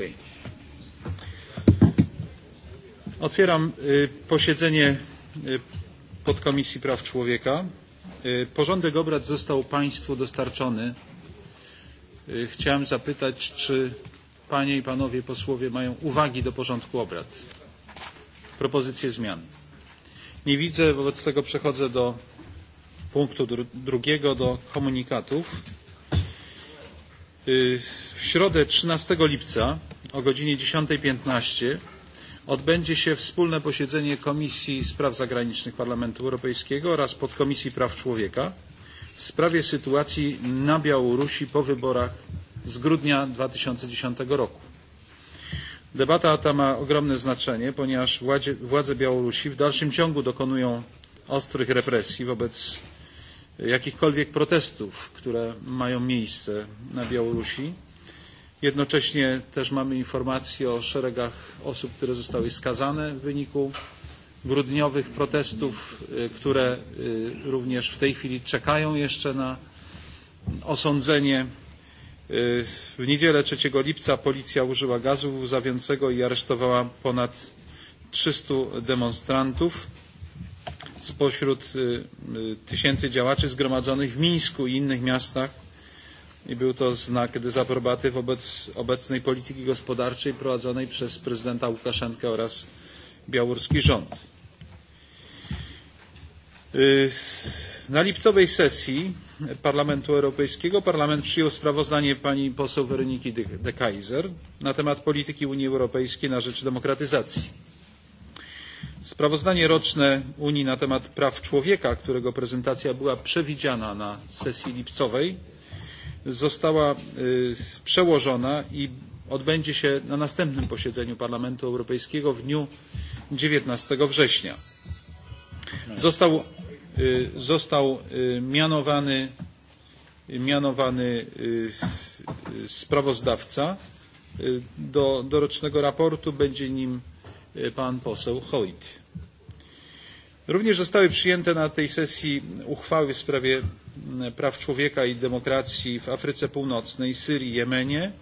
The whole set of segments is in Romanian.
Europejskiej. Otwieram posiedzenie Podkomisji Praw Człowieka. Porządek obrad został Państwu dostarczony. Chciałem zapytać, czy Panie i Panowie posłowie mają uwagi do porządku obrad, propozycje zmian. Nie widzę, wobec tego przechodzę do punktu dru drugiego, do komunikatów. W środę 13 lipca o godzinie 10.15 odbędzie się wspólne posiedzenie Komisji Spraw Zagranicznych Parlamentu Europejskiego oraz Podkomisji Praw Człowieka w sprawie sytuacji na Białorusi po wyborach z grudnia 2010 roku. Debata ta ma ogromne znaczenie, ponieważ władze Białorusi w dalszym ciągu dokonują ostrych represji wobec jakichkolwiek protestów, które mają miejsce na Białorusi. Jednocześnie też mamy informacje o szeregach osób, które zostały skazane w wyniku grudniowych protestów, które również w tej chwili czekają jeszcze na osądzenie. W niedzielę 3 lipca policja użyła gazu łzawiącego i aresztowała ponad 300 demonstrantów spośród tysięcy działaczy zgromadzonych w Mińsku i innych miastach i był to znak dezaprobaty wobec obecnej polityki gospodarczej prowadzonej przez prezydenta Łukaszenkę oraz białoruski rząd. Na lipcowej sesji Parlamentu Europejskiego Parlament przyjął sprawozdanie pani poseł Weroniki de Kaiser na temat polityki Unii Europejskiej na rzecz demokratyzacji. Sprawozdanie roczne Unii na temat praw człowieka, którego prezentacja była przewidziana na sesji lipcowej, została przełożona i odbędzie się na następnym posiedzeniu Parlamentu Europejskiego w dniu 19 września. Został, został mianowany, mianowany sprawozdawca do, do rocznego raportu. Będzie nim pan poseł Hoyt. Również zostały przyjęte na tej sesji uchwały w sprawie praw człowieka i demokracji w Afryce Północnej, Syrii, i Jemenie.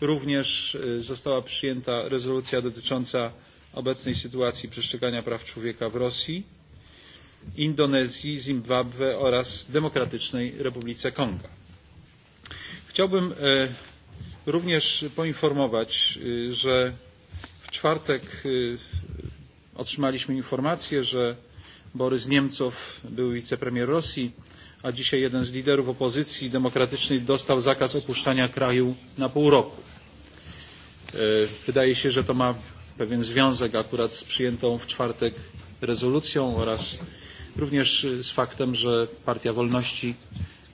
Również została przyjęta rezolucja dotycząca obecnej sytuacji przestrzegania praw człowieka w Rosji, Indonezji, Zimbabwe oraz Demokratycznej Republice Konga. Chciałbym również poinformować, że czwartek otrzymaliśmy informację, że Borys Niemcow był wicepremier Rosji, a dzisiaj jeden z liderów opozycji demokratycznej dostał zakaz opuszczania kraju na pół roku. Wydaje się, że to ma pewien związek akurat z przyjętą w czwartek rezolucją oraz również z faktem, że Partia Wolności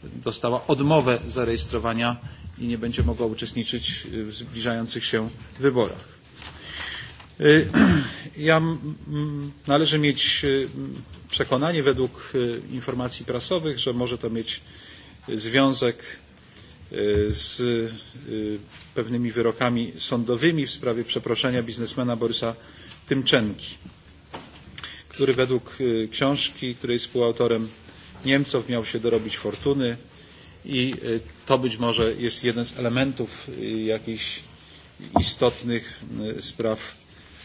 dostała odmowę zarejestrowania i nie będzie mogła uczestniczyć w zbliżających się wyborach. Ja, należy mieć przekonanie według informacji prasowych, że może to mieć związek z pewnymi wyrokami sądowymi w sprawie przeproszenia biznesmena Borysa Tymczenki, który według książki, której jest współautorem Niemców miał się dorobić fortuny i to być może jest jeden z elementów jakichś istotnych spraw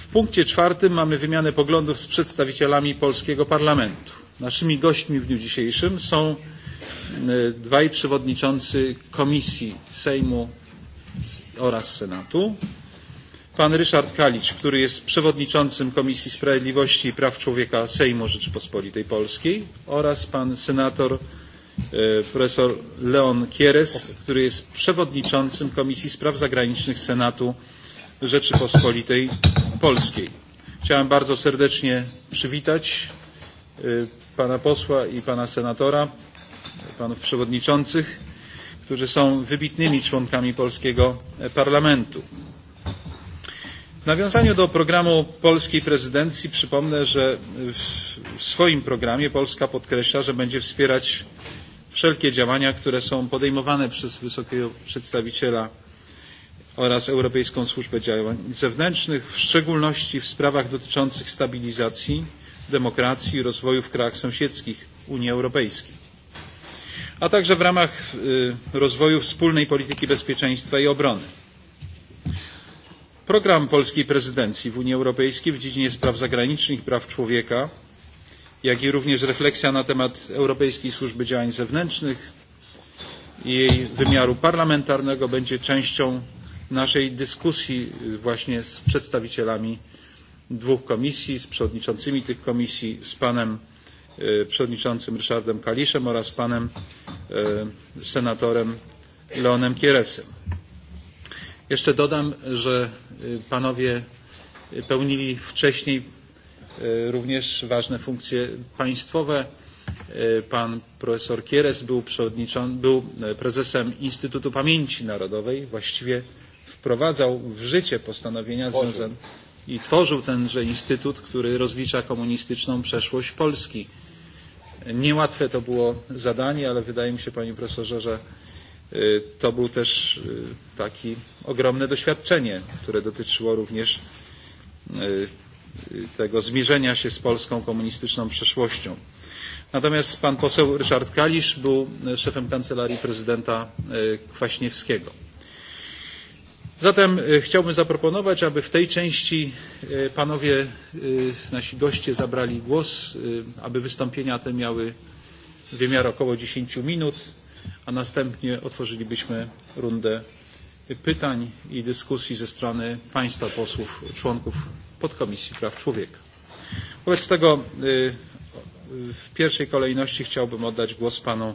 W punkcie czwartym mamy wymianę poglądów z przedstawicielami polskiego parlamentu. Naszymi gośćmi w dniu dzisiejszym są dwaj przewodniczący komisji Sejmu oraz Senatu. Pan Ryszard Kalicz, który jest przewodniczącym Komisji Sprawiedliwości i Praw Człowieka Sejmu Rzeczypospolitej Polskiej oraz pan senator profesor Leon Kieres, który jest przewodniczącym Komisji Spraw Zagranicznych Senatu Rzeczypospolitej Polskiej. Chciałem bardzo serdecznie przywitać pana posła i pana senatora, panów przewodniczących, którzy są wybitnymi członkami polskiego parlamentu. W nawiązaniu do programu polskiej prezydencji przypomnę, że w swoim programie Polska podkreśla, że będzie wspierać wszelkie działania, które są podejmowane przez wysokiego przedstawiciela oraz Europejską Służbę Działań Zewnętrznych, w szczególności w sprawach dotyczących stabilizacji, demokracji i rozwoju w krajach sąsiedzkich Unii Europejskiej, a także w ramach rozwoju wspólnej polityki bezpieczeństwa i obrony. Program polskiej prezydencji w Unii Europejskiej w dziedzinie spraw zagranicznych i praw człowieka, jak i również refleksja na temat Europejskiej Służby Działań Zewnętrznych i jej wymiaru parlamentarnego będzie częścią naszej dyskusji właśnie z przedstawicielami dwóch komisji, z przewodniczącymi tych komisji, z panem przewodniczącym Ryszardem Kaliszem oraz panem senatorem Leonem Kieresem. Jeszcze dodam, że panowie pełnili wcześniej również ważne funkcje państwowe. Pan profesor Kieres był, był prezesem Instytutu Pamięci Narodowej, właściwie wprowadzał w życie postanowienia związane i tworzył tenże instytut, który rozlicza komunistyczną przeszłość Polski. Niełatwe to było zadanie, ale wydaje mi się, panie profesorze, że to był też taki ogromne doświadczenie, które dotyczyło również tego zmierzenia się z polską komunistyczną przeszłością. Natomiast pan poseł Ryszard Kalisz był szefem kancelarii prezydenta Kwaśniewskiego. Zatem chciałbym zaproponować, aby w tej części panowie, nasi goście zabrali głos, aby wystąpienia te miały wymiar około 10 minut, a następnie otworzylibyśmy rundę pytań i dyskusji ze strony państwa posłów, członków podkomisji praw człowieka. Wobec tego w pierwszej kolejności chciałbym oddać głos panu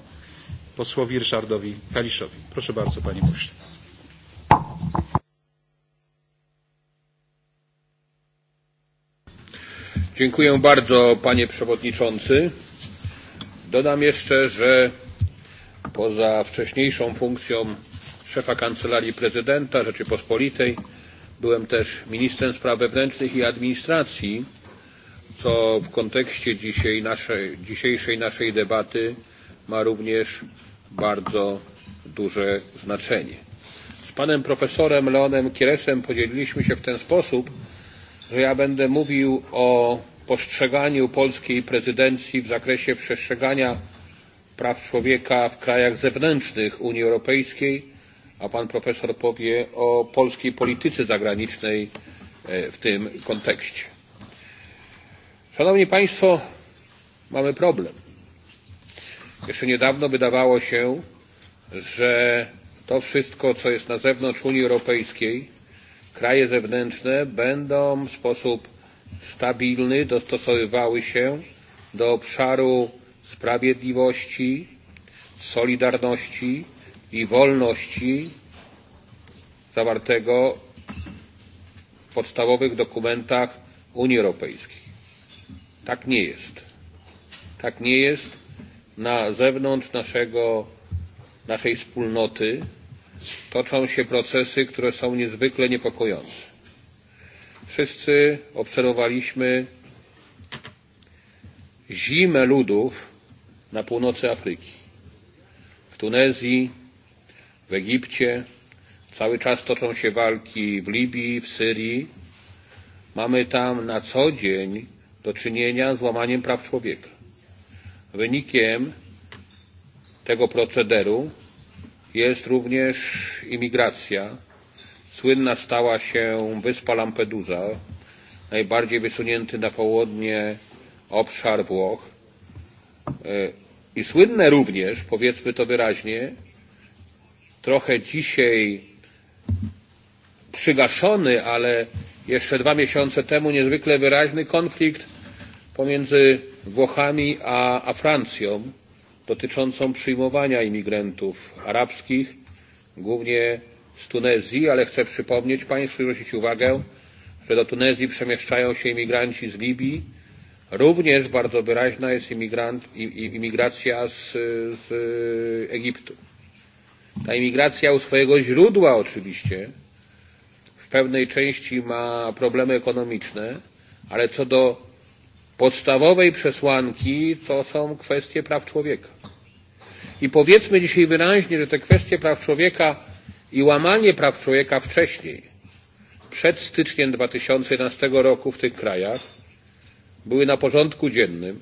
posłowi Ryszardowi Kaliszowi. Proszę bardzo, panie pośle. Dziękuję bardzo, panie przewodniczący. Dodam jeszcze, że poza wcześniejszą funkcją szefa Kancelarii Prezydenta Rzeczypospolitej byłem też ministrem spraw wewnętrznych i administracji, co w kontekście dzisiaj naszej, dzisiejszej naszej debaty ma również bardzo duże znaczenie. Z panem profesorem Leonem Kieresem podzieliliśmy się w ten sposób, że ja będę mówił o postrzeganiu polskiej prezydencji w zakresie przestrzegania praw człowieka w krajach zewnętrznych Unii Europejskiej, a pan profesor powie o polskiej polityce zagranicznej w tym kontekście. Szanowni Państwo, mamy problem. Jeszcze niedawno wydawało się, że to wszystko, co jest na zewnątrz Unii Europejskiej, kraje zewnętrzne będą w sposób stabilny dostosowywały się do obszaru sprawiedliwości, solidarności i wolności zawartego w podstawowych dokumentach Unii Europejskiej. Tak nie jest. Tak nie jest na zewnątrz naszego, naszej wspólnoty toczą się procesy, które są niezwykle niepokojące. Wszyscy obserwowaliśmy zimę ludów na północy Afryki, w Tunezji, w Egipcie. Cały czas toczą się walki w Libii, w Syrii. Mamy tam na co dzień do czynienia z łamaniem praw człowieka. Wynikiem tego procederu Jest również imigracja. Słynna stała się wyspa Lampedusa, najbardziej wysunięty na południe obszar Włoch. I słynne również, powiedzmy to wyraźnie, trochę dzisiaj przygaszony, ale jeszcze dwa miesiące temu niezwykle wyraźny konflikt pomiędzy Włochami a, a Francją dotyczącą przyjmowania imigrantów arabskich, głównie z Tunezji, ale chcę przypomnieć Państwu i zwrócić uwagę, że do Tunezji przemieszczają się imigranci z Libii. Również bardzo wyraźna jest imigrant, imigracja z, z Egiptu. Ta imigracja u swojego źródła oczywiście w pewnej części ma problemy ekonomiczne, ale co do podstawowej przesłanki to są kwestie praw człowieka. I powiedzmy dzisiaj wyraźnie, że te kwestie praw człowieka i łamanie praw człowieka wcześniej, przed styczniem 2011 roku w tych krajach, były na porządku dziennym,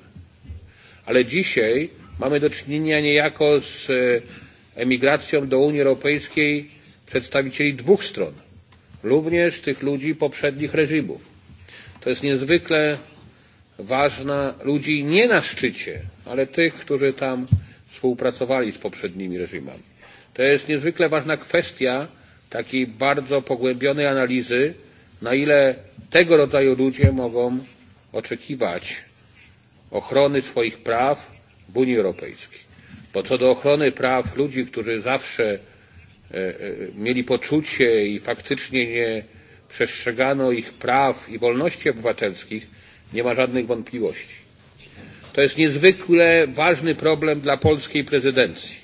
ale dzisiaj mamy do czynienia niejako z emigracją do Unii Europejskiej przedstawicieli dwóch stron, również tych ludzi poprzednich reżimów. To jest niezwykle ważna ludzi nie na szczycie, ale tych, którzy tam współpracowali z poprzednimi reżimami. To jest niezwykle ważna kwestia takiej bardzo pogłębionej analizy, na ile tego rodzaju ludzie mogą oczekiwać ochrony swoich praw w Unii Europejskiej. Bo co do ochrony praw ludzi, którzy zawsze mieli poczucie i faktycznie nie przestrzegano ich praw i wolności obywatelskich, Nie ma żadnych wątpliwości. To jest niezwykle ważny problem dla polskiej prezydencji.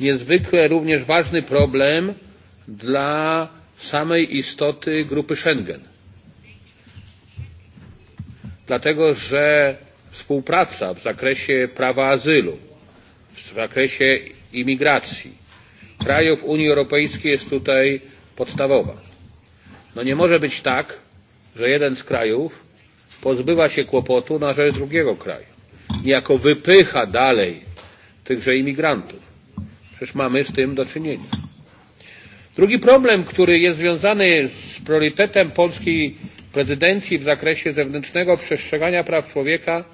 Niezwykle również ważny problem dla samej istoty grupy Schengen. Dlatego, że współpraca w zakresie prawa azylu, w zakresie imigracji krajów Unii Europejskiej jest tutaj podstawowa. No nie może być tak, że jeden z krajów pozbywa się kłopotu na rzecz drugiego kraju. Niejako wypycha dalej tychże imigrantów. Przecież mamy z tym do czynienia. Drugi problem, który jest związany z priorytetem polskiej prezydencji w zakresie zewnętrznego przestrzegania praw człowieka,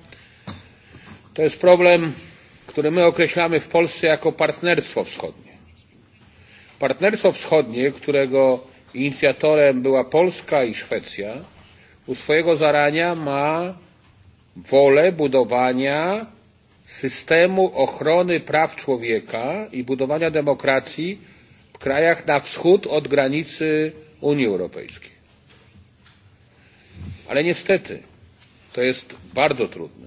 to jest problem, który my określamy w Polsce jako partnerstwo wschodnie. Partnerstwo wschodnie, którego inicjatorem była Polska i Szwecja, u swojego zarania ma wolę budowania systemu ochrony praw człowieka i budowania demokracji w krajach na wschód od granicy Unii Europejskiej. Ale niestety to jest bardzo trudne.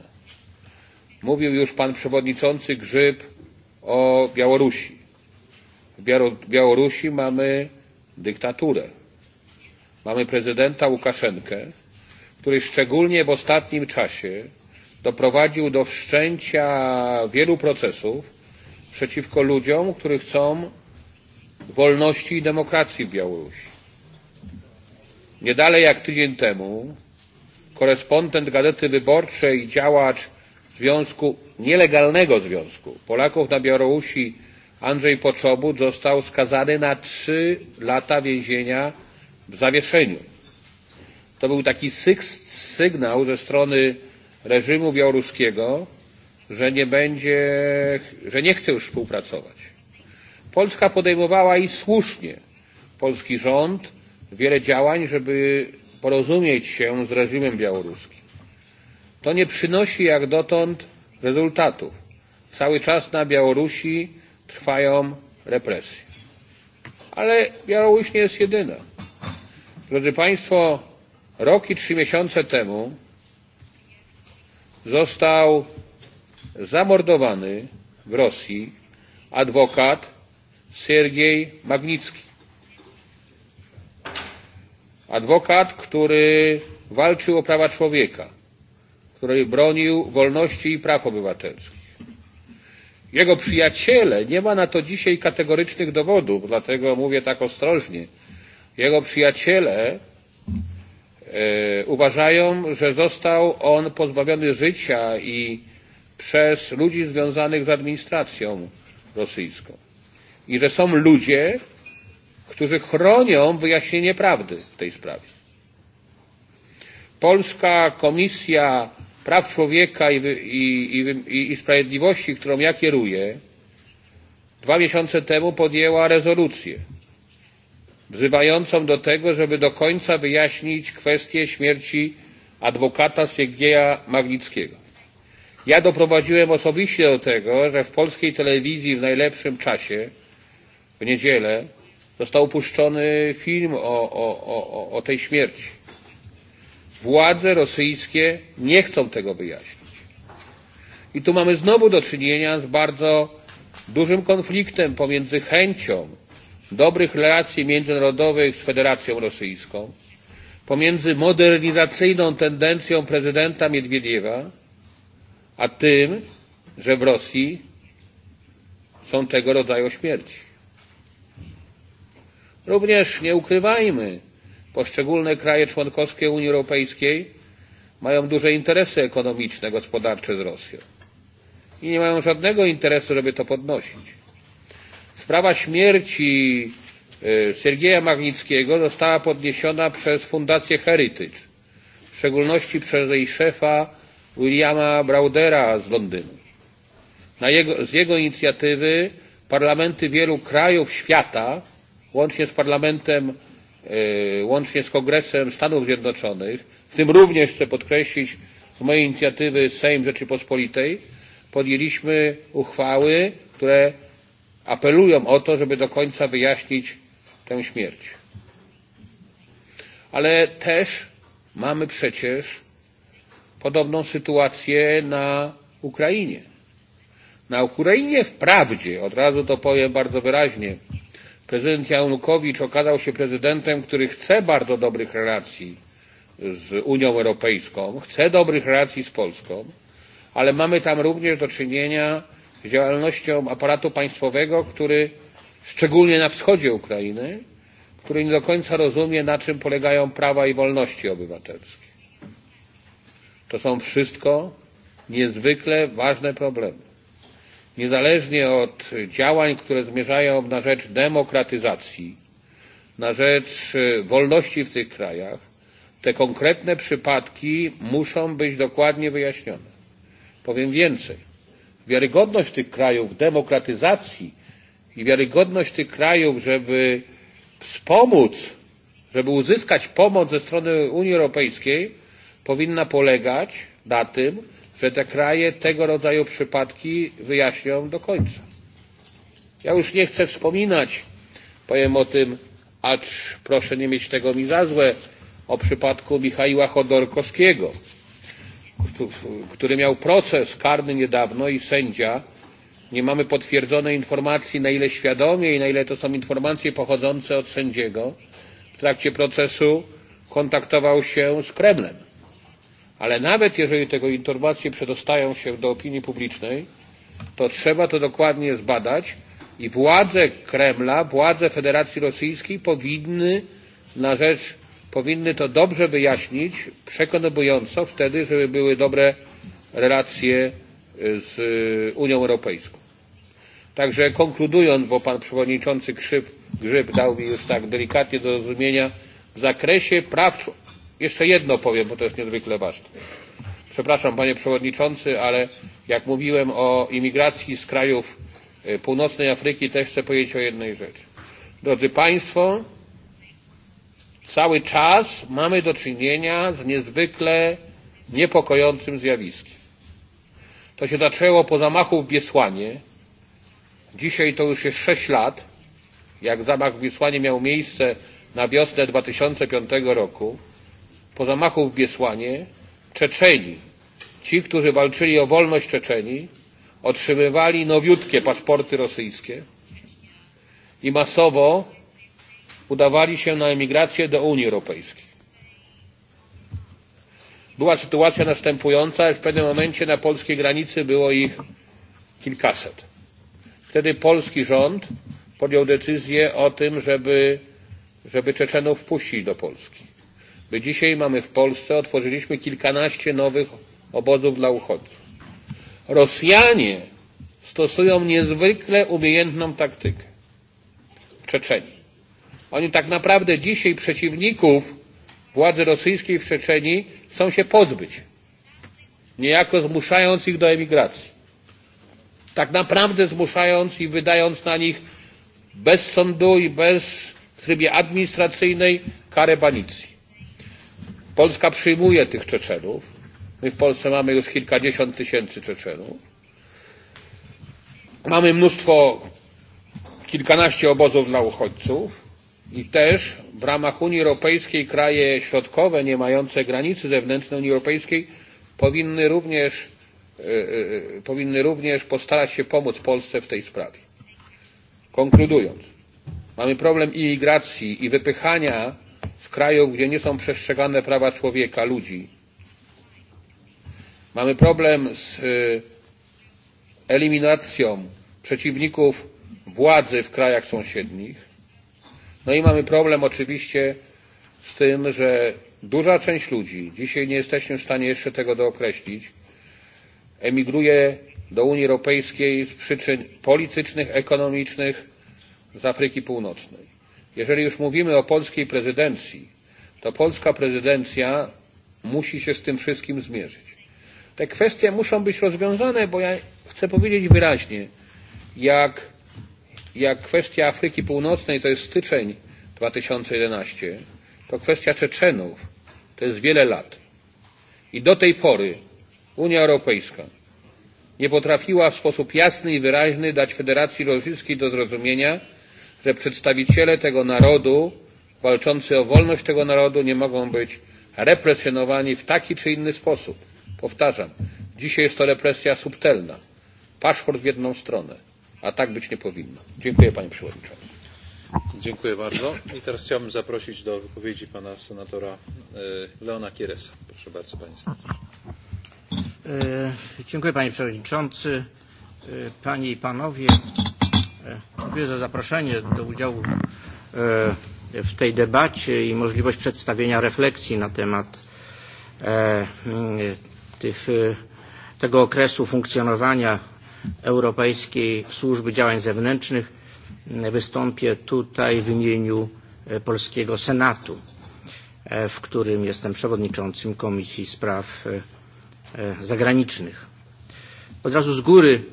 Mówił już pan przewodniczący Grzyb o Białorusi. W Białorusi mamy dyktaturę. Mamy prezydenta Łukaszenkę, który szczególnie w ostatnim czasie doprowadził do wszczęcia wielu procesów przeciwko ludziom, którzy chcą wolności i demokracji w Białorusi. Nie dalej jak tydzień temu korespondent Gazety Wyborczej, i działacz związku, nielegalnego związku Polaków na Białorusi Andrzej Poczobut został skazany na trzy lata więzienia w zawieszeniu. To był taki sygnał ze strony reżimu białoruskiego, że nie będzie, że nie chce już współpracować. Polska podejmowała i słusznie, polski rząd, wiele działań, żeby porozumieć się z reżimem białoruskim. To nie przynosi jak dotąd rezultatów. Cały czas na Białorusi trwają represje. Ale Białoruś nie jest jedyna. Drodzy Państwo, Rok i trzy miesiące temu został zamordowany w Rosji adwokat Sergiej Magnicki. Adwokat, który walczył o prawa człowieka, który bronił wolności i praw obywatelskich. Jego przyjaciele, nie ma na to dzisiaj kategorycznych dowodów, dlatego mówię tak ostrożnie, jego przyjaciele uważają, że został on pozbawiony życia i przez ludzi związanych z administracją rosyjską. I że są ludzie, którzy chronią wyjaśnienie prawdy w tej sprawie. Polska Komisja Praw Człowieka i, i, i, i Sprawiedliwości, którą ja kieruję, dwa miesiące temu podjęła rezolucję wzywającą do tego, żeby do końca wyjaśnić kwestię śmierci adwokata Siergieja Magnickiego. Ja doprowadziłem osobiście do tego, że w polskiej telewizji w najlepszym czasie, w niedzielę, został upuszczony film o, o, o, o tej śmierci. Władze rosyjskie nie chcą tego wyjaśnić. I tu mamy znowu do czynienia z bardzo dużym konfliktem pomiędzy chęcią dobrych relacji międzynarodowych z Federacją Rosyjską, pomiędzy modernizacyjną tendencją prezydenta Miedwiediewa, a tym, że w Rosji są tego rodzaju śmierci. Również nie ukrywajmy, poszczególne kraje członkowskie Unii Europejskiej mają duże interesy ekonomiczne, gospodarcze z Rosją i nie mają żadnego interesu, żeby to podnosić. Sprawa śmierci Sergeja Magnickiego została podniesiona przez Fundację Heritage, w szczególności przez jej szefa Williama Braudera z Londynu. Na jego, z jego inicjatywy parlamenty wielu krajów świata, łącznie z parlamentem, łącznie z Kongresem Stanów Zjednoczonych, w tym również chcę podkreślić z mojej inicjatywy Sejm Rzeczypospolitej, podjęliśmy uchwały, które apelują o to, żeby do końca wyjaśnić tę śmierć. Ale też mamy przecież podobną sytuację na Ukrainie. Na Ukrainie wprawdzie, od razu to powiem bardzo wyraźnie, prezydent Janukowicz okazał się prezydentem, który chce bardzo dobrych relacji z Unią Europejską, chce dobrych relacji z Polską, ale mamy tam również do czynienia z działalnością aparatu państwowego, który szczególnie na wschodzie Ukrainy, który nie do końca rozumie, na czym polegają prawa i wolności obywatelskie. To są wszystko niezwykle ważne problemy. Niezależnie od działań, które zmierzają na rzecz demokratyzacji, na rzecz wolności w tych krajach, te konkretne przypadki muszą być dokładnie wyjaśnione. Powiem więcej wiarygodność tych krajów, demokratyzacji i wiarygodność tych krajów, żeby wspomóc, żeby uzyskać pomoc ze strony Unii Europejskiej, powinna polegać na tym, że te kraje tego rodzaju przypadki wyjaśnią do końca. Ja już nie chcę wspominać, powiem o tym, acz proszę nie mieć tego mi za złe, o przypadku Michaiła Chodorkowskiego który miał proces karny niedawno i sędzia, nie mamy potwierdzonej informacji, na ile świadomie i na ile to są informacje pochodzące od sędziego, w trakcie procesu kontaktował się z Kremlem. Ale nawet jeżeli tego informacje przedostają się do opinii publicznej, to trzeba to dokładnie zbadać i władze Kremla, władze Federacji Rosyjskiej powinny na rzecz powinny to dobrze wyjaśnić, przekonująco wtedy, żeby były dobre relacje z Unią Europejską. Także konkludując, bo pan przewodniczący Grzyb, Grzyb dał mi już tak delikatnie do zrozumienia, w zakresie praw, jeszcze jedno powiem, bo to jest niezwykle ważne. Przepraszam panie przewodniczący, ale jak mówiłem o imigracji z krajów północnej Afryki, też chcę powiedzieć o jednej rzeczy. Drodzy państwo, Cały czas mamy do czynienia z niezwykle niepokojącym zjawiskiem. To się zaczęło po zamachu w Biesłanie. Dzisiaj to już jest 6 lat, jak zamach w Biesłanie miał miejsce na wiosnę 2005 roku. Po zamachu w Biesłanie Czeczeni, ci, którzy walczyli o wolność Czeczeni, otrzymywali nowiutkie paszporty rosyjskie i masowo udawali się na emigrację do Unii Europejskiej. Była sytuacja następująca, w pewnym momencie na polskiej granicy było ich kilkaset. Wtedy polski rząd podjął decyzję o tym, żeby, żeby Czeczenów wpuścić do Polski. My dzisiaj mamy w Polsce, otworzyliśmy kilkanaście nowych obozów dla uchodźców. Rosjanie stosują niezwykle umiejętną taktykę. w Czeczeniu. Oni tak naprawdę dzisiaj przeciwników władzy rosyjskiej w Czeczenii chcą się pozbyć, niejako zmuszając ich do emigracji. Tak naprawdę zmuszając i wydając na nich bez sądu i bez w trybie administracyjnej karę banicji. Polska przyjmuje tych Czeczenów. My w Polsce mamy już kilkadziesiąt tysięcy Czeczenów. Mamy mnóstwo, kilkanaście obozów dla uchodźców I też w ramach Unii Europejskiej kraje środkowe, nie mające granicy zewnętrznej Unii Europejskiej, powinny również, yy, powinny również postarać się pomóc Polsce w tej sprawie. Konkludując, mamy problem imigracji i wypychania z krajów, gdzie nie są przestrzegane prawa człowieka, ludzi. Mamy problem z yy, eliminacją przeciwników władzy w krajach sąsiednich No i mamy problem oczywiście z tym, że duża część ludzi, dzisiaj nie jesteśmy w stanie jeszcze tego dookreślić, emigruje do Unii Europejskiej z przyczyn politycznych, ekonomicznych z Afryki Północnej. Jeżeli już mówimy o polskiej prezydencji, to polska prezydencja musi się z tym wszystkim zmierzyć. Te kwestie muszą być rozwiązane, bo ja chcę powiedzieć wyraźnie, jak jak kwestia Afryki Północnej, to jest styczeń 2011, to kwestia Czeczenów, to jest wiele lat. I do tej pory Unia Europejska nie potrafiła w sposób jasny i wyraźny dać Federacji Rosyjskiej do zrozumienia, że przedstawiciele tego narodu, walczący o wolność tego narodu, nie mogą być represjonowani w taki czy inny sposób. Powtarzam, dzisiaj jest to represja subtelna, paszport w jedną stronę a tak być nie powinno. Dziękuję panie przewodniczący. Dziękuję bardzo. I teraz chciałbym zaprosić do wypowiedzi pana senatora Leona Kieresa. Proszę bardzo panie senatorze. Dziękuję panie przewodniczący, panie i panowie. Dziękuję za zaproszenie do udziału w tej debacie i możliwość przedstawienia refleksji na temat tych, tego okresu funkcjonowania Europejskiej Służby Działań Zewnętrznych. Wystąpię tutaj w imieniu polskiego Senatu, w którym jestem przewodniczącym Komisji Spraw Zagranicznych. Od razu z góry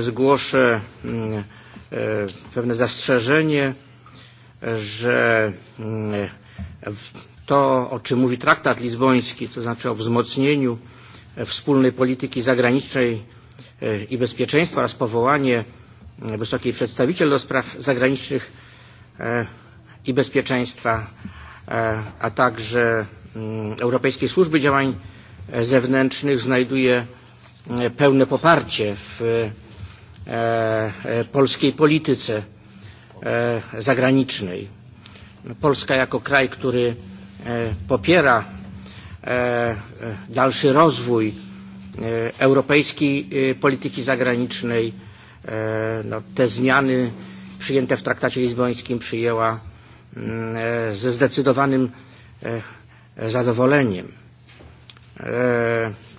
zgłoszę mm, pewne zastrzeżenie, że mm, to, o czym mówi traktat lizboński, to znaczy o wzmocnieniu wspólnej polityki zagranicznej i Bezpieczeństwa oraz powołanie wysokiej przedstawiciel do spraw zagranicznych i bezpieczeństwa, a także mm, Europejskiej Służby Działań Zewnętrznych znajduje pełne poparcie w polskiej polityce zagranicznej. Polska jako kraj, który popiera dalszy rozwój europejskiej polityki zagranicznej. No, te zmiany przyjęte w traktacie lizbońskim przyjęła mm, ze zdecydowanym zadowoleniem.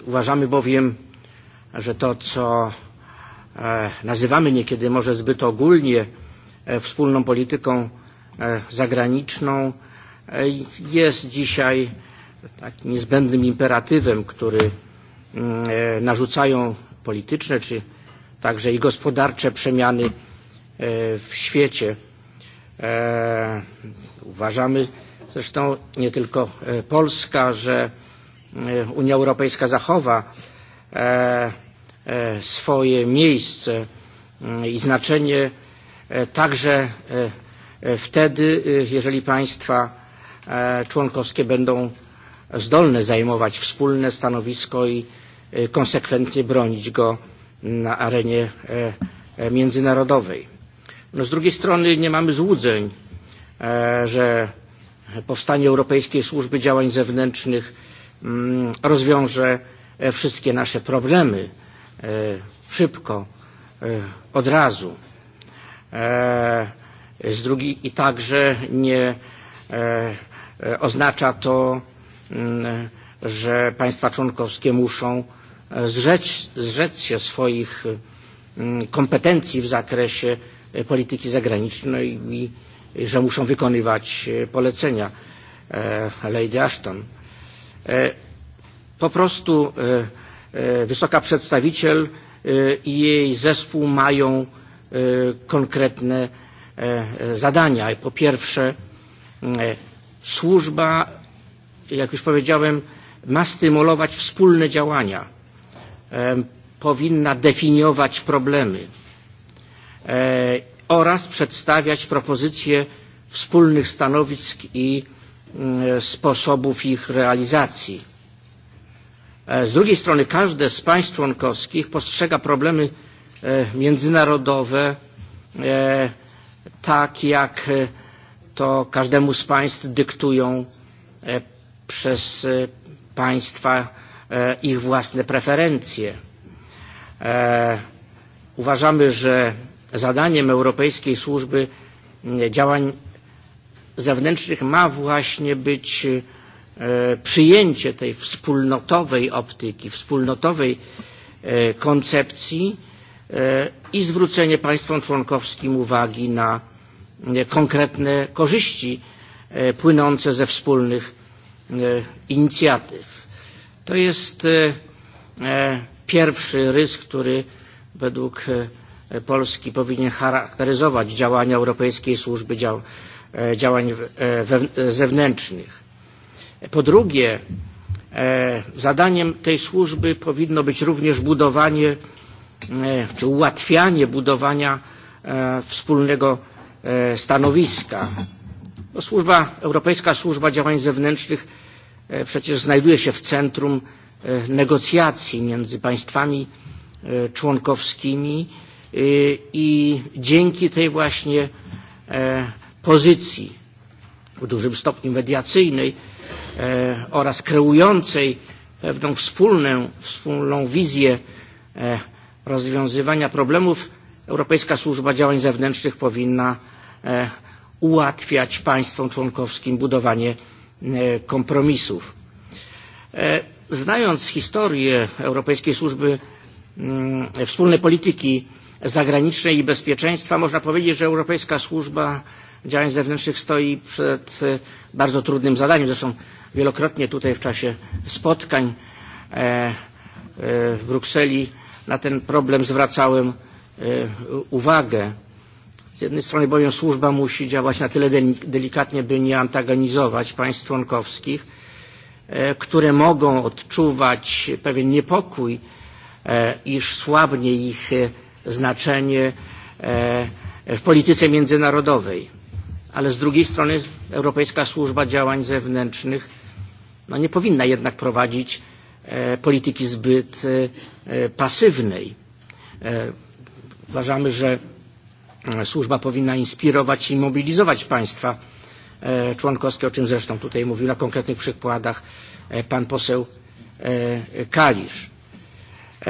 Uważamy bowiem, że to, co nazywamy niekiedy może zbyt ogólnie wspólną polityką zagraniczną, jest dzisiaj tak niezbędnym imperatywem, który Mm, narzucają polityczne czy także i gospodarcze przemiany w świecie. Uważamy zresztą nie tylko Polska, że Unia Europejska zachowa swoje miejsce mm, i znaczenie także wtedy, jeżeli państwa członkowskie będą zdolne zajmować wspólne stanowisko i konsekwentnie bronić go na arenie międzynarodowej. No, z drugiej strony nie mamy złudzeń, że powstanie Europejskiej Służby Działań Zewnętrznych mm, rozwiąże wszystkie nasze problemy szybko, od razu. Z drugiej i także nie oznacza to, mm, że państwa członkowskie muszą zrzec, zrzec się swoich mm, kompetencji w zakresie polityki zagranicznej i, i że muszą wykonywać polecenia Lady Ashton. Po prostu wysoka przedstawiciel i jej zespół mają konkretne zadania. Po pierwsze, służba, jak już powiedziałem, ma stymulować wspólne działania powinna definiować problemy oraz przedstawiać propozycje wspólnych stanowisk i mm, sposobów ich realizacji. Z drugiej strony każde z państw członkowskich postrzega problemy międzynarodowe tak, jak to każdemu z państw dyktują przez państwa ich własne preferencje. Uważamy, że zadaniem Europejskiej Służby Działań Zewnętrznych ma właśnie być przyjęcie tej wspólnotowej optyki, wspólnotowej koncepcji i zwrócenie państwom członkowskim uwagi na konkretne korzyści płynące ze wspólnych inicjatyw. To jest pierwszy rys, który według Polski powinien charakteryzować działania Europejskiej Służby Dział Działań Zewnętrznych. Po drugie, zadaniem tej służby powinno być również budowanie czy ułatwianie budowania wspólnego stanowiska. służba, Europejska Służba Działań Zewnętrznych przecież znajduje się w centrum negocjacji między państwami członkowskimi i dzięki tej właśnie pozycji w dużym stopniu mediacyjnej oraz kreującej pewną wspólną, wspólną wizję rozwiązywania problemów Europejska Służba Działań Zewnętrznych powinna ułatwiać państwom członkowskim budowanie kompromisów. Znając historię Europejskiej Służby mm, Wspólnej Polityki Zagranicznej i Bezpieczeństwa, można powiedzieć, że Europejska Służba Działań Zewnętrznych stoi przed bardzo trudnym zadaniem. Zresztą wielokrotnie tutaj w czasie spotkań w Brukseli na ten problem zwracałem uwagę. Z jednej strony bowiem służba musi działać na tyle delikatnie, by nie antagonizować państw członkowskich, które mogą odczuwać pewien niepokój, iż słabnie ich znaczenie w polityce międzynarodowej. Ale z drugiej strony Europejska Służba Działań Zewnętrznych no nie powinna jednak prowadzić polityki zbyt pasywnej. Uważamy, że służba powinna inspirować i mobilizować państwa członkowskie, o czym zresztą tutaj mówił na konkretnych przykładach pan poseł Kalisz.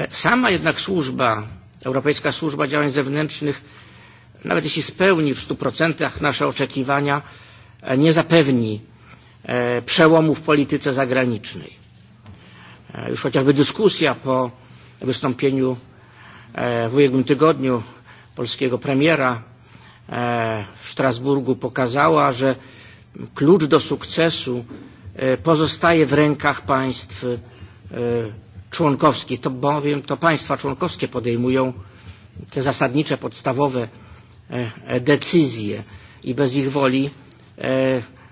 Sama jednak służba, Europejska Służba Działań Zewnętrznych, nawet jeśli spełni w stu procentach nasze oczekiwania, nie zapewni przełomu w polityce zagranicznej. Już chociażby dyskusja po wystąpieniu w ubiegłym tygodniu polskiego premiera w Strasburgu pokazała, że klucz do sukcesu pozostaje w rękach państw członkowskich, to bowiem to państwa członkowskie podejmują te zasadnicze, podstawowe decyzje i bez ich woli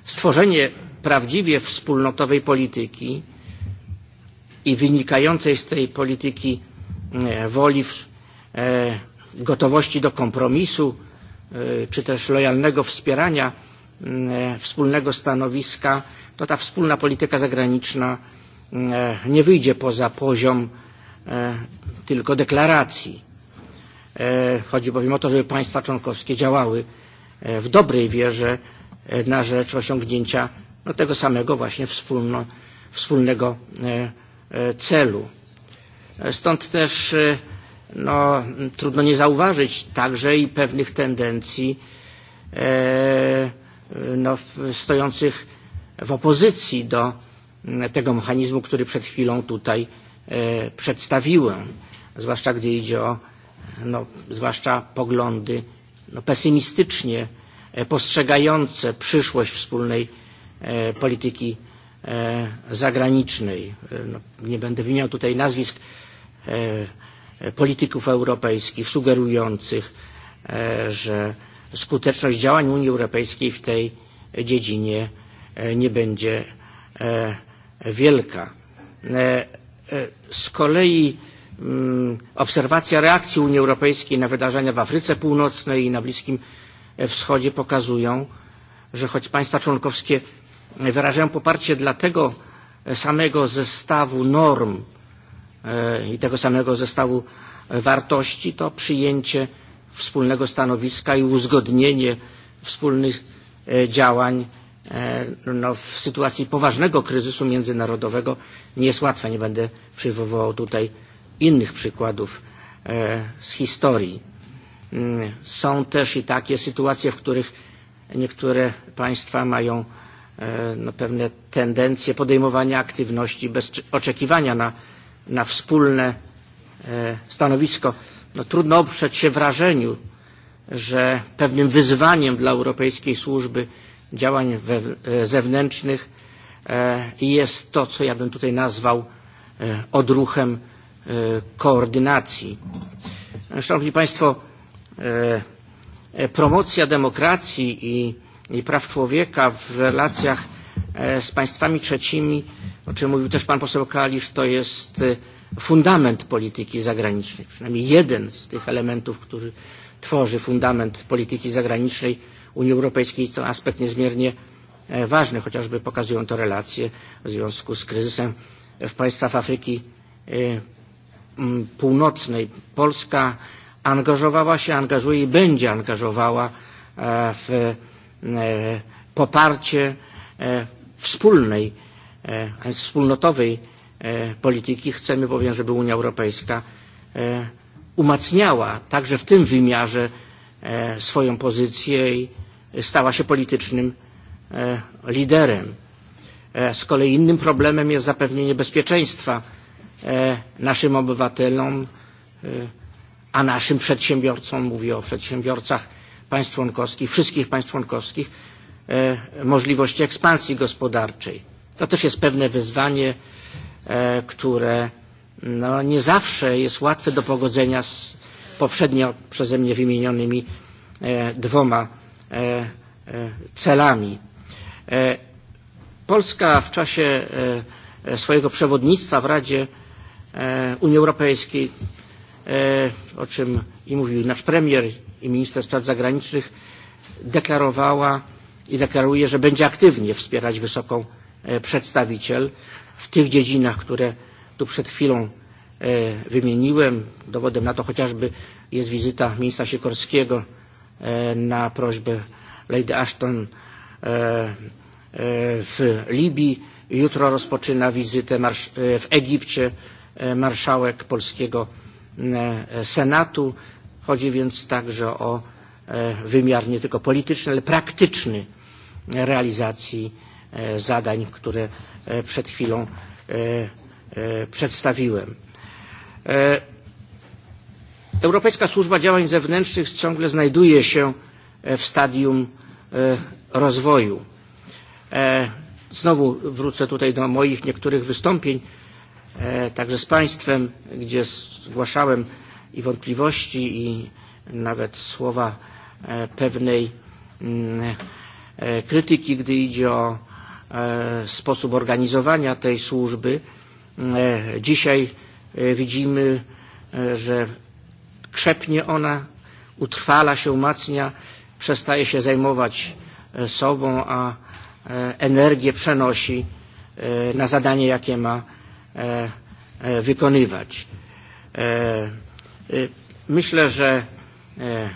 stworzenie prawdziwie wspólnotowej polityki i wynikającej z tej polityki woli gotowości do kompromisu czy też lojalnego wspierania wspólnego stanowiska, to ta wspólna polityka zagraniczna nie wyjdzie poza poziom tylko deklaracji. Chodzi bowiem o to, żeby państwa członkowskie działały w dobrej wierze na rzecz osiągnięcia no, tego samego właśnie wspólno, wspólnego celu. Stąd też no, trudno nie zauważyć także i pewnych tendencji e, no, stojących w opozycji do mm, tego mechanizmu, który przed chwilą tutaj e, przedstawiłem, zwłaszcza gdy idzie o no, zwłaszcza poglądy no, pesymistycznie postrzegające przyszłość wspólnej e, polityki e, zagranicznej. No, nie będę wymieniał tutaj nazwisk polityków europejskich sugerujących, że skuteczność działań Unii Europejskiej w tej dziedzinie nie będzie wielka. Z kolei mm, obserwacja reakcji Unii Europejskiej na wydarzenia w Afryce Północnej i na Bliskim Wschodzie pokazują, że choć państwa członkowskie wyrażają poparcie dla tego samego zestawu norm, i tego samego zestawu wartości to przyjęcie wspólnego stanowiska i uzgodnienie wspólnych działań no, w sytuacji poważnego kryzysu międzynarodowego nie jest łatwe. Nie będę przywoływał tutaj innych przykładów z historii. Mm, są też i takie sytuacje, w których niektóre państwa mają no, pewne tendencje podejmowania aktywności bez oczekiwania na na wspólne stanowisko. No, trudno oprzeć się wrażeniu, że pewnym wyzwaniem dla Europejskiej Służby Działań Zewnętrznych jest to, co ja bym tutaj nazwał odruchem koordynacji. Szanowni Państwo, promocja demokracji i, i praw człowieka w relacjach z państwami trzecimi o czym mówił też pan poseł Kalisz, to jest fundament polityki zagranicznej, przynajmniej jeden z tych elementów, który tworzy fundament polityki zagranicznej Unii Europejskiej. To aspekt niezmiernie ważny, chociażby pokazują to relacje w związku z kryzysem w państwach Afryki Północnej. Polska angażowała się, angażuje i będzie angażowała w poparcie wspólnej e, wspólnotowej polityki chcemy bowiem, żeby Unia Europejska umacniała także w tym wymiarze swoją pozycję i stała się politycznym liderem. Z kolei innym problemem jest zapewnienie bezpieczeństwa naszym obywatelom, a naszym przedsiębiorcom, mówię o przedsiębiorcach państw członkowskich, wszystkich państw członkowskich, możliwości ekspansji gospodarczej. To też jest pewne wyzwanie, które no, nie zawsze jest łatwe do pogodzenia z poprzednio przeze mnie wymienionymi dwoma celami. Polska w czasie swojego przewodnictwa w Radzie Unii Europejskiej, o czym i mówił nasz premier i minister spraw zagranicznych, deklarowała i deklaruje, że będzie aktywnie wspierać wysoką przedstawiciel w tych dziedzinach, które tu przed chwilą wymieniłem. Dowodem na to chociażby jest wizyta ministra Sikorskiego na prośbę Lady Ashton w Libii. Jutro rozpoczyna wizytę w Egipcie marszałek polskiego Senatu. Chodzi więc także o wymiar nie tylko polityczny, ale praktyczny realizacji zadań, które przed chwilą przedstawiłem. Europejska Służba Działań Zewnętrznych ciągle znajduje się w stadium rozwoju. Znowu wrócę tutaj do moich niektórych wystąpień, także z Państwem, gdzie zgłaszałem i wątpliwości, i nawet słowa pewnej mm, krytyki, gdy idzie o sposób organizowania tej służby. Dzisiaj widzimy, że krzepnie ona, utrwala się, umacnia, przestaje się zajmować sobą, a energię przenosi na zadanie, jakie ma wykonywać. Myślę, że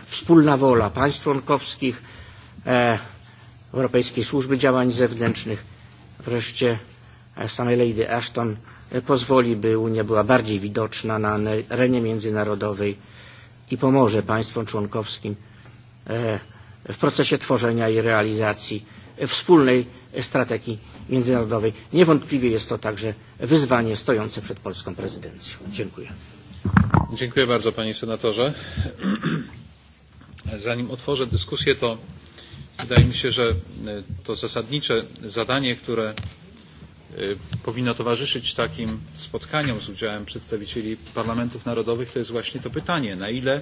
wspólna wola państw członkowskich, Europejskiej Służby Działań Zewnętrznych, wreszcie samej Lady Ashton pozwoli, by Unia była bardziej widoczna na arenie międzynarodowej i pomoże państwom członkowskim w procesie tworzenia i realizacji wspólnej strategii międzynarodowej. Niewątpliwie jest to także wyzwanie stojące przed polską prezydencją. Dziękuję. Dziękuję bardzo panie senatorze. Zanim otworzę dyskusję, to Wydaje mi się, że to zasadnicze zadanie, które powinno towarzyszyć takim spotkaniom z udziałem przedstawicieli parlamentów narodowych, to jest właśnie to pytanie, na ile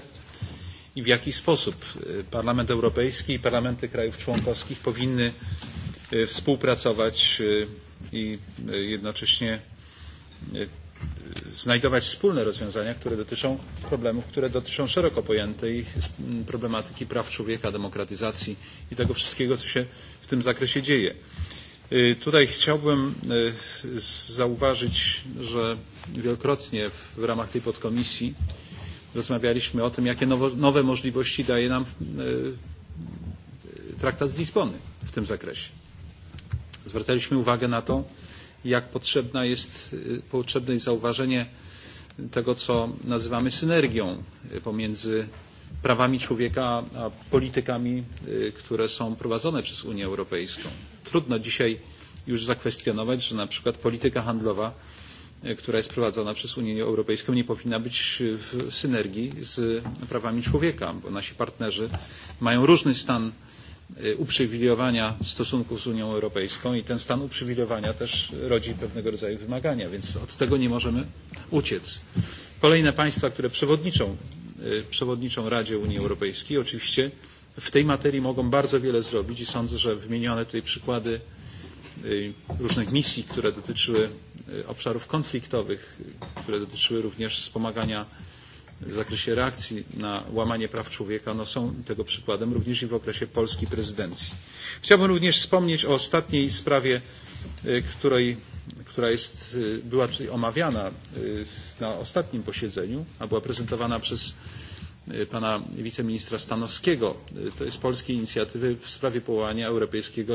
i w jaki sposób Parlament Europejski i parlamenty krajów członkowskich powinny współpracować i jednocześnie znajdować wspólne rozwiązania, które dotyczą problemów, które dotyczą szeroko pojętej problematyki praw człowieka, demokratyzacji i tego wszystkiego, co się w tym zakresie dzieje. Tutaj chciałbym zauważyć, że wielokrotnie w ramach tej podkomisji rozmawialiśmy o tym, jakie nowo, nowe możliwości daje nam traktat z Lizbony w tym zakresie. Zwracaliśmy uwagę na to, jak potrzebne jest, potrzebne jest zauważenie tego, co nazywamy synergią pomiędzy prawami człowieka a politykami, które są prowadzone przez Unię Europejską. Trudno dzisiaj już zakwestionować, że na przykład polityka handlowa, która jest prowadzona przez Unię Europejską, nie powinna być w synergii z prawami człowieka, bo nasi partnerzy mają różny stan uprzywilejowania stosunków z Unią Europejską i ten stan uprzywilejowania też rodzi pewnego rodzaju wymagania, więc od tego nie możemy uciec. Kolejne państwa, które przewodniczą, przewodniczą Radzie Unii Europejskiej oczywiście w tej materii mogą bardzo wiele zrobić i sądzę, że wymienione tutaj przykłady różnych misji, które dotyczyły obszarów konfliktowych, które dotyczyły również wspomagania w zakresie reakcji na łamanie praw człowieka no są tego przykładem również i w okresie polskiej prezydencji. Chciałbym również wspomnieć o ostatniej sprawie, której, która jest, była tutaj omawiana na ostatnim posiedzeniu, a była prezentowana przez pana wiceministra Stanowskiego. To jest polskiej inicjatywy w sprawie powołania Europejskiego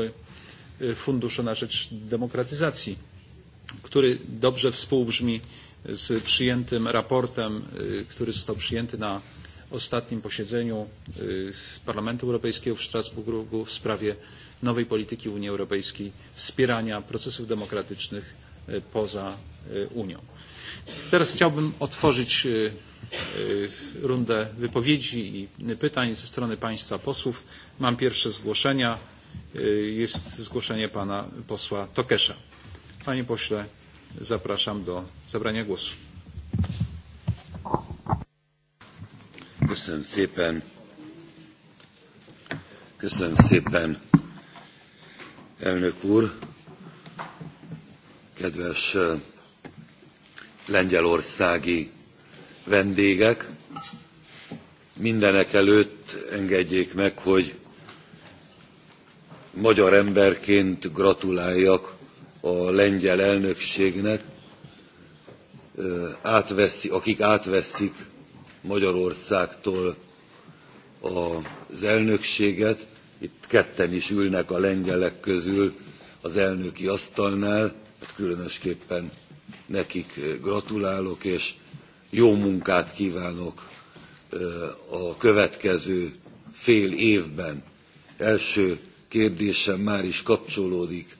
Funduszu na Rzecz Demokratyzacji, który dobrze współbrzmi z przyjętym raportem, który został przyjęty na ostatnim posiedzeniu Parlamentu Europejskiego w Strasburgu w sprawie nowej polityki Unii Europejskiej wspierania procesów demokratycznych poza Unią. Teraz chciałbym otworzyć rundę wypowiedzi i pytań ze strony państwa posłów. Mam pierwsze zgłoszenia. Jest zgłoszenie pana posła Tokesza. Panie pośle, zapraszam do zabrania głosu. Köszönöm szépen. Köszönöm szépen, elnök úr, kedves lengyelországi vendégek. Mindenek előtt engedjék meg, hogy magyar emberként gratuláljak a lengyel elnökségnek átveszi, akik átveszik Magyarországtól az elnökséget. Itt ketten is ülnek a lengyelek közül az elnöki asztalnál, hát különösképpen nekik gratulálok, és jó munkát kívánok a következő fél évben. Első kérdésem már is kapcsolódik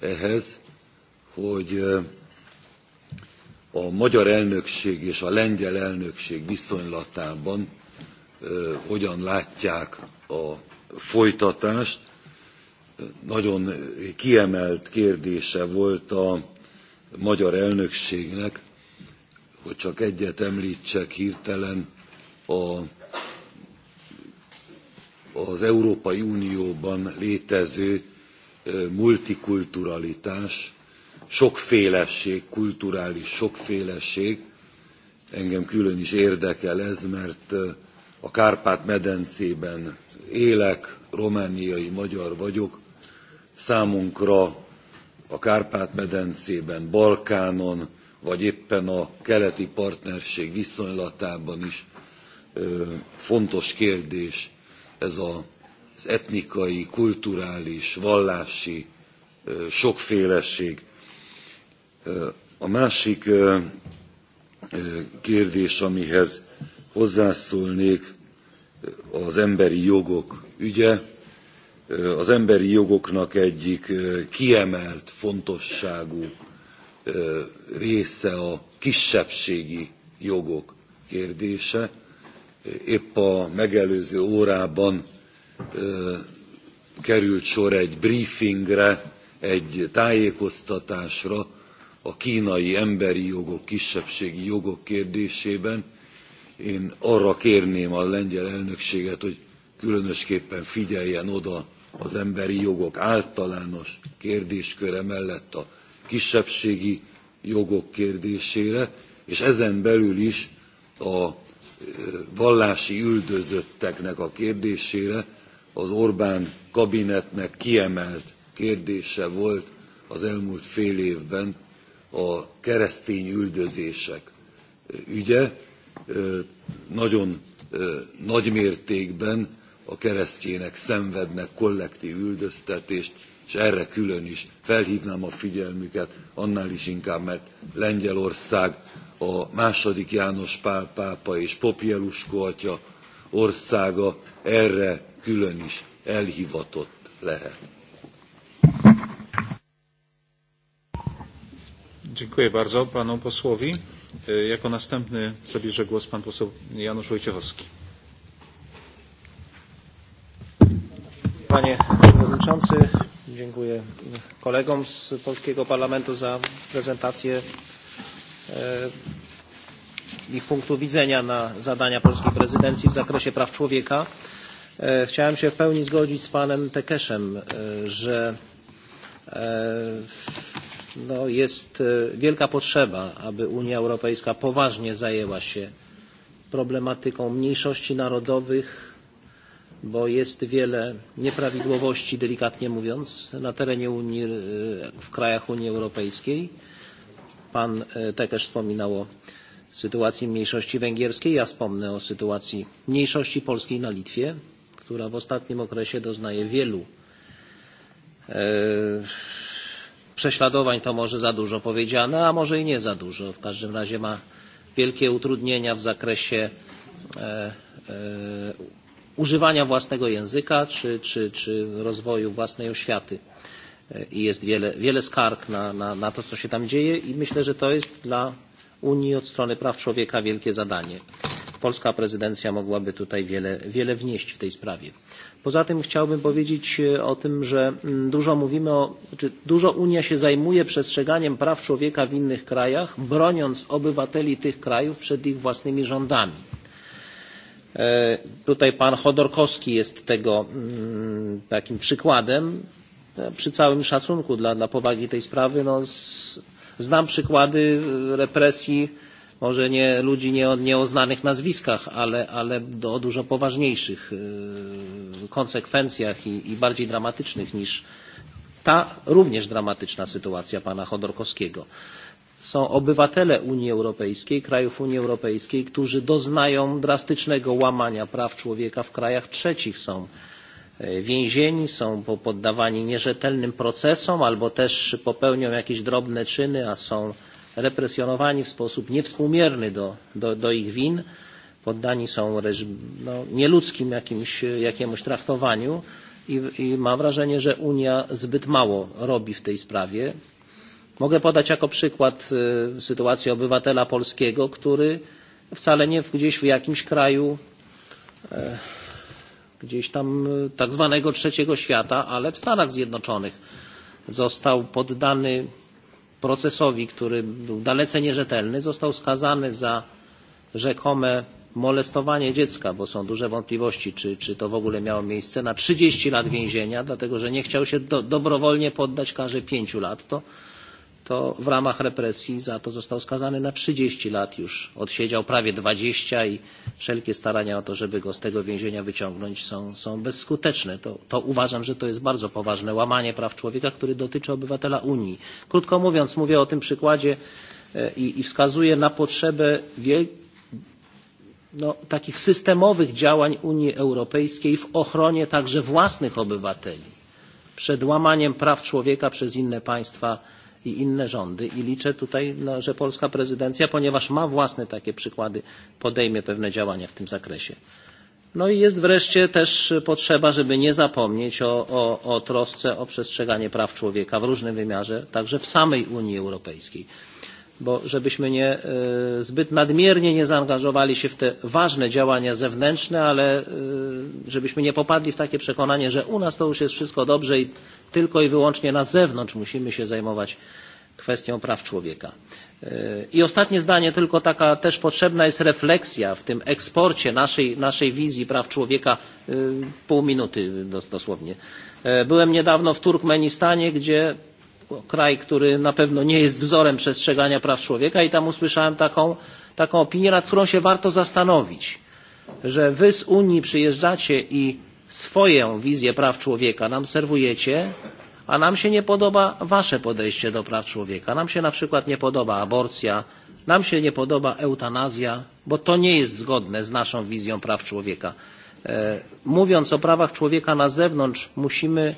ehhez, hogy a magyar elnökség és a lengyel elnökség viszonylatában hogyan látják a folytatást. Nagyon kiemelt kérdése volt a magyar elnökségnek, hogy csak egyet említsek hirtelen, a, az Európai Unióban létező multikulturalitás, sokfélesség, kulturális sokfélesség. Engem külön is érdekel ez, mert a Kárpát-medencében élek, romániai magyar vagyok, számunkra a Kárpát-medencében, Balkánon, vagy éppen a keleti partnerség viszonylatában is fontos kérdés ez a az etnikai, kulturális, vallási sokféleség. A másik kérdés, amihez hozzászólnék, az emberi jogok ügye. Az emberi jogoknak egyik kiemelt fontosságú része a kisebbségi jogok kérdése. Épp a megelőző órában került sor egy briefingre, egy tájékoztatásra a kínai emberi jogok, kisebbségi jogok kérdésében. Én arra kérném a lengyel elnökséget, hogy különösképpen figyeljen oda az emberi jogok általános kérdésköre mellett a kisebbségi jogok kérdésére, és ezen belül is a vallási üldözötteknek a kérdésére, az Orbán kabinetnek kiemelt kérdése volt az elmúlt fél évben a keresztény üldözések ügye. Nagyon nagy mértékben a keresztjének szenvednek kollektív üldöztetést, és erre külön is felhívnám a figyelmüket, annál is inkább, mert Lengyelország a második János Pál pápa és Popieluskó atya országa erre külön is elhivatott lehet. Dziękuję bardzo panu posłowi. Jako następny zabierze głos pan poseł Janusz Wojciechowski. Panie Przewodniczący, dziękuję kolegom z Polskiego Parlamentu za prezentację ich punktu widzenia na zadania polskiej prezydencji w zakresie praw człowieka. Chciałem się w pełni zgodzić z panem Tekeszem, że no, jest wielka potrzeba, aby Unia Europejska poważnie zajęła się problematyką mniejszości narodowych, bo jest wiele nieprawidłowości, delikatnie mówiąc, na terenie Unii, w krajach Unii Europejskiej. Pan Tekesz wspominał o sytuacji mniejszości węgierskiej, ja wspomnę o sytuacji mniejszości polskiej na Litwie która w ostatnim okresie doznaje wielu prześladowań, to może za dużo powiedziane, a może i nie za dużo. W każdym razie ma wielkie utrudnienia w zakresie używania własnego języka czy, czy, czy rozwoju własnej oświaty. I jest wiele, wiele skarg na, na, na to, co się tam dzieje i myślę, że to jest dla Unii od strony praw człowieka wielkie zadanie polska prezydencja mogłaby tutaj wiele, wiele wnieść w tej sprawie. Poza tym chciałbym powiedzieć o tym, że mm, dużo mówimy o, czy dużo Unia się zajmuje przestrzeganiem praw człowieka w innych krajach, broniąc obywateli tych krajów przed ich własnymi rządami. Tutaj pan Chodorkowski jest tego mm, takim przykładem. Przy całym szacunku dla, dla powagi tej sprawy, no z, znam przykłady represji może nie ludzi nie o, nie o znanych nazwiskach, ale, ale o dużo poważniejszych konsekwencjach i, i bardziej dramatycznych niż ta również dramatyczna sytuacja pana Chodorkowskiego. Są obywatele Unii Europejskiej, krajów Unii Europejskiej, którzy doznają drastycznego łamania praw człowieka w krajach trzecich. Są więzieni, są poddawani nierzetelnym procesom albo też popełnią jakieś drobne czyny, a są represjonowani w sposób niewspółmierny do, do, do ich win, poddani są no, nieludzkim jakimś, jakiemuś traktowaniu i, i mam wrażenie, że Unia zbyt mało robi w tej sprawie. Mogę podać jako przykład y, sytuację obywatela polskiego, który wcale nie w, gdzieś w jakimś kraju y, gdzieś tam y, tak zwanego trzeciego świata, ale w Stanach Zjednoczonych został poddany procesowi, który był dalece nierzetelny, został skazany za rzekome molestowanie dziecka, bo są duże wątpliwości, czy, czy to w ogóle miało miejsce, na 30 lat więzienia, dlatego że nie chciał się do, dobrowolnie poddać karze 5 lat. To to w ramach represji za to został skazany na 30 lat już. Odsiedział prawie 20 i wszelkie starania o to, żeby go z tego więzienia wyciągnąć są, są bezskuteczne. To, to uważam, że to jest bardzo poważne łamanie praw człowieka, które dotyczy obywatela Unii. Krótko mówiąc, mówię o tym przykładzie i, i wskazuję na potrzebę wiel... no, takich systemowych działań Unii Europejskiej w ochronie także własnych obywateli przed łamaniem praw człowieka przez inne państwa i inne rządy i liczę tutaj, no, że polska prezydencja, ponieważ ma własne takie przykłady, podejmie pewne działania w tym zakresie. No i jest wreszcie też potrzeba, żeby nie zapomnieć o, o, o trosce o przestrzeganie praw człowieka w różnym wymiarze, także w samej Unii Europejskiej bo żebyśmy nie zbyt nadmiernie nie zaangażowali się w te ważne działania zewnętrzne, ale żebyśmy nie popadli w takie przekonanie, że u nas to już jest wszystko dobrze i tylko i wyłącznie na zewnątrz musimy się zajmować kwestią praw człowieka. I ostatnie zdanie, tylko taka też potrzebna jest refleksja w tym eksporcie naszej, naszej wizji praw człowieka, pół minuty dosłownie. Byłem niedawno w Turkmenistanie, gdzie kraj, który na pewno nie jest wzorem przestrzegania praw człowieka i tam usłyszałem taką, taką opinię, nad którą się warto zastanowić, że wy z Unii przyjeżdżacie i swoją wizję praw człowieka nam serwujecie, a nam się nie podoba wasze podejście do praw człowieka. Nam się na przykład nie podoba aborcja, nam się nie podoba eutanazja, bo to nie jest zgodne z naszą wizją praw człowieka. Mówiąc o prawach człowieka na zewnątrz, musimy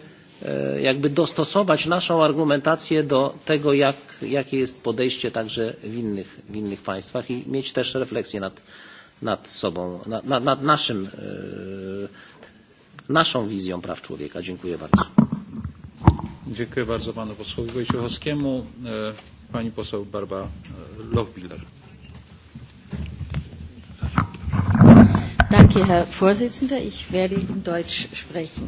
jakby dostosować naszą argumentację do tego, jak, jakie jest podejście także w innych, w innych państwach i mieć też refleksję nad, nad sobą, nad, nad, naszym, naszą wizją praw człowieka. Dziękuję bardzo. Dziękuję bardzo panu posłowi Wojciechowskiemu. Pani poseł Barbara Lochbiller. Danke, Herr Vorsitzender. Ich werde in Deutsch sprechen.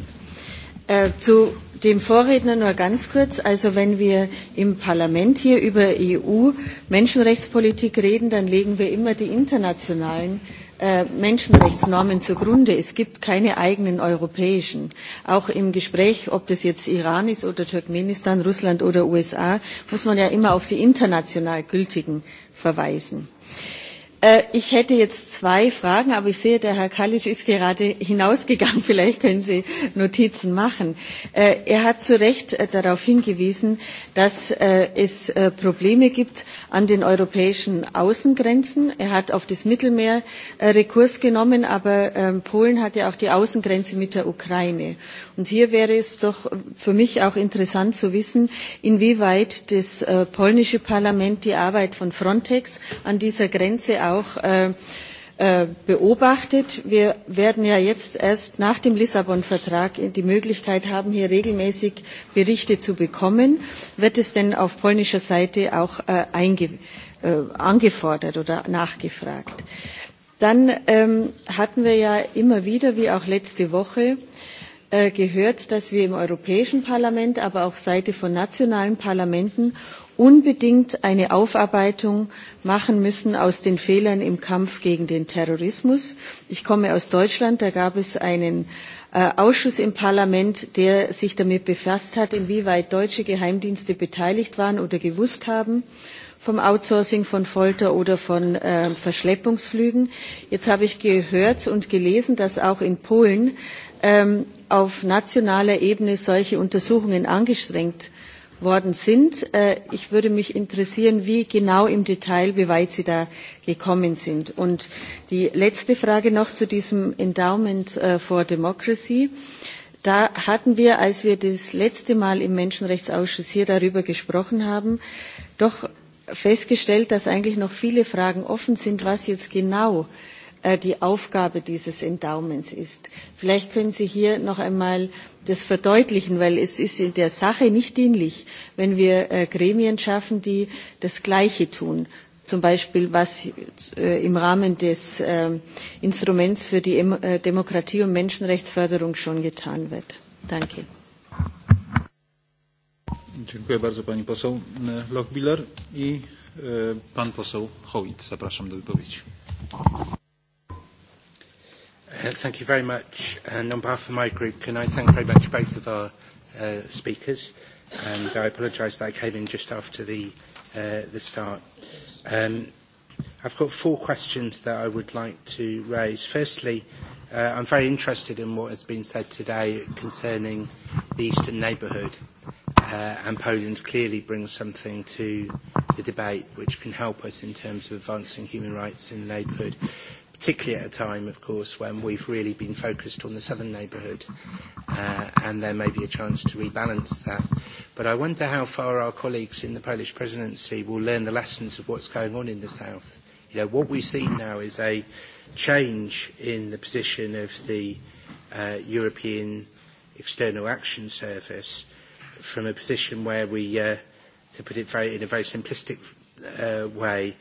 Äh, zu dem Vorredner nur ganz kurz. Also wenn wir im Parlament hier über EU-Menschenrechtspolitik reden, dann legen wir immer die internationalen äh, menschenrechtsnormen zugrunde. es gibt keine eigenen europäischen. auch im gespräch ob das jetzt iran ist oder turkmenistan russland oder usa muss man ja immer auf die international gültigen verweisen. Äh, ich hätte jetzt zwei Fragen, aber ich sehe, der Herr Kalitsch ist gerade hinausgegangen. Vielleicht können Sie Notizen machen. Äh, er hat zu Recht äh, darauf hingewiesen, dass es Probleme gibt an den europäischen Außengrenzen. Er hat auf das Mittelmeer Rekurs genommen, aber ähm, Polen hat ja auch die Außengrenze mit der Ukraine. Und hier wäre es doch für mich auch interessant zu wissen, inwieweit das polnische Parlament die Arbeit von Frontex an dieser Grenze auch äh, äh, beobachtet. Wir werden ja jetzt erst nach dem Lissabon-Vertrag die Möglichkeit haben, hier regelmäßig Berichte zu bekommen. Wird es denn auf polnischer Seite auch äh, einge äh, angefordert oder nachgefragt? Dann ähm, hatten wir ja immer wieder, wie auch letzte Woche, äh, gehört, dass wir im Europäischen Parlament, aber auch Seite von nationalen Parlamenten unbedingt eine Aufarbeitung machen müssen aus den Fehlern im Kampf gegen den Terrorismus. Ich komme aus Deutschland, da gab es einen äh, Ausschuss im Parlament, der sich damit befasst hat, inwieweit deutsche Geheimdienste beteiligt waren oder gewusst haben vom Outsourcing von Folter oder von äh, Verschleppungsflügen. Jetzt habe ich gehört und gelesen, dass auch in Polen ähm, auf nationaler Ebene solche Untersuchungen angestrengt worden sind. Äh, ich würde mich interessieren, wie genau im Detail, wie weit Sie da gekommen sind. Und die letzte Frage noch zu diesem Endowment äh, for Democracy. Da hatten wir, als wir das letzte Mal im Menschenrechtsausschuss hier darüber gesprochen haben, doch festgestellt, dass eigentlich noch viele Fragen offen sind, was jetzt genau äh, Äh, die Aufgabe dieses Endowments ist. Vielleicht können Sie hier noch einmal das verdeutlichen, weil es ist in der Sache nicht dienlich, wenn wir äh, Gremien schaffen, die das Gleiche tun zum Beispiel was äh, im Rahmen des Instruments für die Demokratie und Menschenrechtsförderung schon getan wird. Danke. Dziękuję bardzo pani poseł Lochbiller i pan poseł Howitt. Zapraszam do wypowiedzi. Uh, thank you very much. And on behalf of my group, can I thank very much both of our uh, speakers? And I apologise that I came in just after the, uh, the start. Um, I've got four questions that I would like to raise. Firstly, uh, I'm very interested in what has been said today concerning the Eastern neighbourhood. Uh, and Poland clearly brings something to the debate which can help us in terms of advancing human rights in the neighbourhood particularly at a time, of course, when we've really been focused on the southern neighbourhood, uh, and there may be a chance to rebalance that. But I wonder how far our colleagues in the Polish presidency will learn the lessons of what's going on in the south. You know, what we've seen now is a change in the position of the uh, European External Action Service from a position where we, uh, to put it very, in a very simplistic uh, way, uh,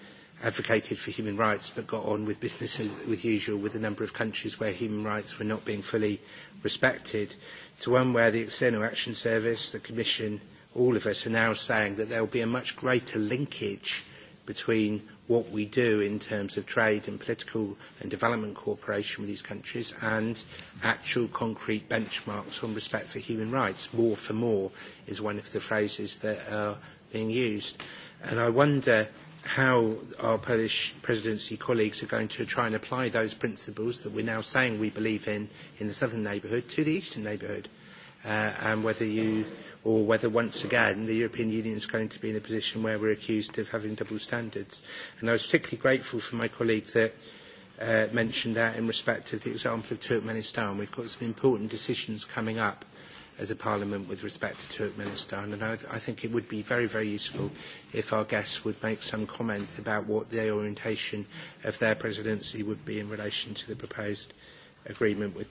advocated for human rights but got on with business as with usual with a number of countries where human rights were not being fully respected, to one where the External Action Service, the Commission, all of us are now saying that there will be a much greater linkage between what we do in terms of trade and political and development cooperation with these countries and actual concrete benchmarks on respect for human rights. More for more is one of the phrases that are being used. And I wonder how our Polish presidency colleagues are going to try and apply those principles that we're now saying we believe in in the southern neighbourhood to the eastern neighbourhood, uh, and whether you or whether once again the European Union is going to be in a position where we're accused of having double standards. And I was particularly grateful for my colleague that uh, mentioned that in respect of the example of Turkmenistan. We've got some important decisions coming up as a parliament with respect to Turkmenistan. And I, I think it would be very, very useful if our guests would make some comment about what the orientation of their presidency would be in relation to the proposed agreement with,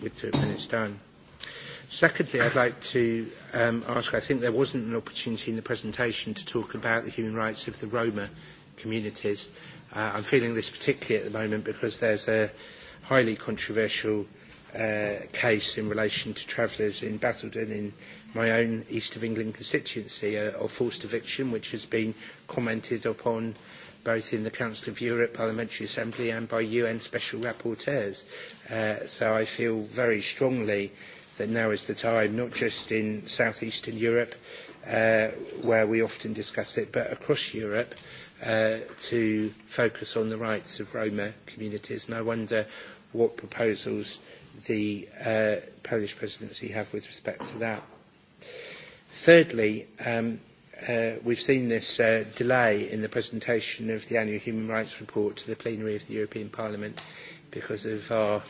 with Turkmenistan. Secondly, I'd like to um, ask, I think there wasn't an opportunity in the presentation to talk about the human rights of the Roma communities. Uh, I'm feeling this particularly at the moment because there's a highly controversial Uh, case in relation to travellers in Basildon in my own East of England constituency uh, of forced eviction, which has been commented upon both in the Council of Europe, Parliamentary Assembly and by UN Special Rapporteurs. Uh, so I feel very strongly that now is the time, not just in southeastern Europe, uh, where we often discuss it, but across Europe, uh, to focus on the rights of Roma communities. And I wonder what proposals uh, the uh, Polish presidency have with respect to that. Thirdly, um, uh, we've seen this uh, delay in the presentation of the annual human rights report to the plenary of the European Parliament because of our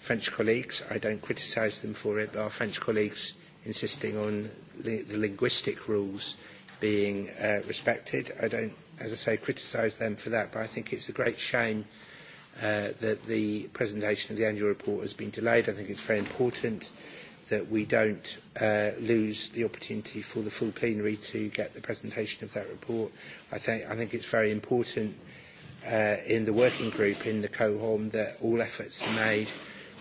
French colleagues. I don't criticise them for it, but our French colleagues insisting on li the linguistic rules being uh, respected. I don't, as I say, criticise them for that, but I think it's a great shame uh, uh, that the presentation of the annual report has been delayed. I think it's very important that we don't uh, lose the opportunity for the full plenary to get the presentation of that report. I think, I think it's very important uh, in the working group, in the COHOM, that all efforts are made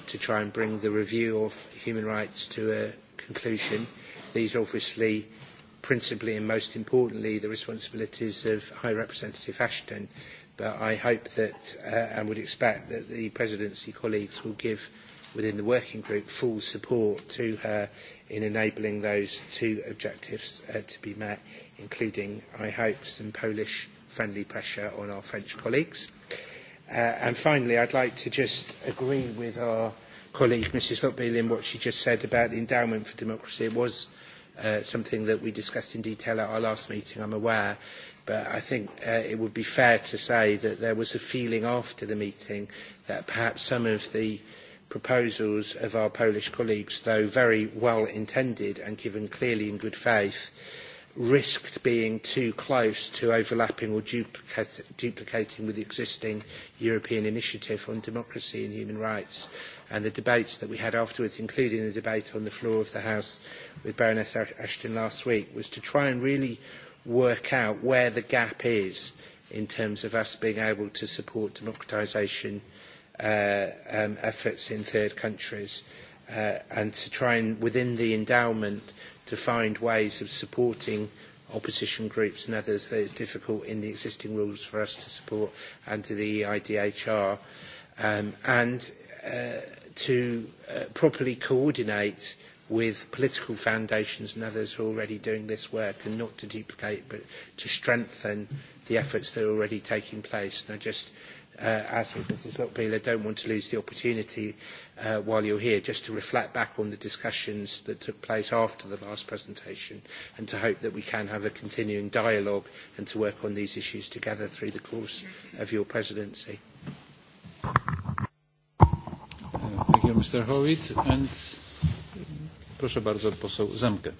to try and bring the review of human rights to a conclusion. These are obviously principally and most importantly the responsibilities of High Representative Ashton but I hope that uh, and would expect that the presidency colleagues will give within the working group full support to her in enabling those two objectives uh, to be met, including, I hope, some Polish friendly pressure on our French colleagues. Uh, and finally, I'd like to just agree with our colleague, Mrs. Hutbill, in what she just said about the endowment for democracy. It was uh, something that we discussed in detail at our last meeting, I'm aware But I think uh, it would be fair to say that there was a feeling after the meeting that perhaps some of the proposals of our Polish colleagues, though very well intended and given clearly in good faith, risked being too close to overlapping or duplicate, duplicating with the existing European initiative on democracy and human rights. And the debates that we had afterwards, including the debate on the floor of the House with Baroness Ashton last week, was to try and really work out where the gap is in terms of us being able to support democratisation uh, um, efforts in third countries uh, and to try and, within the endowment, to find ways of supporting opposition groups and others that it's difficult in the existing rules for us to support under the EIDHR um, and uh, to uh, properly coordinate with political foundations and others who are already doing this work and not to duplicate but to strengthen the efforts that are already taking place. And I just uh, ask you, Mrs Lockbeal, I don't want to lose the opportunity uh, while you're here just to reflect back on the discussions that took place after the last presentation and to hope that we can have a continuing dialogue and to work on these issues together through the course of your presidency. Uh, thank you, Mr Howitt. And Proszę bardzo, poseł Zemkę.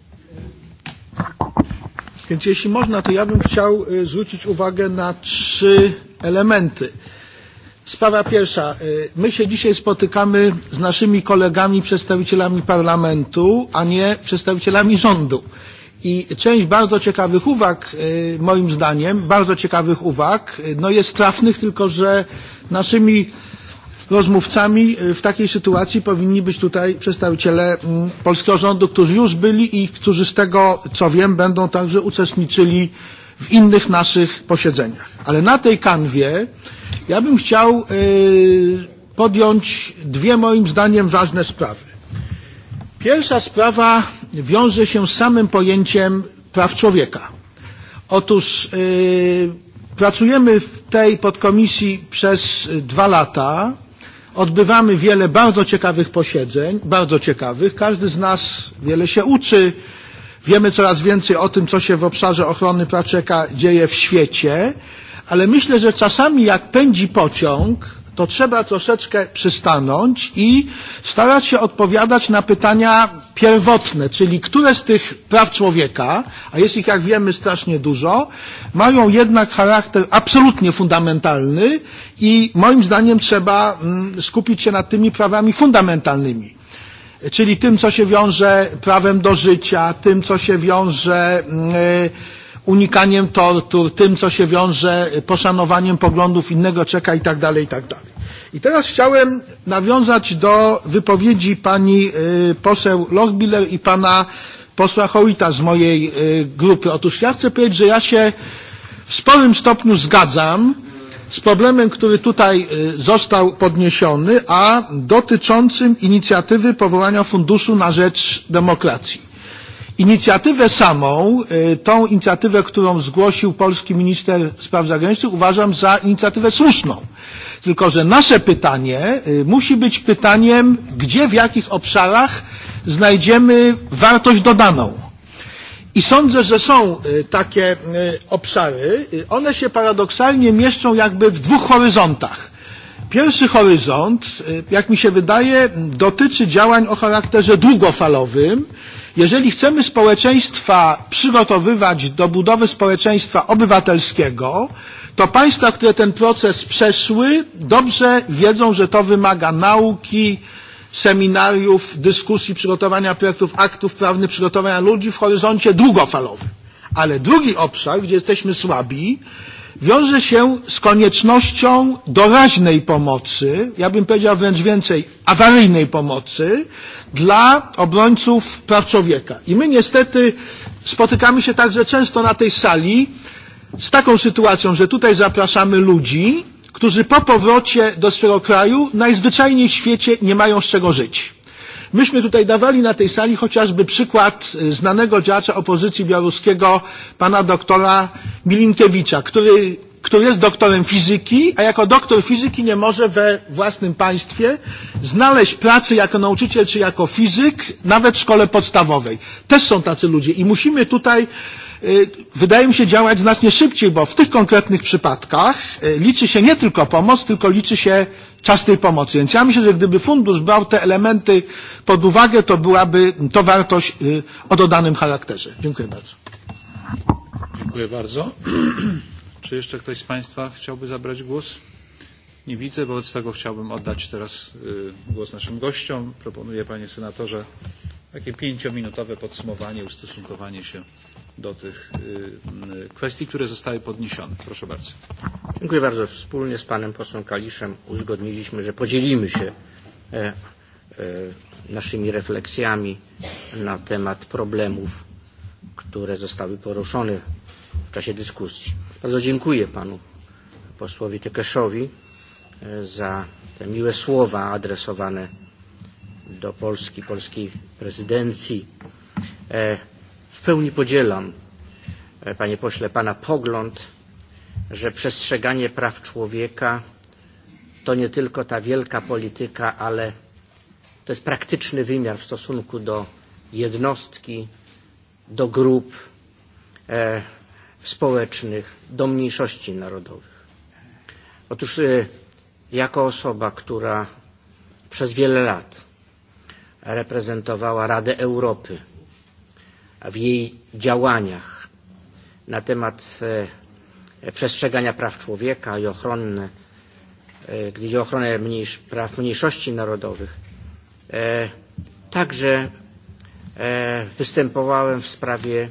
Więc jeśli można, to ja bym chciał zwrócić uwagę na trzy elementy. Sprawa pierwsza. My się dzisiaj spotykamy z naszymi kolegami, przedstawicielami parlamentu, a nie przedstawicielami rządu. I część bardzo ciekawych uwag, moim zdaniem, bardzo ciekawych uwag, no jest trafnych, tylko że naszymi rozmówcami w takiej sytuacji powinni być tutaj przedstawiciele mm, polskiego rządu, którzy już byli i którzy z tego, co wiem, będą także uczestniczyli w innych naszych posiedzeniach. Ale na tej kanwie ja bym chciał podjąć dwie moim zdaniem ważne sprawy. Pierwsza sprawa wiąże się z samym pojęciem praw człowieka. Otóż yy, pracujemy w tej podkomisji przez dwa lata odbywamy wiele bardzo ciekawych posiedzeń, bardzo ciekawych. Każdy z nas wiele się uczy. Wiemy coraz więcej o tym, co się w obszarze ochrony praw człowieka dzieje w świecie, ale myślę, że czasami jak pędzi pociąg, to trzeba troszeczkę przystanąć i starać się odpowiadać na pytania pierwotne, czyli które z tych praw człowieka, a jest ich jak wiemy strasznie dużo, mają jednak charakter absolutnie fundamentalny i moim zdaniem trzeba mm, skupić się nad tymi prawami fundamentalnymi czyli tym, co się wiąże prawem do życia, tym, co się wiąże y, mm, unikaniem tortur, tym, co się wiąże, poszanowaniem poglądów innego czeka i tak dalej, i tak dalej. I teraz chciałem nawiązać do wypowiedzi pani poseł Lochbiller i pana posła Hołita z mojej grupy. Otóż ja chcę powiedzieć, że ja się w sporym stopniu zgadzam z problemem, który tutaj został podniesiony, a dotyczącym inicjatywy powołania Funduszu na Rzecz Demokracji. Inicjatywę samą, tą inicjatywę, którą zgłosił polski minister spraw zagranicznych, uważam za inicjatywę słuszną. Tylko, że nasze pytanie musi być pytaniem, gdzie, w jakich obszarach znajdziemy wartość dodaną. I sądzę, że są takie obszary. One się paradoksalnie mieszczą jakby w dwóch horyzontach. Pierwszy horyzont, jak mi się wydaje, dotyczy działań o charakterze długofalowym, Jeżeli chcemy społeczeństwa przygotowywać do budowy społeczeństwa obywatelskiego, to państwa, które ten proces przeszły, dobrze wiedzą, że to wymaga nauki, seminariów, dyskusji, przygotowania projektów aktów prawnych, przygotowania ludzi w horyzoncie długofalowym. Ale drugi obszar, gdzie jesteśmy słabi, wiąże się z koniecznością doraźnej pomocy, ja bym powiedział wręcz więcej, awaryjnej pomocy dla obrońców praw człowieka. I my niestety spotykamy się także często na tej sali z taką sytuacją, że tutaj zapraszamy ludzi, którzy po powrocie do swojego kraju najzwyczajniej w świecie nie mają z czego żyć. Myśmy tutaj dawali na tej sali chociażby przykład znanego działacza opozycji białoruskiego, pana doktora Milinkiewicza, który który jest doktorem fizyki, a jako doktor fizyki nie może we własnym państwie znaleźć pracy jako nauczyciel czy jako fizyk, nawet w szkole podstawowej. Też są tacy ludzie i musimy tutaj, wydaje mi się, działać znacznie szybciej, bo w tych konkretnych przypadkach liczy się nie tylko pomoc, tylko liczy się czas tej pomocy. Więc ja myślę, że gdyby fundusz brał te elementy pod uwagę, to byłaby to wartość o dodanym charakterze. Dziękuję bardzo. Dziękuję bardzo. Czy jeszcze ktoś z Państwa chciałby zabrać głos? Nie widzę, wobec tego chciałbym oddać teraz głos naszym gościom. Proponuję, panie senatorze, takie pięciominutowe podsumowanie, ustosunkowanie się do tych kwestii, które zostały podniesione. Proszę bardzo. Dziękuję bardzo. Wspólnie z panem posłem Kaliszem uzgodniliśmy, że podzielimy się naszymi refleksjami na temat problemów, które zostały poruszone w czasie dyskusji. Bardzo dziękuję panu posłowi Tekeszowi za te miłe słowa adresowane do Polski, polskiej prezydencji. W pełni podzielam, panie pośle, pana pogląd, że przestrzeganie praw człowieka to nie tylko ta wielka polityka, ale to jest praktyczny wymiar w stosunku do jednostki, do grup e, społecznych, do mniejszości narodowych. Otóż e, jako osoba, która przez wiele lat reprezentowała Radę Europy, w jej działaniach na temat przestrzegania praw człowieka i ochrony, gdy idzie o ochronę mniejsz, praw mniejszości narodowych. Także występowałem w sprawie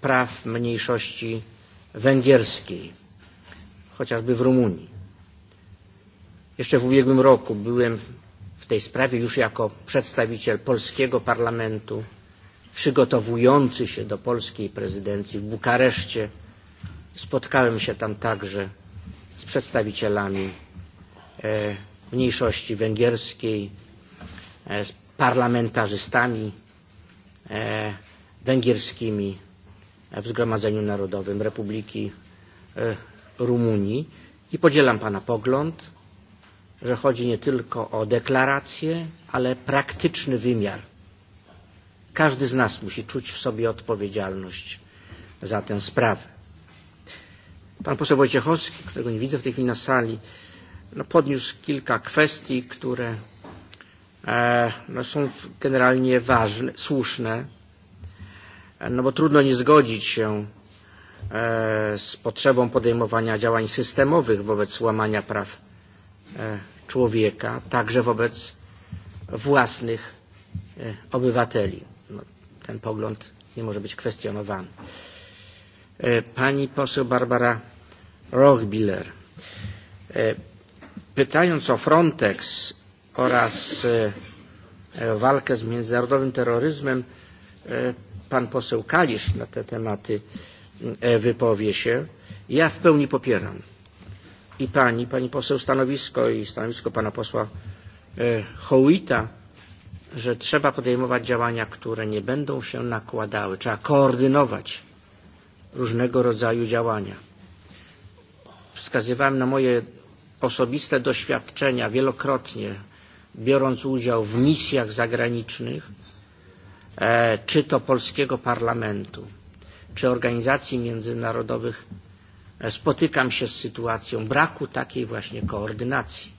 praw mniejszości węgierskiej, chociażby w Rumunii. Jeszcze w ubiegłym roku byłem w tej sprawie już jako przedstawiciel polskiego parlamentu przygotowujący się do polskiej prezydencji w Bukareszcie. Spotkałem się tam także z przedstawicielami mniejszości węgierskiej, z parlamentarzystami węgierskimi w Zgromadzeniu Narodowym Republiki Rumunii i podzielam Pana pogląd, że chodzi nie tylko o deklaracje, ale praktyczny wymiar Każdy z nas musi czuć w sobie odpowiedzialność za tę sprawę. Pan poseł Wojciechowski, którego nie widzę w tej chwili na sali, no podniósł kilka kwestii, które e, no są generalnie ważne, słuszne, no bo trudno nie zgodzić się e, z potrzebą podejmowania działań systemowych wobec łamania praw e, człowieka, także wobec własnych e, obywateli ten pogląd nie może być kwestionowany. Pani poseł Barbara Rochbiller, pytając o Frontex oraz walkę z międzynarodowym terroryzmem, pan poseł Kalisz na te tematy wypowie się. Ja w pełni popieram i pani, pani poseł stanowisko i stanowisko pana posła Hołita że trzeba podejmować działania, które nie będą się nakładały. Trzeba koordynować różnego rodzaju działania. Wskazywałem na moje osobiste doświadczenia wielokrotnie, biorąc udział w misjach zagranicznych, czy to polskiego parlamentu, czy organizacji międzynarodowych, spotykam się z sytuacją braku takiej właśnie koordynacji.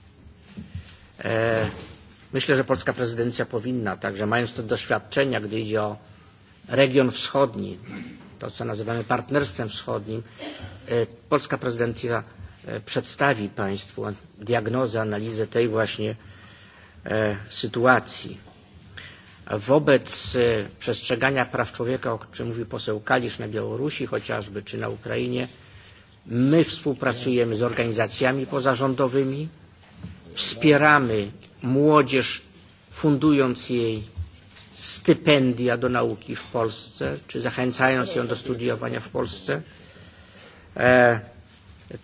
Myślę, że polska prezydencja powinna, także mając te doświadczenia, gdy idzie o region wschodni, to co nazywamy partnerstwem wschodnim, polska prezydencja przedstawi Państwu diagnozę, analizę tej właśnie sytuacji. Wobec przestrzegania praw człowieka, o czym mówił poseł Kalisz na Białorusi chociażby, czy na Ukrainie, my współpracujemy z organizacjami pozarządowymi, wspieramy młodzież, fundując jej stypendia do nauki w Polsce, czy zachęcając ją do studiowania w Polsce. E,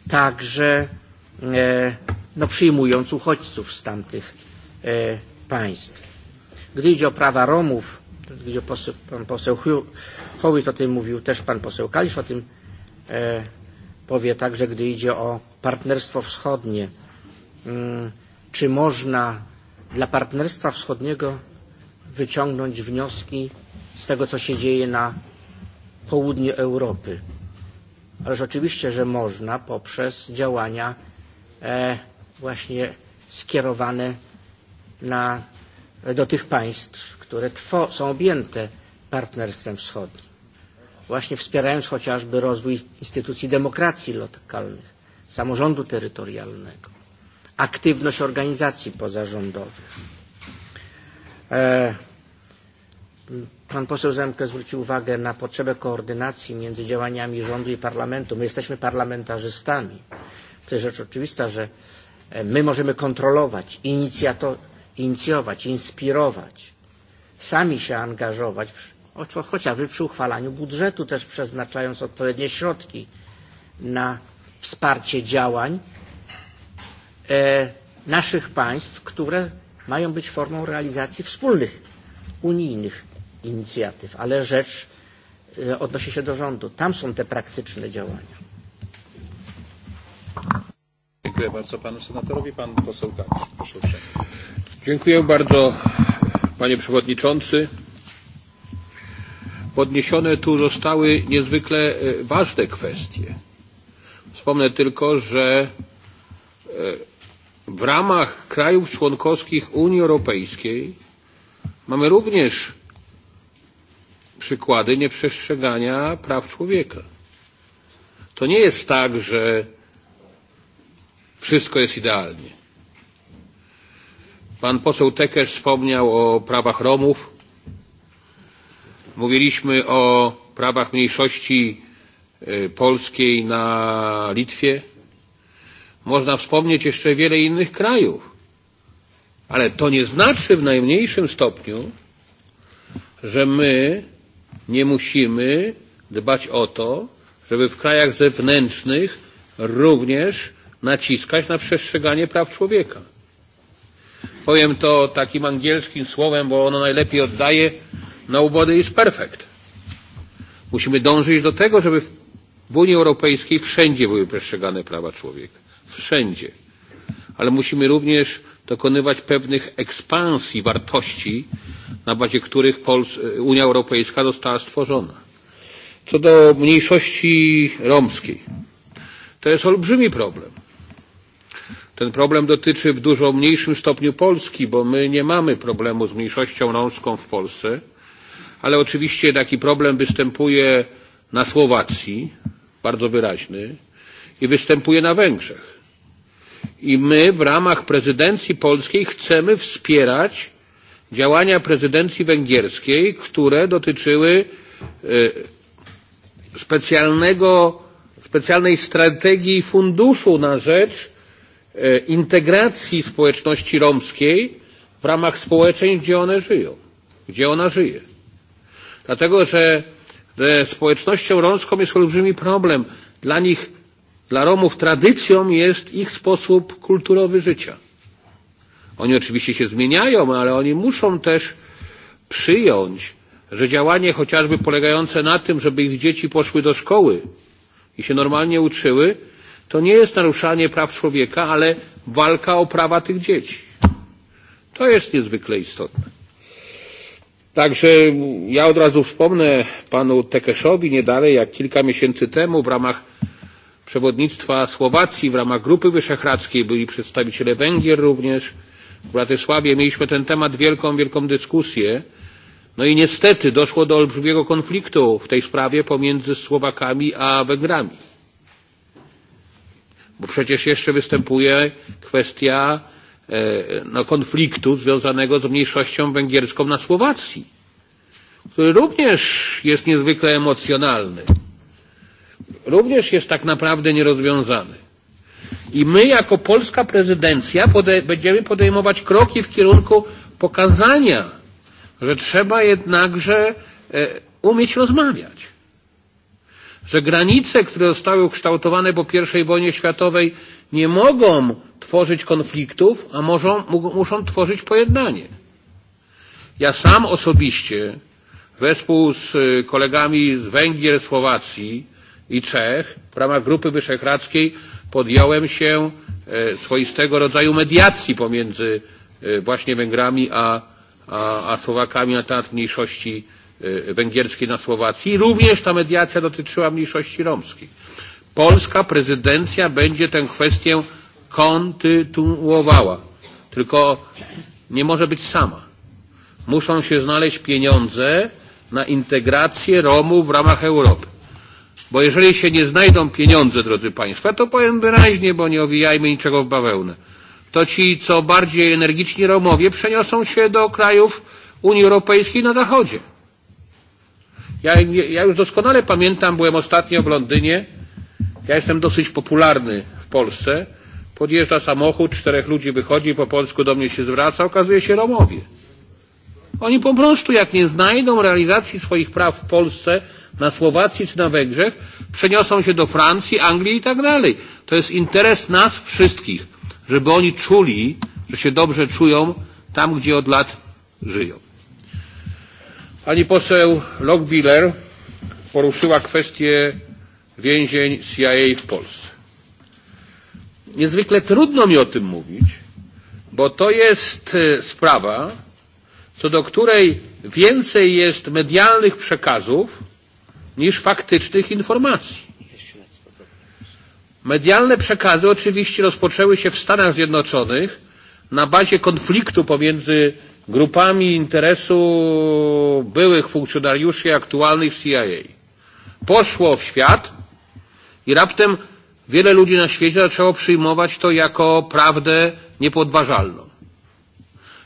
także e, no, przyjmując uchodźców z tamtych e, państw. Gdy idzie o prawa Romów, gdy idzie poseł, pan poseł Howitt o tym mówił, też pan poseł Kalisz o tym e, powie także, gdy idzie o partnerstwo wschodnie. E, mm, czy można dla Partnerstwa Wschodniego wyciągnąć wnioski z tego, co się dzieje na południu Europy. Ależ oczywiście, że można poprzez działania e, właśnie skierowane na, do tych państw, które two, są objęte partnerstwem wschodnim. Właśnie wspierając chociażby rozwój instytucji demokracji lokalnych, samorządu terytorialnego, aktywność organizacji pozarządowych. Pan poseł Zemke zwrócił uwagę na potrzebę koordynacji między działaniami rządu i parlamentu. My jesteśmy parlamentarzystami. To jest rzecz oczywista, że my możemy kontrolować, inicjować, inspirować, sami się angażować, chociażby przy uchwalaniu budżetu też przeznaczając odpowiednie środki na wsparcie działań naszych państw, które mają być formą realizacji wspólnych unijnych inicjatyw, ale rzecz odnosi się do rządu. Tam są te praktyczne działania. Dziękuję bardzo panu senatorowi. Pan poseł Kacz, proszę uprzejmie. Dziękuję bardzo panie przewodniczący. Podniesione tu zostały niezwykle ważne kwestie. Wspomnę tylko, że w ramach krajów członkowskich Unii Europejskiej mamy również przykłady nieprzestrzegania praw człowieka. To nie jest tak, że wszystko jest idealnie. Pan poseł Tekesz wspomniał o prawach Romów. Mówiliśmy o prawach mniejszości polskiej na Litwie Można wspomnieć jeszcze wiele innych krajów. Ale to nie znaczy w najmniejszym stopniu, że my nie musimy dbać o to, żeby w krajach zewnętrznych również naciskać na przestrzeganie praw człowieka. Powiem to takim angielskim słowem, bo ono najlepiej oddaje nobody is perfect. Musimy dążyć do tego, żeby w Unii Europejskiej wszędzie były przestrzegane prawa człowieka wszędzie. Ale musimy również dokonywać pewnych ekspansji wartości, na bazie których Pols Unia Europejska została stworzona. Co do mniejszości romskiej, to jest olbrzymi problem. Ten problem dotyczy w dużo mniejszym stopniu Polski, bo my nie mamy problemu z mniejszością romską w Polsce, ale oczywiście taki problem występuje na Słowacji, bardzo wyraźny, i występuje na Węgrzech i my w ramach prezydencji polskiej chcemy wspierać działania prezydencji węgierskiej, które dotyczyły specjalnego, specjalnej strategii funduszu na rzecz integracji społeczności romskiej w ramach społeczeństw, gdzie one żyją, gdzie ona żyje. Dlatego, że ze społecznością romską jest olbrzymi problem. Dla nich Dla Romów tradycją jest ich sposób kulturowy życia. Oni oczywiście się zmieniają, ale oni muszą też przyjąć, że działanie chociażby polegające na tym, żeby ich dzieci poszły do szkoły i się normalnie uczyły, to nie jest naruszanie praw człowieka, ale walka o prawa tych dzieci. To jest niezwykle istotne. Także ja od razu wspomnę panu Tekeszowi nie dalej jak kilka miesięcy temu w ramach przewodnictwa Słowacji w ramach Grupy Wyszehradzkiej byli przedstawiciele Węgier również. W Bratysławie mieliśmy ten temat wielką, wielką dyskusję. No i niestety doszło do olbrzymiego konfliktu w tej sprawie pomiędzy Słowakami a Węgrami. Bo przecież jeszcze występuje kwestia no, konfliktu związanego z mniejszością węgierską na Słowacji, który również jest niezwykle emocjonalny również jest tak naprawdę nierozwiązany. I my jako polska prezydencja pode będziemy podejmować kroki w kierunku pokazania, że trzeba jednakże e, umieć rozmawiać. Że granice, które zostały ukształtowane po I wojnie światowej nie mogą tworzyć konfliktów, a może, muszą tworzyć pojednanie. Ja sam osobiście wespół z kolegami z Węgier, Słowacji i Czech w ramach Grupy Wyszehradzkiej podjąłem się swoistego rodzaju mediacji pomiędzy właśnie Węgrami a, a, a Słowakami na temat mniejszości węgierskiej na Słowacji. Również ta mediacja dotyczyła mniejszości romskiej. Polska prezydencja będzie tę kwestię kontynuowała. Tylko nie może być sama. Muszą się znaleźć pieniądze na integrację Romów w ramach Europy. Bo jeżeli się nie znajdą pieniądze, drodzy Państwo, to powiem wyraźnie, bo nie owijajmy niczego w bawełnę, to ci, co bardziej energiczni Romowie, przeniosą się do krajów Unii Europejskiej na zachodzie. Ja, ja już doskonale pamiętam, byłem ostatnio w Londynie, ja jestem dosyć popularny w Polsce, podjeżdża samochód, czterech ludzi wychodzi, po polsku do mnie się zwraca, okazuje się Romowie. Oni po prostu, jak nie znajdą realizacji swoich praw w Polsce, na Słowacji czy na Węgrzech, przeniosą się do Francji, Anglii i tak dalej. To jest interes nas wszystkich, żeby oni czuli, że się dobrze czują tam, gdzie od lat żyją. Pani poseł Lockbiller poruszyła kwestię więzień CIA w Polsce. Niezwykle trudno mi o tym mówić, bo to jest sprawa, co do której więcej jest medialnych przekazów niż faktycznych informacji. Medialne przekazy oczywiście rozpoczęły się w Stanach Zjednoczonych na bazie konfliktu pomiędzy grupami interesu byłych funkcjonariuszy aktualnych CIA. Poszło w świat i raptem wiele ludzi na świecie zaczęło przyjmować to jako prawdę niepodważalną.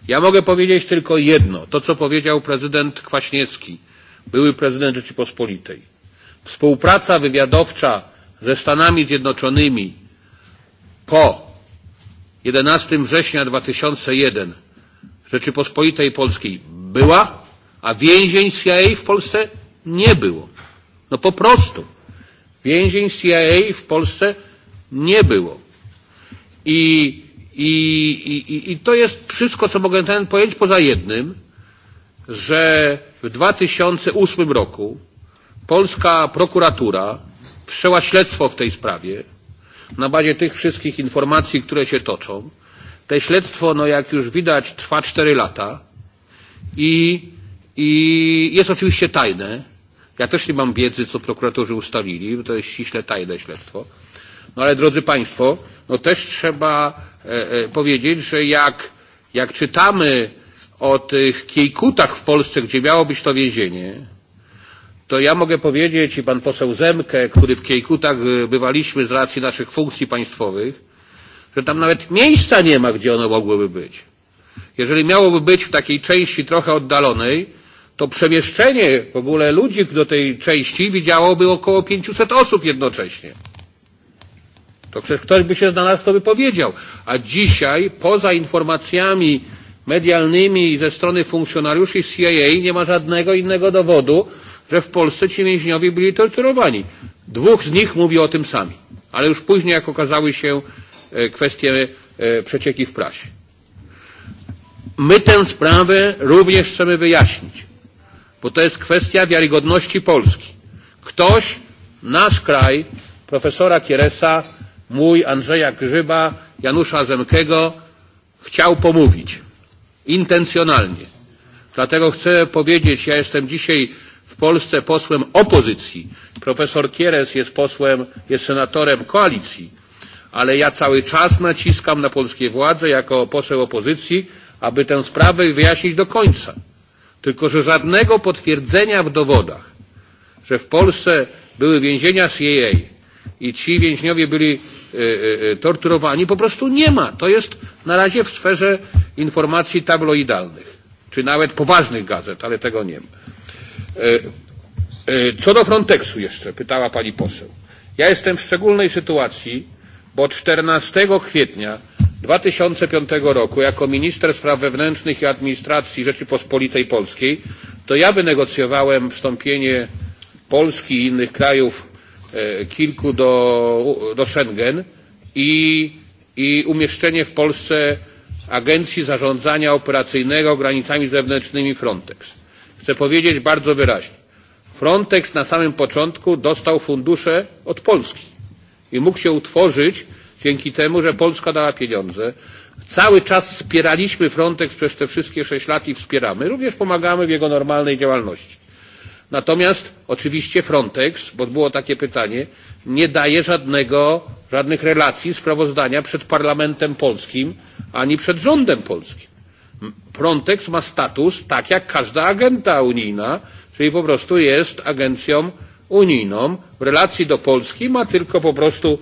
Ja mogę powiedzieć tylko jedno, to co powiedział prezydent Kwaśniewski – były prezydent Rzeczypospolitej. Współpraca wywiadowcza ze Stanami Zjednoczonymi po 11 września 2001 Rzeczypospolitej Polskiej była, a więzień CIA w Polsce nie było. No po prostu. Więzień CIA w Polsce nie było. I, i, i, i to jest wszystko, co mogę ten powiedzieć, poza jednym, że w 2008 roku polska prokuratura wszczęła śledztwo w tej sprawie na bazie tych wszystkich informacji, które się toczą. Te śledztwo, no jak już widać, trwa 4 lata i, i jest oczywiście tajne. Ja też nie mam wiedzy, co prokuratorzy ustalili, bo to jest ściśle tajne śledztwo. No ale drodzy Państwo, no też trzeba e, e, powiedzieć, że jak, jak czytamy o tych kiejkutach w Polsce, gdzie miało być to więzienie, to ja mogę powiedzieć i pan poseł Zemke, który w Kiejkutach bywaliśmy z racji naszych funkcji państwowych, że tam nawet miejsca nie ma, gdzie one mogłyby być. Jeżeli miałoby być w takiej części trochę oddalonej, to przemieszczenie w ogóle ludzi do tej części widziałoby około 500 osób jednocześnie. To przecież ktoś by się znalazł, kto by powiedział. A dzisiaj poza informacjami medialnymi i ze strony funkcjonariuszy CIA nie ma żadnego innego dowodu, że w Polsce ci więźniowie byli torturowani. Dwóch z nich mówi o tym sami, ale już później, jak okazały się kwestie przecieki w prasie. My tę sprawę również chcemy wyjaśnić, bo to jest kwestia wiarygodności Polski. Ktoś, nasz kraj, profesora Kieresa, mój, Andrzeja Grzyba, Janusza Zemkego, chciał pomówić. Intencjonalnie. Dlatego chcę powiedzieć, ja jestem dzisiaj w Polsce posłem opozycji. Profesor Kieres jest posłem, jest senatorem koalicji. Ale ja cały czas naciskam na polskie władze jako poseł opozycji, aby tę sprawę wyjaśnić do końca. Tylko, że żadnego potwierdzenia w dowodach, że w Polsce były więzienia CIA i ci więźniowie byli y, y, torturowani, po prostu nie ma. To jest na razie w sferze informacji tabloidalnych, czy nawet poważnych gazet, ale tego nie ma. Co do Frontexu jeszcze, pytała pani poseł. Ja jestem w szczególnej sytuacji, bo 14 kwietnia 2005 roku jako minister spraw wewnętrznych i administracji Rzeczypospolitej Polskiej to ja wynegocjowałem wstąpienie Polski i innych krajów kilku do, do Schengen i, i umieszczenie w Polsce Agencji Zarządzania Operacyjnego granicami zewnętrznymi Frontex. Chcę powiedzieć bardzo wyraźnie. Frontex na samym początku dostał fundusze od Polski i mógł się utworzyć dzięki temu, że Polska dała pieniądze. Cały czas wspieraliśmy Frontex przez te wszystkie sześć lat i wspieramy. Również pomagamy w jego normalnej działalności. Natomiast oczywiście Frontex, bo było takie pytanie, nie daje żadnego, żadnych relacji sprawozdania przed Parlamentem Polskim ani przed rządem polskim. Frontex ma status tak jak każda agenta unijna, czyli po prostu jest agencją unijną. W relacji do Polski ma tylko po prostu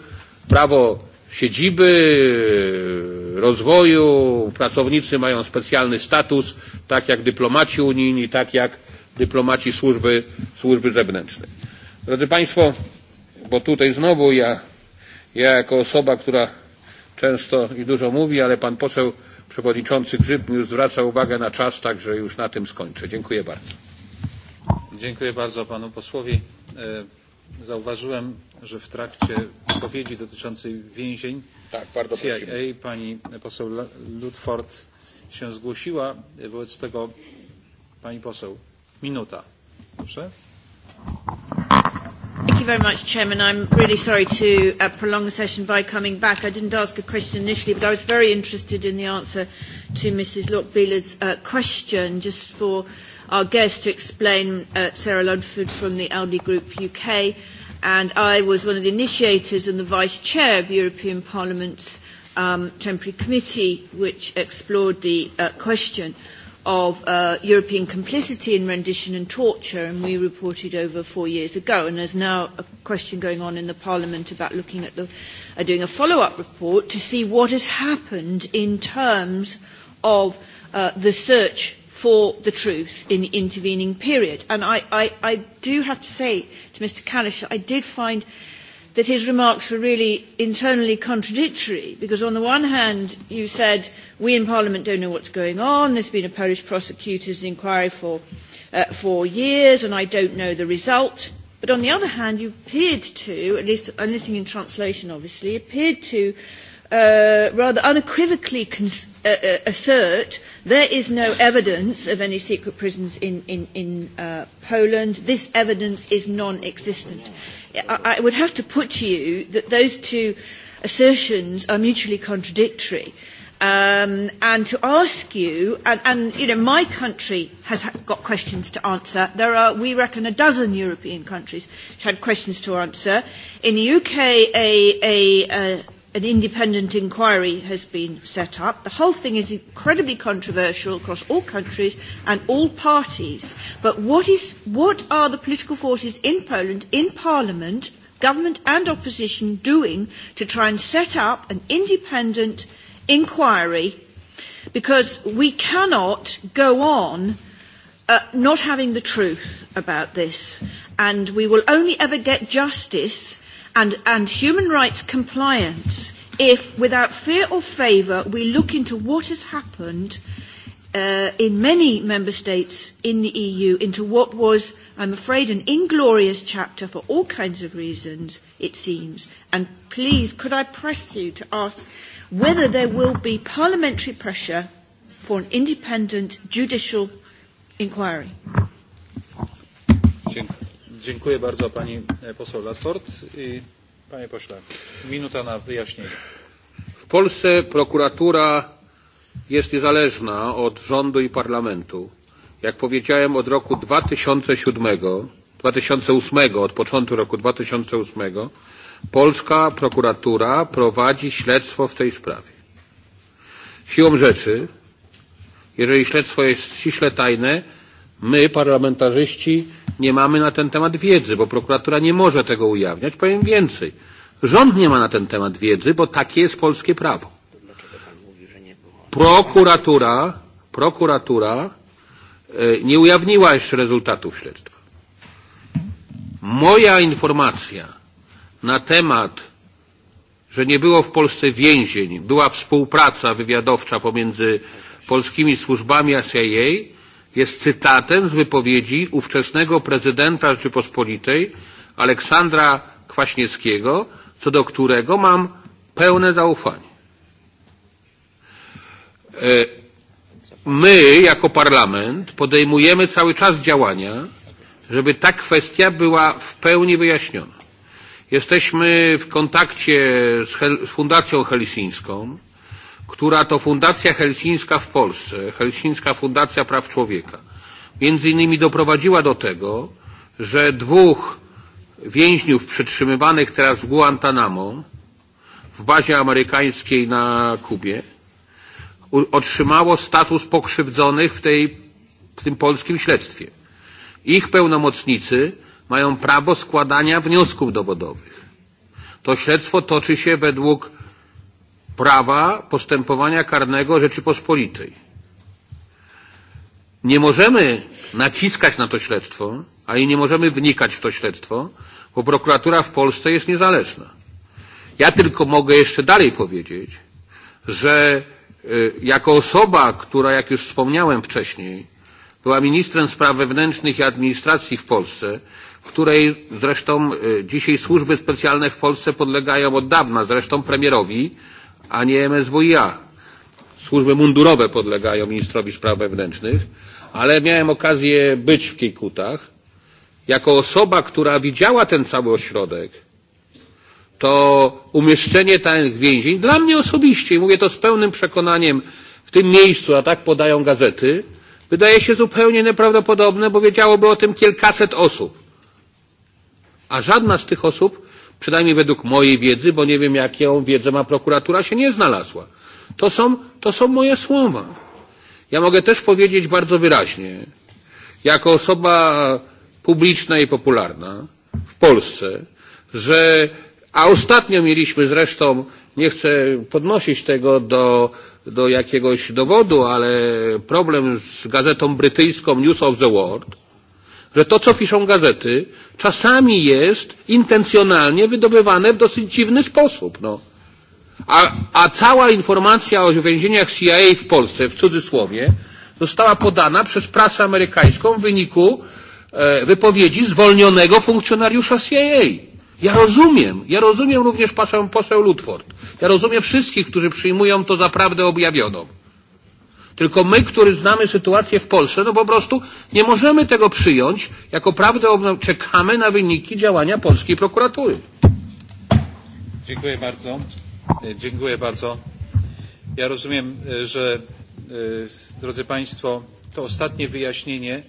prawo siedziby, rozwoju, pracownicy mają specjalny status, tak jak dyplomaci unijni, tak jak dyplomaci służby, służby zewnętrznej. Drodzy Państwo, bo tutaj znowu ja, ja jako osoba, która często i dużo mówi, ale pan poseł przewodniczący Grzyb już zwraca uwagę na czas, także już na tym skończę. Dziękuję bardzo. Dziękuję bardzo panu posłowi. Zauważyłem, że w trakcie wypowiedzi dotyczącej więzień tak, CIA prosimy. pani poseł Ludford się zgłosiła. Wobec tego pani poseł minuta. Dobrze? Thank you very much, Chairman. I'm really sorry to uh, prolong the session by coming back. I didn't ask a question initially, but I was very interested in the answer to Mrs. Lockbeeler's uh, question, just for our guest to explain, uh, Sarah Ludford from the Aldi Group UK, and I was one of the initiators and the Vice Chair of the European Parliament's um, temporary committee, which explored the uh, question of uh, European complicity in rendition and torture, and we reported over four years ago. And there's now a question going on in the Parliament about looking at the, uh, doing a follow-up report to see what has happened in terms of uh, the search for the truth in the intervening period. And I, I, I do have to say to Mr. Kalish that I did find that his remarks were really internally contradictory because on the one hand you said we in parliament don't know what's going on there's been a polish prosecutor's inquiry for uh, four years and i don't know the result but on the other hand you appeared to at least i'm listening in translation obviously appeared to uh, rather unequivocally uh, uh, assert there is no evidence of any secret prisons in, in, in uh, Poland. This evidence is non-existent. Yeah. I, I would have to put to you that those two assertions are mutually contradictory. Um, and to ask you, and, and you know, my country has got questions to answer. There are, we reckon, a dozen European countries which had questions to answer. In the UK, a, a, a an independent inquiry has been set up. The whole thing is incredibly controversial across all countries and all parties. But what, is, what are the political forces in Poland, in Parliament, government and opposition doing to try and set up an independent inquiry? Because we cannot go on uh, not having the truth about this. And we will only ever get justice and, and human rights compliance if, without fear or favour, we look into what has happened uh, in many member states in the EU into what was, I'm afraid, an inglorious chapter for all kinds of reasons, it seems. And please, could I press you to ask whether there will be parliamentary pressure for an independent judicial inquiry? Dziękuję bardzo pani poseł Latford. I panie pośle, minuta na wyjaśnienie. W Polsce prokuratura jest niezależna od rządu i parlamentu. Jak powiedziałem, od roku 2007, 2008, od początku roku 2008, polska prokuratura prowadzi śledztwo w tej sprawie. Siłą rzeczy, jeżeli śledztwo jest ściśle tajne, My, parlamentarzyści, nie mamy na ten temat wiedzy, bo prokuratura nie może tego ujawniać. Powiem więcej. Rząd nie ma na ten temat wiedzy, bo takie jest polskie prawo. Prokuratura, prokuratura nie ujawniła jeszcze rezultatów śledztwa. Moja informacja na temat, że nie było w Polsce więzień, była współpraca wywiadowcza pomiędzy polskimi służbami a CIA, jest cytatem z wypowiedzi ówczesnego prezydenta Rzeczypospolitej Aleksandra Kwaśniewskiego, co do którego mam pełne zaufanie. My, jako parlament, podejmujemy cały czas działania, żeby ta kwestia była w pełni wyjaśniona. Jesteśmy w kontakcie z, Fundacją Helsińską, która to Fundacja Helsińska w Polsce, Helsińska Fundacja Praw Człowieka, między innymi doprowadziła do tego, że dwóch więźniów przetrzymywanych teraz w Guantanamo, w bazie amerykańskiej na Kubie, otrzymało status pokrzywdzonych w, tej, w tym polskim śledztwie. Ich pełnomocnicy mają prawo składania wniosków dowodowych. To śledztwo toczy się według prawa postępowania karnego Rzeczypospolitej. Nie możemy naciskać na to śledztwo, ani nie możemy wnikać w to śledztwo, bo prokuratura w Polsce jest niezależna. Ja tylko mogę jeszcze dalej powiedzieć, że jako osoba, która, jak już wspomniałem wcześniej, była ministrem spraw wewnętrznych i administracji w Polsce, której zresztą dzisiaj służby specjalne w Polsce podlegają od dawna, zresztą premierowi, a nie MSWiA. Służby mundurowe podlegają ministrowi spraw wewnętrznych, ale miałem okazję być w kikutach, Jako osoba, która widziała ten cały ośrodek, to umieszczenie tych więzień dla mnie osobiście, mówię to z pełnym przekonaniem, w tym miejscu, a tak podają gazety, wydaje się zupełnie nieprawdopodobne, bo wiedziałoby o tym kilkaset osób. A żadna z tych osób przynajmniej według mojej wiedzy, bo nie wiem jaką wiedzę ma prokuratura, się nie znalazła. To są, to są moje słowa. Ja mogę też powiedzieć bardzo wyraźnie, jako osoba publiczna i popularna w Polsce, że, a ostatnio mieliśmy zresztą, nie chcę podnosić tego do, do jakiegoś dowodu, ale problem z gazetą brytyjską News of the World, że to, co piszą gazety, czasami jest intencjonalnie wydobywane w dosyć dziwny sposób. No. A, a cała informacja o więzieniach CIA w Polsce, w cudzysłowie, została podana przez prasę amerykańską w wyniku e, wypowiedzi zwolnionego funkcjonariusza CIA. Ja rozumiem, ja rozumiem również poseł, poseł Ludford. Ja rozumiem wszystkich, którzy przyjmują to za prawdę objawioną. Tylko my, którzy znamy sytuację w Polsce, no po prostu nie możemy tego przyjąć jako prawdę, czekamy na wyniki działania polskiej prokuratury. Dziękuję bardzo. Dziękuję bardzo. Ja rozumiem, że drodzy Państwo, to ostatnie wyjaśnienie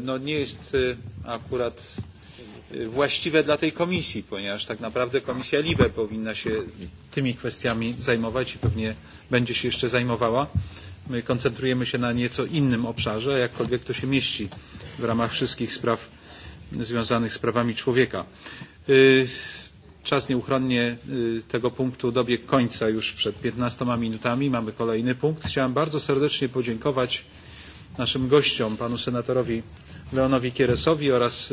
no nie jest akurat właściwe dla tej komisji, ponieważ tak naprawdę komisja LIBE powinna się tymi kwestiami zajmować i pewnie będzie się jeszcze zajmowała. My koncentrujemy się na nieco innym obszarze, jakkolwiek to się mieści w ramach wszystkich spraw związanych z prawami człowieka. Czas nieuchronnie tego punktu dobiegł końca już przed 15 minutami. Mamy kolejny punkt. Chciałem bardzo serdecznie podziękować naszym gościom, panu senatorowi Leonowi Kieresowi oraz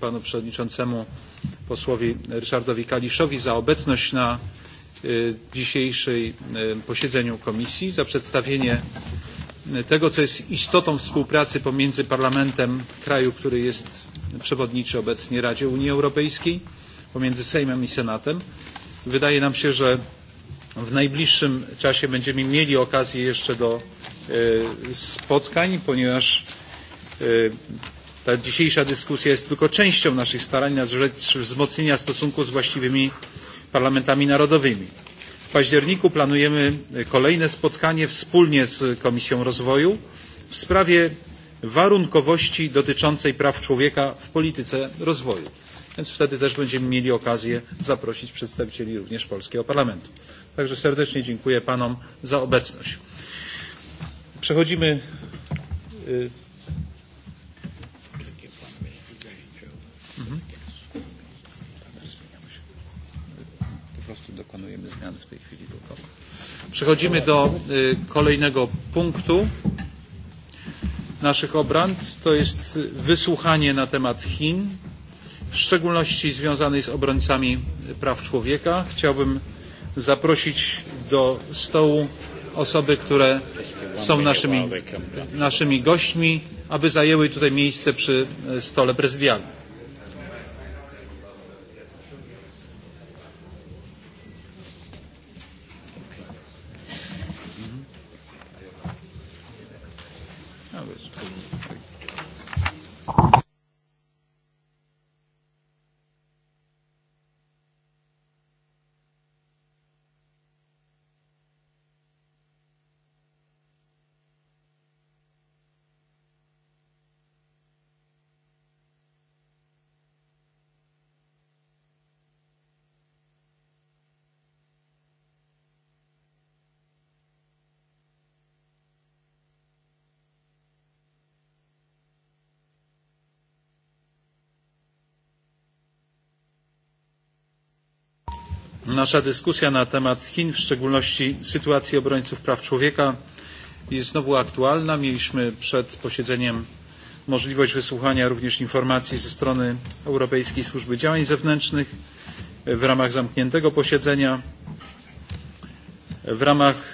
panu przewodniczącemu posłowi Ryszardowi Kaliszowi za obecność na dzisiejszym posiedzeniu komisji, za przedstawienie tego, co jest istotą współpracy pomiędzy Parlamentem kraju, który jest przewodniczy obecnie Radzie Unii Europejskiej, pomiędzy Sejmem i Senatem. Wydaje nam się, że w najbliższym czasie będziemy mieli okazję jeszcze do spotkań, ponieważ ta dzisiejsza dyskusja jest tylko częścią naszych starań na rzecz wzmocnienia stosunków z właściwymi parlamentami narodowymi. W październiku planujemy kolejne spotkanie wspólnie z Komisją Rozwoju w sprawie warunkowości dotyczącej praw człowieka w polityce rozwoju. Więc wtedy też będziemy mieli okazję zaprosić przedstawicieli również polskiego parlamentu. Także serdecznie dziękuję panom za obecność. Przechodzimy Mhm. zmian w tej chwili tylko. Przechodzimy do y, kolejnego punktu naszych obrad. To jest wysłuchanie na temat Chin, w szczególności związanej z obrońcami praw człowieka. Chciałbym zaprosić do stołu osoby, które są naszymi, naszymi gośćmi, aby zajęły tutaj miejsce przy stole prezydialnym. Nasza dyskusja na temat Chin, w szczególności sytuacji obrońców praw człowieka, jest znowu aktualna. Mieliśmy przed posiedzeniem możliwość wysłuchania również informacji ze strony Europejskiej Służby Działań Zewnętrznych w ramach zamkniętego posiedzenia. W ramach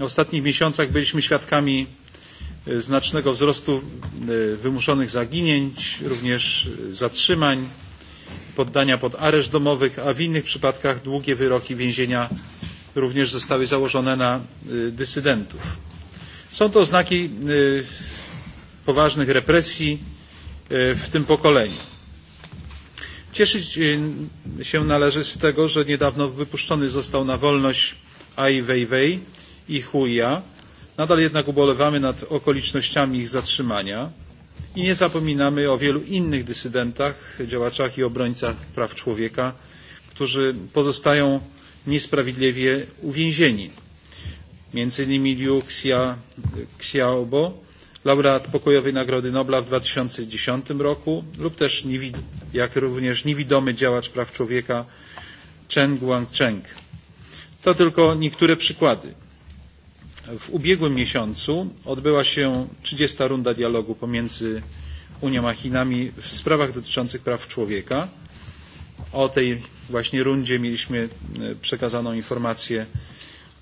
ostatnich miesiącach byliśmy świadkami znacznego wzrostu wymuszonych zaginięć, również zatrzymań poddania pod areszt domowych, a w innych przypadkach długie wyroki więzienia również zostały założone na dysydentów. Są to znaki poważnych represji w tym pokoleniu. Cieszyć się należy z tego, że niedawno wypuszczony został na wolność Ai Weiwei i Jia. Nadal jednak ubolewamy nad okolicznościami ich zatrzymania. I nie zapominamy o wielu innych dysydentach, działaczach i obrońcach praw człowieka, którzy pozostają niesprawiedliwie uwięzieni. Między innymi Liu Xia, Xiaobo, laureat pokojowej Nagrody Nobla w 2010 roku lub też jak również niewidomy działacz praw człowieka Chen Guangcheng. To tylko niektóre przykłady. W ubiegłym miesiącu odbyła się 30. runda dialogu pomiędzy Unią a Chinami w sprawach dotyczących praw człowieka. O tej właśnie rundzie mieliśmy przekazaną informację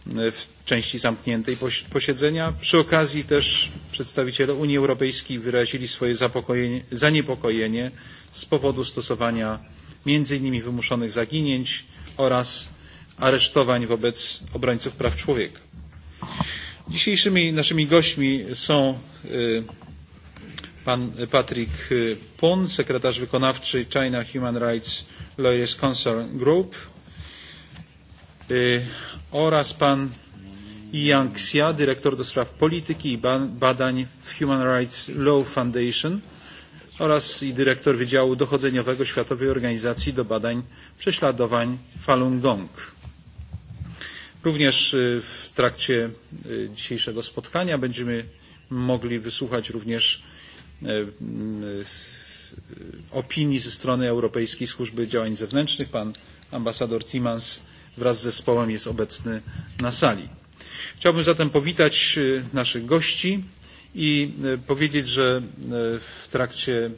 w części zamkniętej posiedzenia. Przy okazji też przedstawiciele Unii Europejskiej wyrazili swoje zaniepokojenie z powodu stosowania między innymi wymuszonych zaginięć oraz aresztowań wobec obrońców praw człowieka. Dzisiejszymi naszymi gośćmi są pan Patrick Pun, sekretarz wykonawczy China Human Rights Lawyers Concern Group oraz pan Yang Xia, dyrektor do spraw polityki i badań w Human Rights Law Foundation oraz i dyrektor Wydziału Dochodzeniowego Światowej Organizacji do Badań Prześladowań Falun Gong. Również w trakcie dzisiejszego spotkania będziemy mogli wysłuchać również opinii ze strony Europejskiej Służby Działań Zewnętrznych. Pan ambasador Timans wraz z zespołem jest obecny na sali. Chciałbym zatem powitać naszych gości i powiedzieć, że w trakcie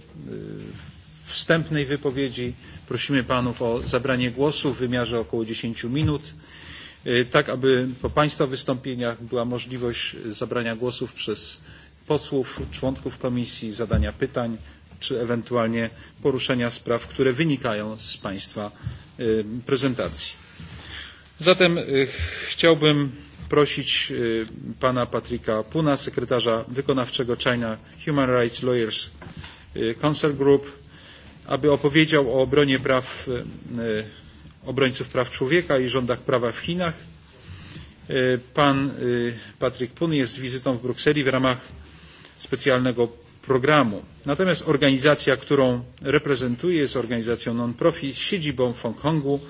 wstępnej wypowiedzi prosimy panów o zabranie głosu w wymiarze około 10 minut tak aby po Państwa wystąpieniach była możliwość zabrania głosów przez posłów, członków komisji, zadania pytań czy ewentualnie poruszenia spraw, które wynikają z Państwa prezentacji. Zatem chciałbym prosić pana Patryka Puna, sekretarza wykonawczego China Human Rights Lawyers Council Group, aby opowiedział o obronie praw obrońców praw człowieka i rządach prawa w Chinach. Pan Patrick Pun jest z wizytą w Brukseli w ramach specjalnego programu. Natomiast organizacja, którą reprezentuję, jest organizacją non-profit z siedzibą w Hongkongu,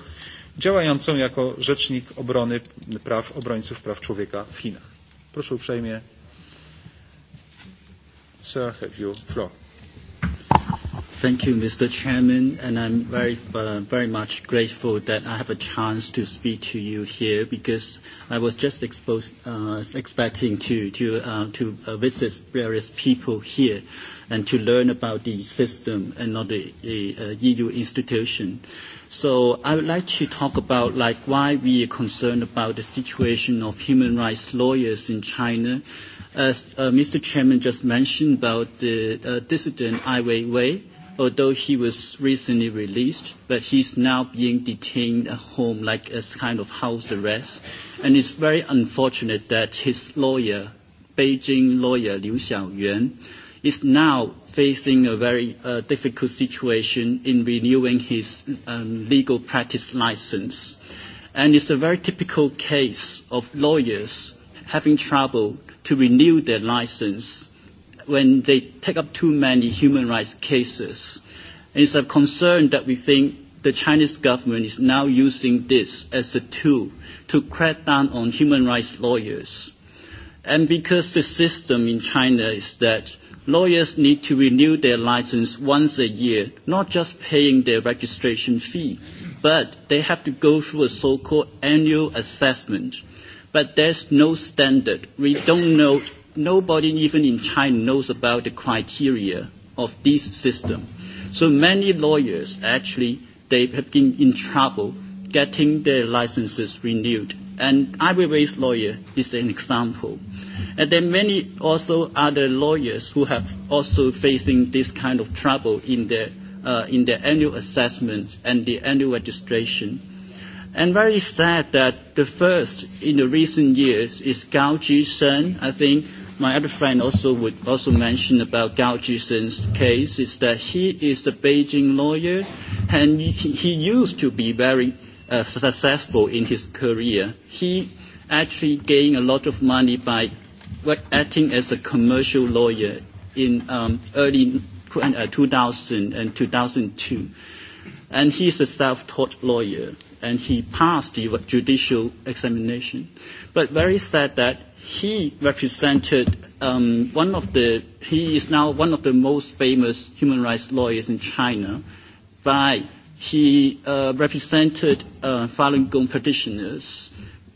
działającą jako rzecznik obrony praw obrońców praw człowieka w Chinach. Proszę uprzejmie. Sir, have you floor. Thank you, Mr. Chairman, and I'm very, uh, very much grateful that I have a chance to speak to you here because I was just exposed, uh, expecting to, to, uh, to uh, visit various people here and to learn about the system and not the uh, EU institution. So I would like to talk about like why we are concerned about the situation of human rights lawyers in China. As uh, Mr. Chairman just mentioned about the uh, dissident Ai Weiwei, although he was recently released, but he's now being detained at home like a kind of house arrest. And it's very unfortunate that his lawyer, Beijing lawyer Liu Xiaoyuan, is now facing a very uh, difficult situation in renewing his um, legal practice license. And it's a very typical case of lawyers having trouble to renew their license when they take up too many human rights cases. And it's a concern that we think the Chinese government is now using this as a tool to crack down on human rights lawyers. And because the system in China is that lawyers need to renew their license once a year, not just paying their registration fee, but they have to go through a so-called annual assessment. But there's no standard. We don't know nobody even in China knows about the criteria of this system. So many lawyers actually, they have been in trouble getting their licenses renewed. And Ivory-based lawyer is an example. And there are many also other lawyers who have also facing this kind of trouble in their, uh, in their annual assessment and the annual registration. And very sad that the first in the recent years is Gao Shen, I think, my other friend also would also mention about Gao Jixin's case is that he is the Beijing lawyer, and he, he used to be very uh, successful in his career. He actually gained a lot of money by acting as a commercial lawyer in um, early uh, 2000 and 2002, and he's a self-taught lawyer and he passed the judicial examination. But very sad that he represented um, one of the, he is now one of the most famous human rights lawyers in China by he uh, represented uh, Falun Gong practitioners,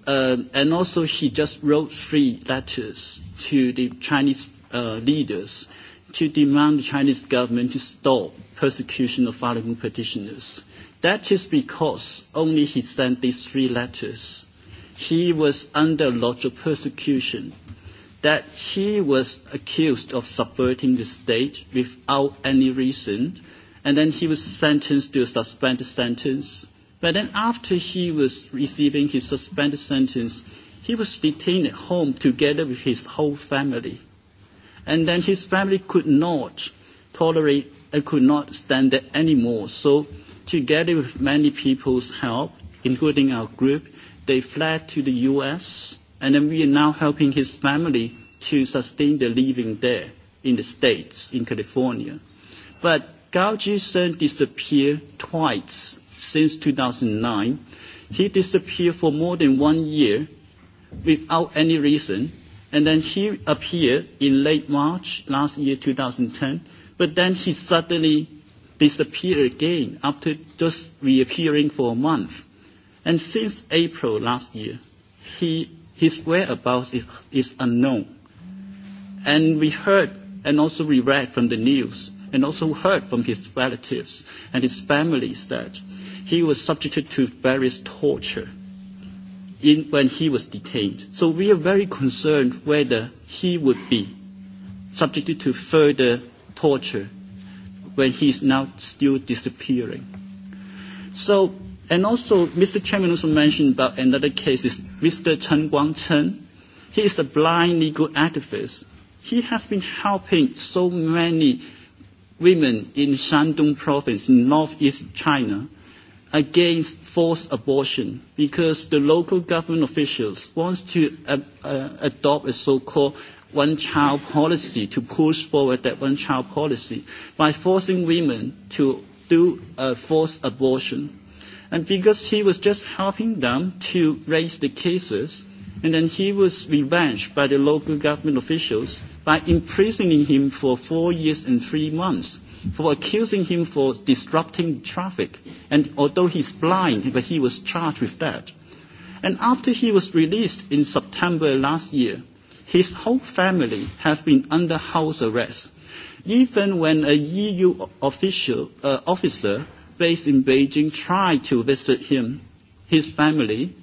uh, and also he just wrote three letters to the Chinese uh, leaders to demand the Chinese government to stop persecution of Falun Gong practitioners. That is because only he sent these three letters. He was under a lot of persecution. That he was accused of subverting the state without any reason. And then he was sentenced to a suspended sentence. But then after he was receiving his suspended sentence, he was detained at home together with his whole family. And then his family could not tolerate and could not stand it anymore. So together with many people's help, including our group, they fled to the U.S., and then we are now helping his family to sustain their living there in the States, in California. But Gao Jisun disappeared twice since 2009. He disappeared for more than one year without any reason, and then he appeared in late March last year, 2010, but then he suddenly disappear again after just reappearing for a month. And since April last year, he, his whereabouts is, is unknown. And we heard and also we read from the news and also heard from his relatives and his families that he was subjected to various torture in, when he was detained. So we are very concerned whether he would be subjected to further torture when he's now still disappearing. So, and also Mr. Chairman also mentioned about another case is Mr. Chen Guangcheng. He is a blind legal activist. He has been helping so many women in Shandong province in northeast China against forced abortion because the local government officials want to uh, uh, adopt a so-called one-child policy, to push forward that one-child policy by forcing women to do a forced abortion. And because he was just helping them to raise the cases, and then he was revenged by the local government officials by imprisoning him for four years and three months for accusing him for disrupting traffic. And although he's blind, but he was charged with that. And after he was released in September last year, His whole family has been under house arrest. Even when a EU official, uh, officer based in Beijing tried to visit him, his family,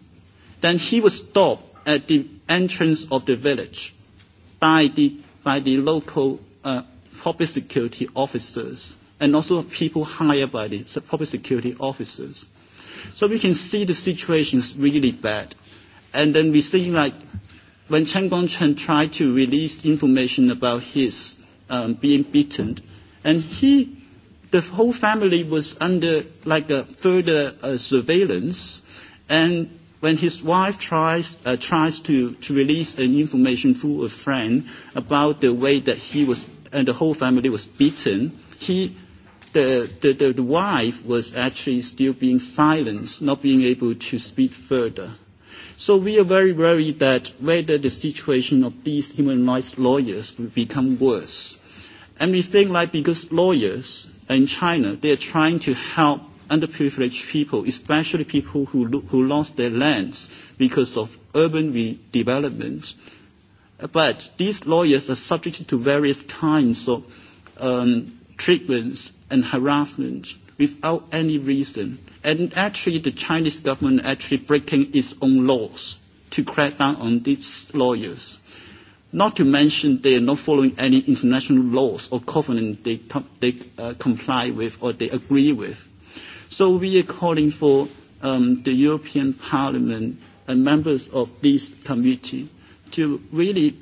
then he was stopped at the entrance of the village by the, by the local uh, public security officers and also people hired by the public security officers. So we can see the situation is really bad. And then we see like when Chen Guangcheng tried to release information about his um, being beaten, and he, the whole family was under like a further uh, surveillance, and when his wife tries, uh, tries to, to release an information through a friend about the way that he was and the whole family was beaten, he, the, the, the, the wife was actually still being silenced, not being able to speak further. So we are very worried that whether the situation of these human rights lawyers will become worse. And we think like because lawyers in China, they are trying to help underprivileged people, especially people who, who lost their lands because of urban redevelopment. But these lawyers are subjected to various kinds of um, treatments and harassment without any reason. And actually, the Chinese government actually breaking its own laws to crack down on these lawyers. Not to mention they are not following any international laws or covenant they, com- they uh, comply with or they agree with. So we are calling for um, the European Parliament and members of this committee to really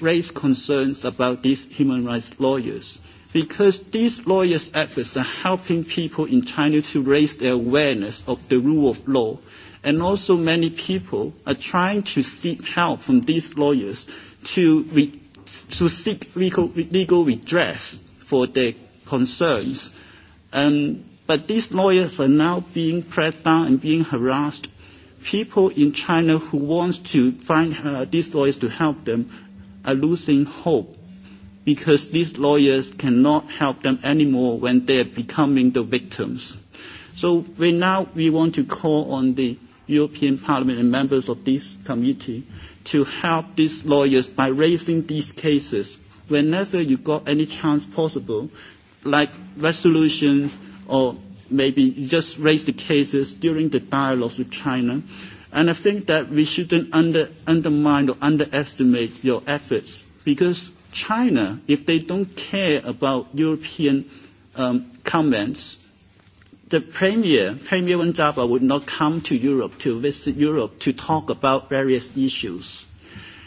raise concerns about these human rights lawyers because these lawyers' efforts are helping people in China to raise their awareness of the rule of law. And also many people are trying to seek help from these lawyers to, re- to seek legal, legal redress for their concerns. Um, but these lawyers are now being pressed down and being harassed. People in China who want to find uh, these lawyers to help them are losing hope because these lawyers cannot help them anymore when they are becoming the victims. So we now we want to call on the European Parliament and members of this committee to help these lawyers by raising these cases whenever you got any chance possible, like resolutions or maybe just raise the cases during the dialogues with China. And I think that we shouldn't under, undermine or underestimate your efforts because China, if they don't care about European um, comments, the premier, Premier Wen Jiabao, would not come to Europe to visit Europe to talk about various issues.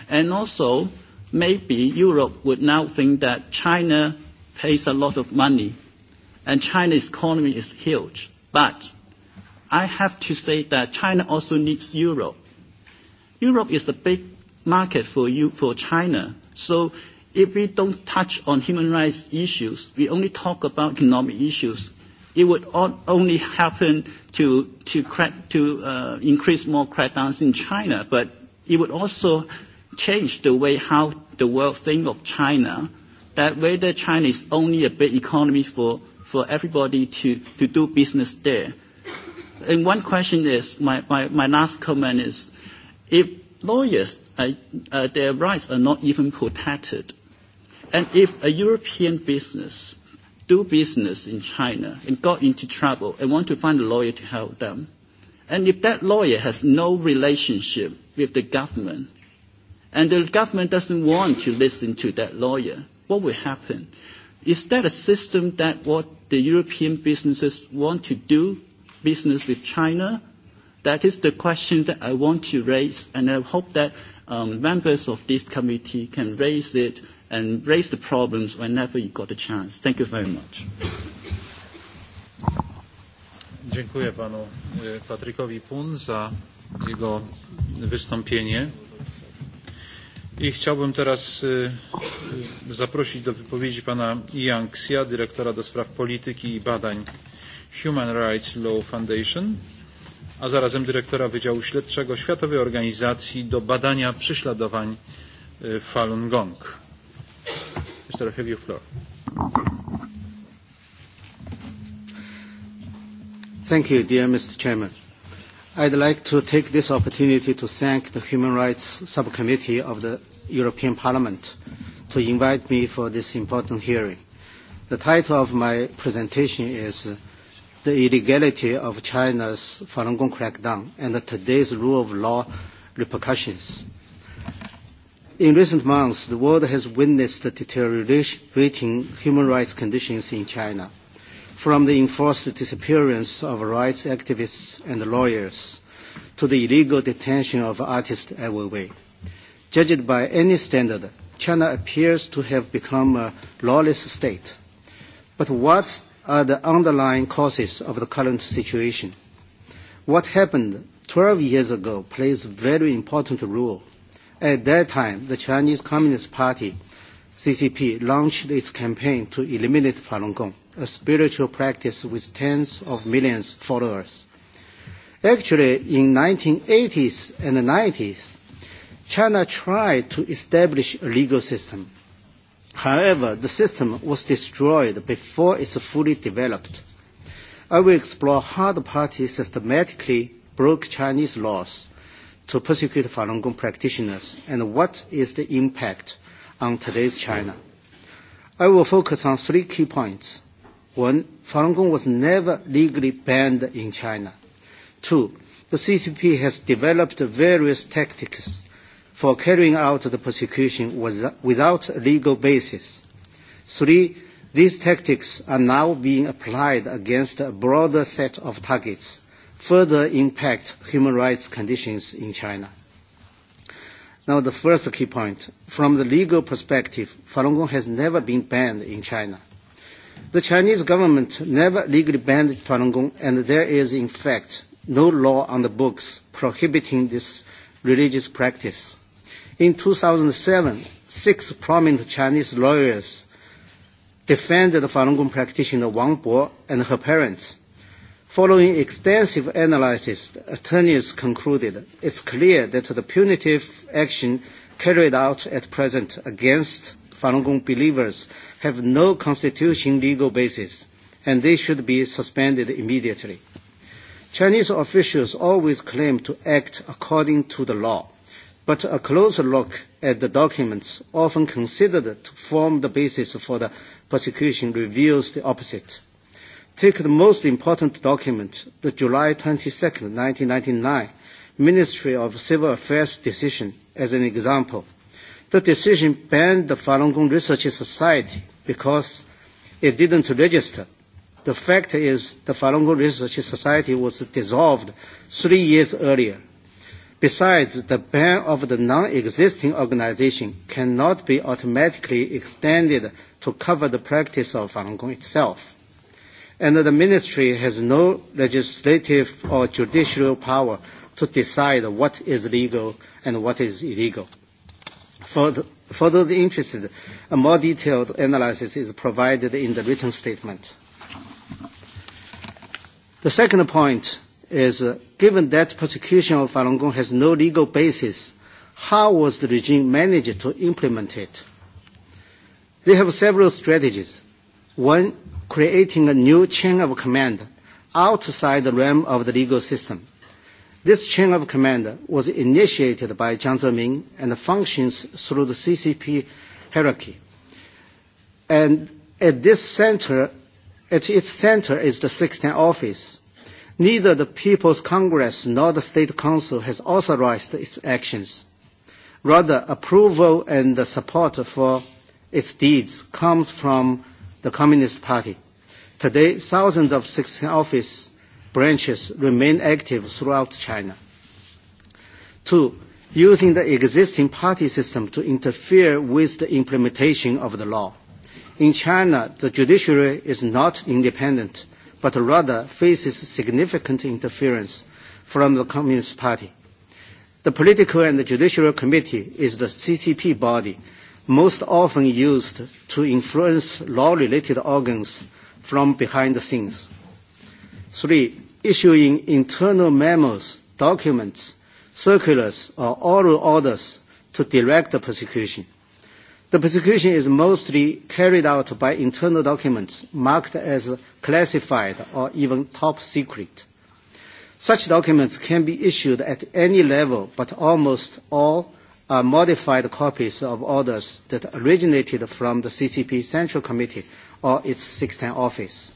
And also, maybe Europe would now think that China pays a lot of money and China's economy is huge. But I have to say that China also needs Europe. Europe is a big market for, you, for China. So if we don't touch on human rights issues, we only talk about economic issues, it would only happen to, to, crack, to uh, increase more crackdowns in China, but it would also change the way how the world think of China, that whether China is only a big economy for, for everybody to, to do business there. And one question is, my, my, my last comment is, if lawyers, uh, uh, their rights are not even protected, And if a European business do business in China and got into trouble and want to find a lawyer to help them, and if that lawyer has no relationship with the government, and the government doesn't want to listen to that lawyer, what will happen? Is that a system that what the European businesses want to do business with China? That is the question that I want to raise, and I hope that um, members of this committee can raise it and raise the problems whenever you got a chance. Thank you very much. Dziękuję panu Patrykowi Pun za jego wystąpienie. I chciałbym teraz zaprosić do wypowiedzi pana Ian Xia, dyrektora do spraw polityki i badań Human Rights Law Foundation, a zarazem dyrektora Wydziału Śledczego Światowej Organizacji do Badania Prześladowań Falun Gong. Mr. I have your floor. Thank you, dear Mr. Chairman. I'd like to take this opportunity to thank the Human Rights Subcommittee of the European Parliament to invite me for this important hearing. The title of my presentation is The Illegality of China's Falun Gong Crackdown and Today's Rule of Law Repercussions. Uh, In recent months, the world has witnessed the deteriorating human rights conditions in China, from the enforced disappearance of rights activists and lawyers to the illegal detention of artist Ai Weiwei. Judged by any standard, China appears to have become a lawless state. But what are the underlying causes of the current situation? What happened 12 years ago plays a very important role At that time, the Chinese Communist Party, CCP, launched its campaign to eliminate Falun Gong, a spiritual practice with tens of millions of followers. Actually, in 1980s and 90s, China tried to establish a legal system. However, the system was destroyed before it's fully developed. I will explore how the party systematically broke Chinese laws to persecute Falun Gong practitioners, and what is the impact on today's China. I will focus on three key points. One, Falun Gong was never legally banned in China. Two, the CCP has developed various tactics for carrying out the persecution without a legal basis. Three, these tactics are now being applied against a broader set of targets further impact human rights conditions in China. Now, the first key point. From the legal perspective, Falun Gong has never been banned in China. The Chinese government never legally banned Falun Gong, and there is, in fact, no law on the books prohibiting this religious practice. In 2007, six prominent Chinese lawyers defended Falun Gong practitioner Wang Bo and her parents Following extensive analysis, attorneys concluded it's clear that the punitive action carried out at present against Falun Gong believers have no constitutional legal basis, and they should be suspended immediately. Chinese officials always claim to act according to the law, but a closer look at the documents often considered to form the basis for the persecution reveals the opposite. Take the most important document, the July 22, 1999 Ministry of Civil Affairs decision as an example. The decision banned the Falun Gong Research Society because it didn't register. The fact is the Falun Gong Research Society was dissolved three years earlier. Besides, the ban of the non-existing organization cannot be automatically extended to cover the practice of Falun Gong itself and the ministry has no legislative or judicial power to decide what is legal and what is illegal. For, the, for those interested, a more detailed analysis is provided in the written statement. The second point is, uh, given that persecution of Falun Gong has no legal basis, how was the regime managed to implement it? They have several strategies. One creating a new chain of command outside the realm of the legal system. This chain of command was initiated by Jiang Zemin and functions through the CCP hierarchy. And at this center, at its center is the 16th office. Neither the People's Congress nor the State Council has authorized its actions. Rather, approval and support for its deeds comes from the Communist Party. Today, thousands of 16 office branches remain active throughout China. Two, using the existing party system to interfere with the implementation of the law. In China, the judiciary is not independent, but rather faces significant interference from the Communist Party. The Political and the Judicial Committee is the CCP body most often used to influence law-related organs from behind the scenes. Three, issuing internal memos, documents, circulars, or oral orders to direct the prosecution. The prosecution is mostly carried out by internal documents marked as classified or even top secret. Such documents can be issued at any level, but almost all are uh, modified copies of orders that originated from the CCP Central Committee or its 610 office.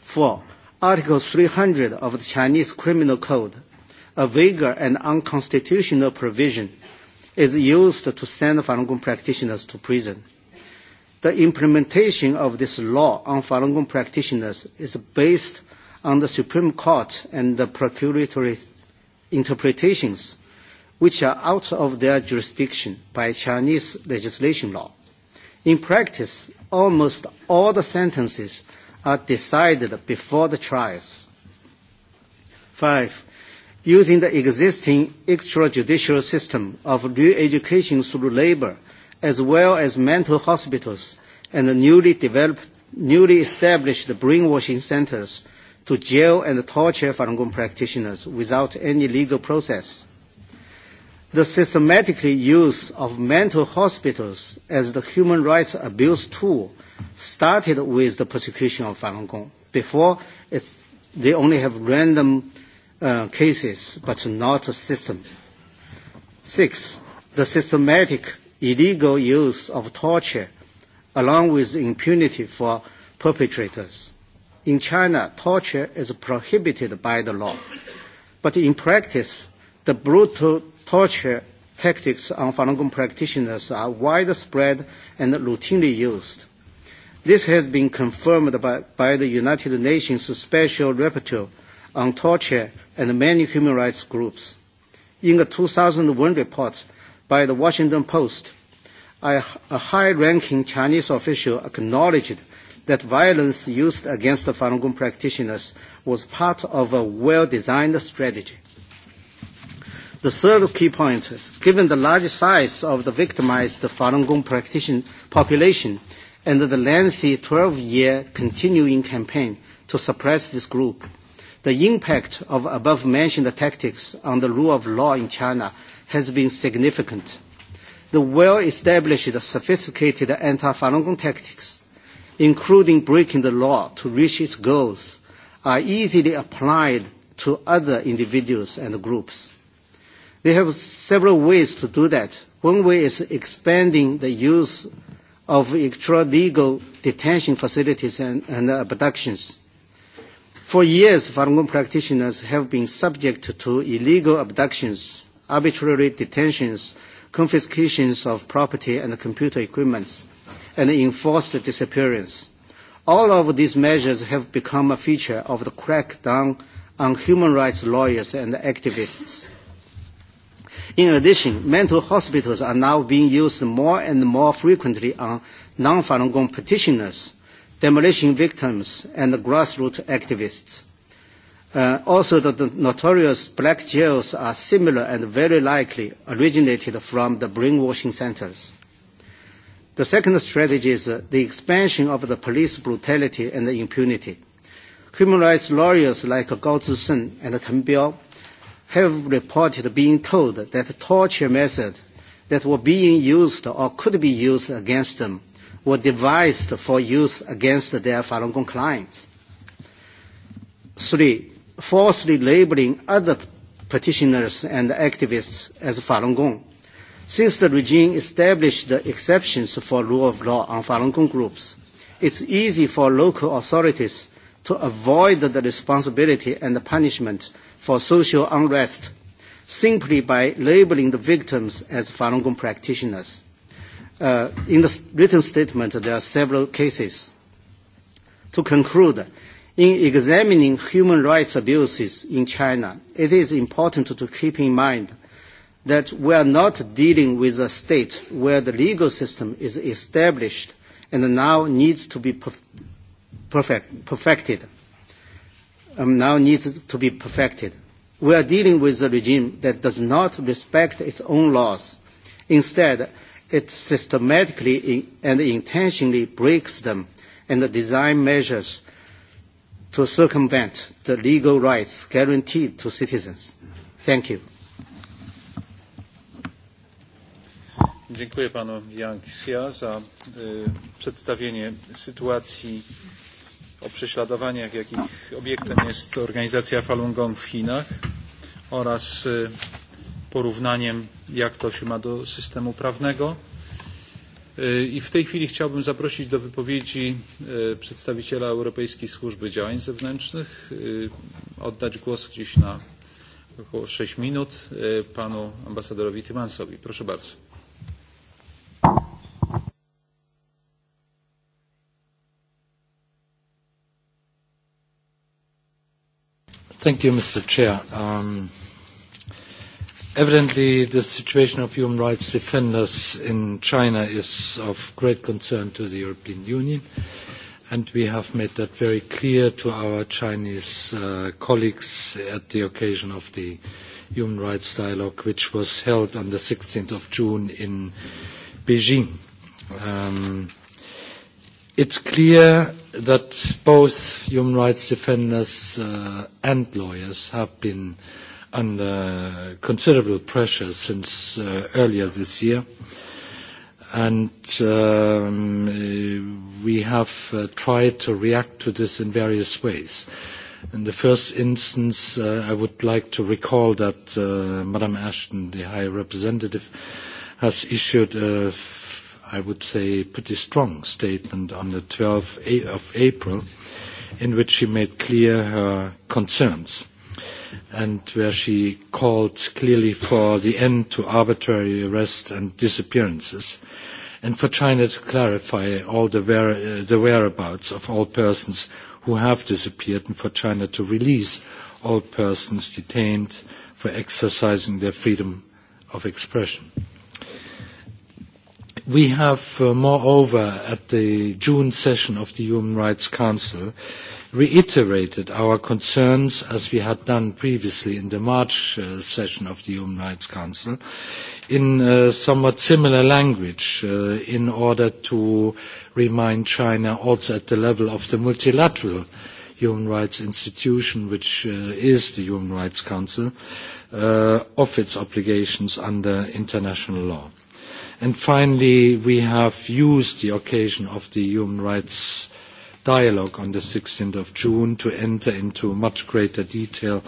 4. Article 300 of the Chinese Criminal Code, a vague and unconstitutional provision, is used to send Falun Gong practitioners to prison. The implementation of this law on Falun Gong practitioners is based on the Supreme Court and the procuratory interpretations which are out of their jurisdiction by Chinese legislation law. In practice, almost all the sentences are decided before the trials. Five, using the existing extrajudicial system of re-education through labor, as well as mental hospitals and the newly developed, newly established brainwashing centers to jail and torture Falun Gong practitioners without any legal process the systematic use of mental hospitals as the human rights abuse tool started with the persecution of Falun Gong. Before, it's, they only have random uh, cases, but not a system. Six, the systematic illegal use of torture along with impunity for perpetrators. In China, torture is prohibited by the law, but in practice, the brutal torture tactics on Falun Gong practitioners are widespread and routinely used. This has been confirmed by, by the United Nations Special Rapporteur on Torture and many human rights groups. In a 2001 report by the Washington Post, a high-ranking Chinese official acknowledged that violence used against Falun Gong practitioners was part of a well-designed strategy. The third key point is, given the large size of the victimized Falun Gong practitioner population and the lengthy 12-year continuing campaign to suppress this group, the impact of above-mentioned tactics on the rule of law in China has been significant. The well-established sophisticated anti-Falun Gong tactics, including breaking the law to reach its goals, are easily applied to other individuals and groups. They have several ways to do that. One way is expanding the use of extralegal detention facilities and, and uh, abductions. For years, Falun Gong practitioners have been subject to illegal abductions, arbitrary detentions, confiscations of property and computer equipment, and enforced disappearance. All of these measures have become a feature of the crackdown on human rights lawyers and activists. In addition, mental hospitals are now being used more and more frequently on non-Falun Gong petitioners, demolition victims, and grassroots activists. Uh, also, the, the notorious black jails are similar and very likely originated from the brainwashing centers. The second strategy is uh, the expansion of the police brutality and impunity. Human rights lawyers like Gao Zisheng and Tan Biao have reported being told that torture methods that were being used or could be used against them were devised for use against their Falun Gong clients. Three, falsely labeling other petitioners and activists as Falun Gong. Since the regime established the exceptions for rule of law on Falun Gong groups, it's easy for local authorities to avoid the responsibility and the punishment for social unrest simply by labeling the victims as Falun Gong practitioners. Uh, in the written statement, there are several cases. To conclude, in examining human rights abuses in China, it is important to keep in mind that we are not dealing with a state where the legal system is established and now needs to be perf perfect, perfected um, now needs to be perfected. We are dealing with a regime that does not respect its own laws. Instead, it systematically and intentionally breaks them and design measures to circumvent the legal rights guaranteed to citizens. Thank you. Dziękuję panu Yang Xia za y, przedstawienie sytuacji o prześladowaniach, jakich obiektem jest organizacja Falun Gong w Chinach oraz porównaniem, jak to się ma do systemu prawnego. I w tej chwili chciałbym zaprosić do wypowiedzi przedstawiciela Europejskiej Służby Działań Zewnętrznych, oddać głos gdzieś na około 6 minut panu ambasadorowi Tymansowi. Proszę bardzo. Thank you, Mr. Chair. Um, evidently, the situation of human rights defenders in China is of great concern to the European Union, and we have made that very clear to our Chinese uh, colleagues at the occasion of the human rights dialogue, which was held on the 16th of June in Beijing. Um, It's clear that both human rights defenders uh, and lawyers have been under considerable pressure since uh, earlier this year. And um, uh, we have uh, tried to react to this in various ways. In the first instance, uh, I would like to recall that uh, Madam Ashton, the High Representative, has issued a I would say, pretty strong statement on the 12th of April in which she made clear her concerns and where she called clearly for the end to arbitrary arrests and disappearances and for China to clarify all the, where, uh, the whereabouts of all persons who have disappeared and for China to release all persons detained for exercising their freedom of expression. We have, uh, moreover, at the June session of the Human Rights Council, reiterated our concerns, as we had done previously in the March uh, session of the Human Rights Council, in uh, somewhat similar language uh, in order to remind China also at the level of the multilateral human rights institution, which uh, is the Human Rights Council, uh, of its obligations under international law. And finally, we have used the occasion of the human rights dialogue on the 16th of June to enter into much greater detail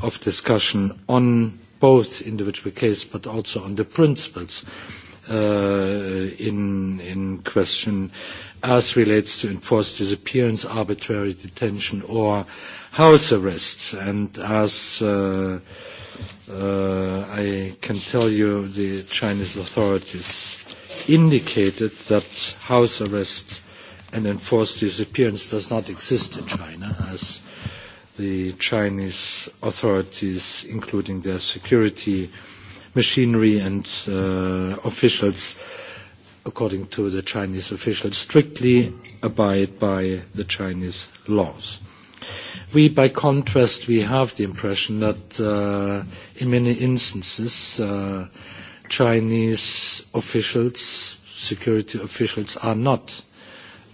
of discussion on both individual cases but also on the principles uh, in, in question as relates to enforced disappearance, arbitrary detention or house arrests. And as uh, Uh, I can tell you the Chinese authorities indicated that house arrest and enforced disappearance does not exist in China, as the Chinese authorities, including their security machinery and uh, officials, according to the Chinese officials, strictly abide by the Chinese laws. We, by contrast, we have the impression that uh, in many instances, uh, Chinese officials, security officials, are not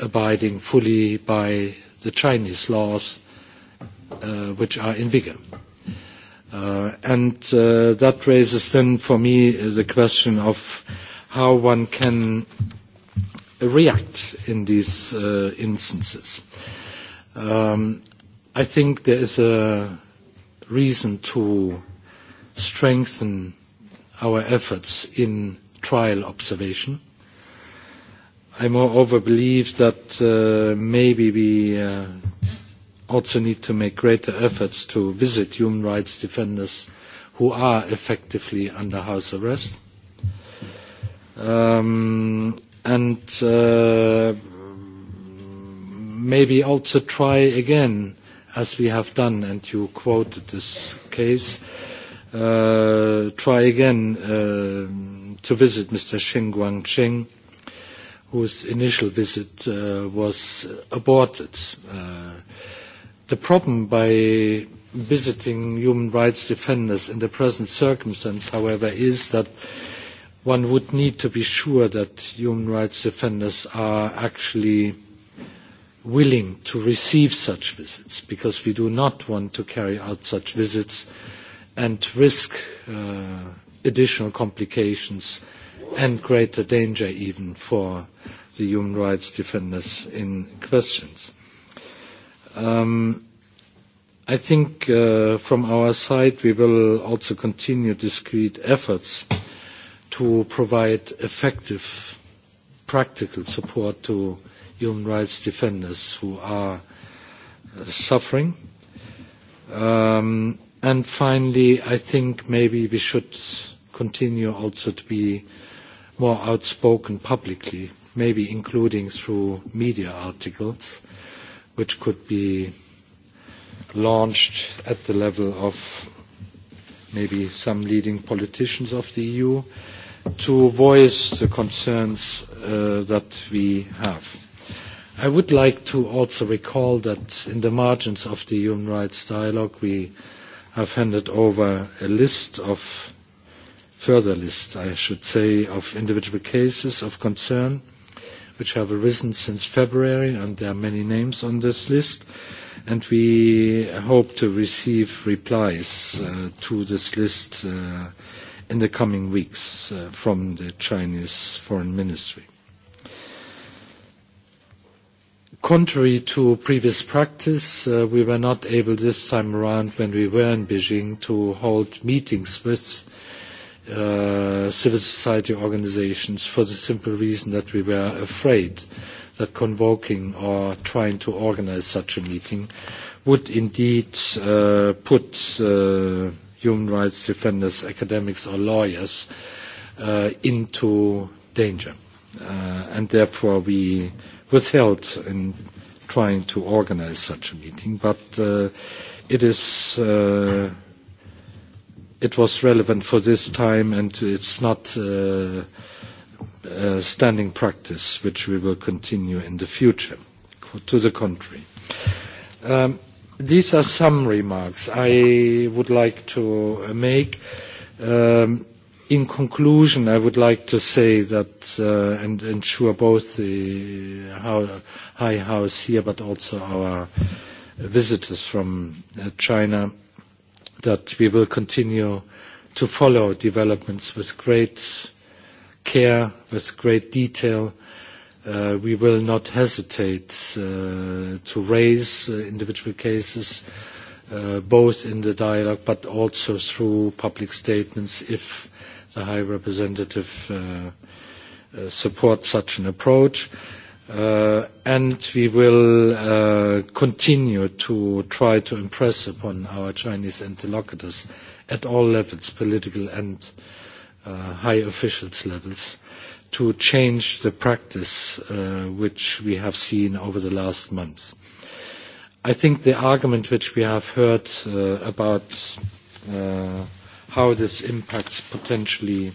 abiding fully by the Chinese laws uh, which are in vigor. Uh, and uh, that raises then for me the question of how one can react in these uh, instances. Um, I think there is a reason to strengthen our efforts in trial observation. I moreover believe that uh, maybe we uh, also need to make greater efforts to visit human rights defenders who are effectively under house arrest. Um, and uh, maybe also try again as we have done, and you quoted this case, uh, try again uh, to visit Mr. Xing Guangqing, whose initial visit uh, was aborted. Uh, the problem by visiting human rights defenders in the present circumstance, however, is that one would need to be sure that human rights defenders are actually willing to receive such visits because we do not want to carry out such visits and risk uh, additional complications and greater danger even for the human rights defenders in questions. Um, I think uh, from our side we will also continue discrete efforts to provide effective practical support to human rights defenders who are uh, suffering. Um, and finally, I think maybe we should continue also to be more outspoken publicly, maybe including through media articles, which could be launched at the level of maybe some leading politicians of the EU to voice the concerns uh, that we have. I would like to also recall that in the margins of the human rights dialogue, we have handed over a list of further list, I should say, of individual cases of concern which have arisen since February, and there are many names on this list. And we hope to receive replies uh, to this list uh, in the coming weeks uh, from the Chinese Foreign Ministry. Contrary to previous practice, uh, we were not able this time around when we were in Beijing to hold meetings with uh, civil society organizations for the simple reason that we were afraid that convoking or trying to organize such a meeting would indeed uh, put human rights defenders, academics or lawyers into danger. and therefore we withheld in trying to organize such a meeting, but uh, it is uh, it was relevant for this time, and it's not uh, standing practice which we will continue in the future. To the contrary. Um, these are some remarks I would like to uh, make. Um, In conclusion, I would like to say that uh, and ensure both the uh, High House here, but also our visitors from uh, China, that we will continue to follow developments with great care, with great detail. Uh, we will not hesitate uh, to raise individual cases, both in the dialogue but also through public statements if the High Representative uh, uh, supports such an approach. Uh, and we will uh, continue to try to impress upon our Chinese interlocutors at all levels, political and uh, high officials levels, to change the practice uh, which we have seen over the last months. I think the argument which we have heard uh, about uh, how this impacts potentially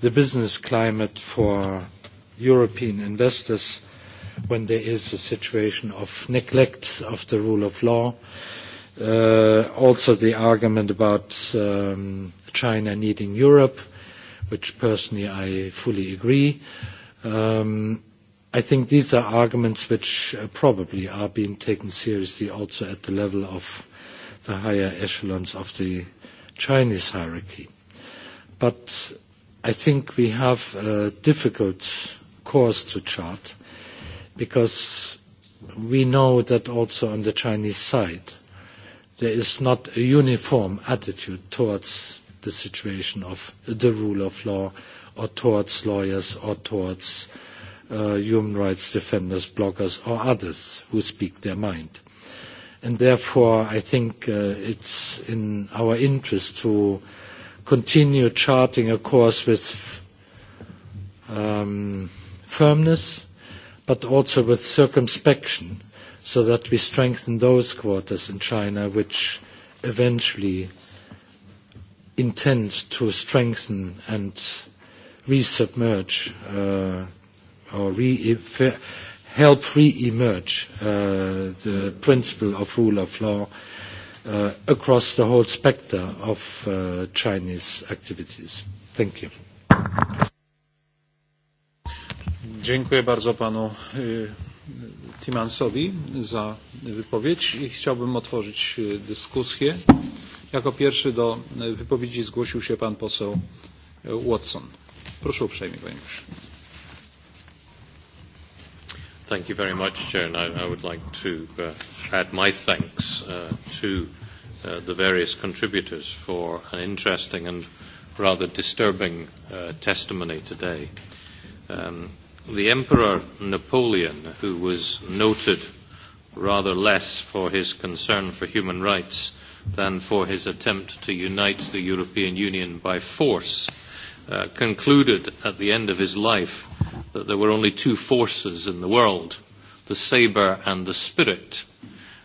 the business climate for European investors when there is a situation of neglect of the rule of law. Uh, also the argument about um, China needing Europe, which personally I fully agree. Um, I think these are arguments which uh, probably are being taken seriously also at the level of the higher echelons of the Chinese hierarchy. But I think we have a difficult course to chart because we know that also on the Chinese side there is not a uniform attitude towards the situation of the rule of law or towards lawyers or towards uh, human rights defenders, bloggers or others who speak their mind. And therefore, I think uh, it's in our interest to continue charting a course with um, firmness, but also with circumspection, so that we strengthen those quarters in China which eventually intend to strengthen and resubmerge uh, or re help re-emerge uh, the principle of rule of law uh, across the whole spectrum of uh, Chinese activities. Thank you. Dziękuję bardzo panu Timansowi za wypowiedź i chciałbym otworzyć dyskusję. Jako pierwszy do wypowiedzi zgłosił się pan poseł Watson. Proszę uprzejmie, panie przewodniczący. Thank you very much, Chair, and I, I would like to uh, add my thanks uh, to uh, the various contributors for an interesting and rather disturbing uh, testimony today. Um, the Emperor Napoleon, who was noted rather less for his concern for human rights than for his attempt to unite the European Union by force, Uh, concluded at the end of his life that there were only two forces in the world, the sabre and the spirit,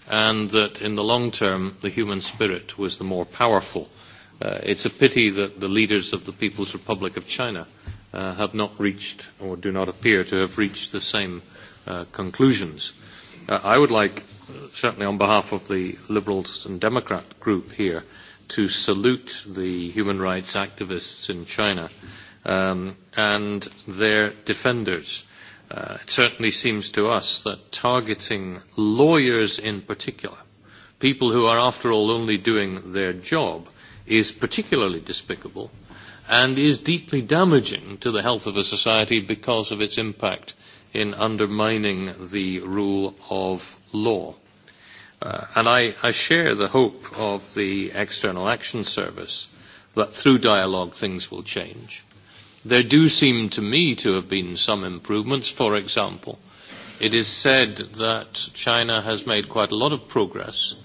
and that in the long term the human spirit was the more powerful. Uh, it's a pity that the leaders of the People's Republic of China uh, have not reached or do not appear to have reached the same uh, conclusions. Uh, I would like, uh, certainly on behalf of the Liberals and Democrat group here, uh, to salute the human rights activists in China um, and their defenders. Uh, it certainly seems to us that targeting lawyers in particular, people who are after all only doing their job, is particularly despicable and is deeply damaging to the health of a society because of its impact in undermining the rule of law. Uh, and I, I share the hope of the External Action Service that through dialogue things will change. There do seem to me to have been some improvements. For example, it is said that China has made quite a lot of progress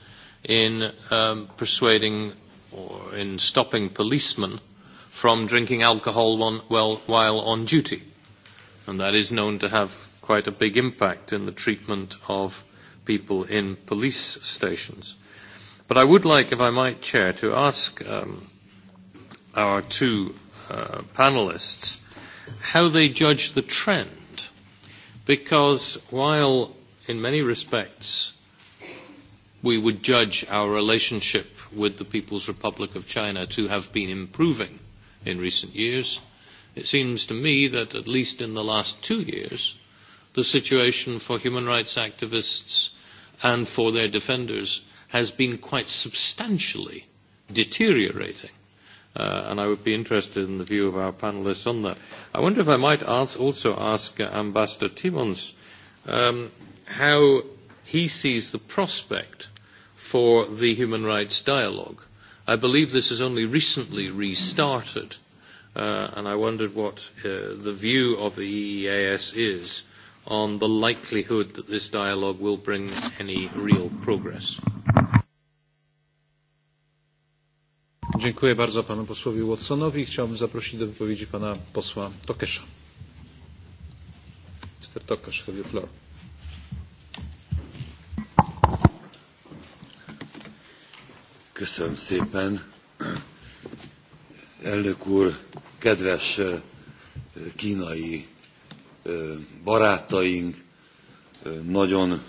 in um, persuading or in stopping policemen from drinking alcohol one, well, while on duty. And that is known to have quite a big impact in the treatment of people in police stations. But I would like, if I might, Chair, to ask um, our two uh, panelists how they judge the trend. Because while in many respects we would judge our relationship with the People's Republic of China to have been improving in recent years, it seems to me that at least in the last two years, the situation for human rights activists and for their defenders has been quite substantially deteriorating. Uh, and I would be interested in the view of our panelists on that. I wonder if I might ask, also ask uh, Ambassador Timons um, how he sees the prospect for the human rights dialogue. I believe this has only recently restarted, uh, and I wondered what uh, the view of the EEAS is on the likelihood that this dialogue will bring any real progress. Dziękuję bardzo panu posłowi Watsonowi. Chciałbym zaprosić do wypowiedzi pana posła Tokesza. Mr. Tokesz, have you floor. Köszönöm szépen. Elnök úr, kedves kínai barátaink nagyon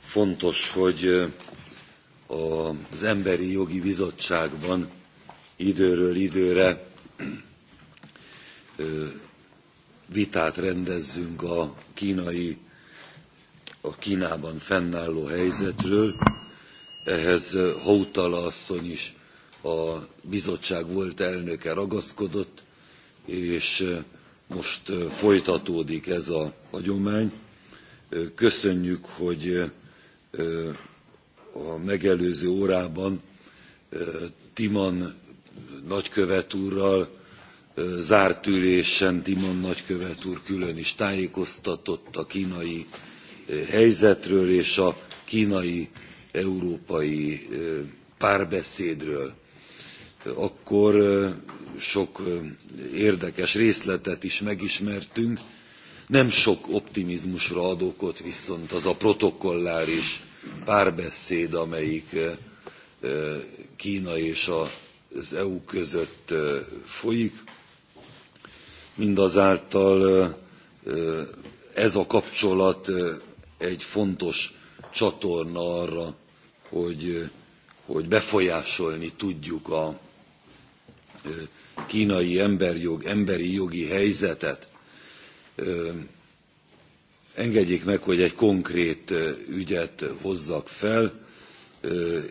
fontos, hogy az Emberi Jogi Bizottságban időről időre vitát rendezzünk a kínai, a Kínában fennálló helyzetről. Ehhez Hautala asszony is a bizottság volt elnöke ragaszkodott, és most folytatódik ez a hagyomány. Köszönjük, hogy a megelőző órában Timan nagykövet úrral zárt ülésen Timon nagykövet úr külön is tájékoztatott a kínai helyzetről és a kínai európai párbeszédről. Akkor sok érdekes részletet is megismertünk, nem sok optimizmusra ad okot viszont az a protokolláris párbeszéd, amelyik Kína és az EU között folyik. Mindazáltal ez a kapcsolat egy fontos csatorna arra, hogy, hogy befolyásolni tudjuk a kínai emberjog, emberi jogi helyzetet. Engedjék meg, hogy egy konkrét ügyet hozzak fel,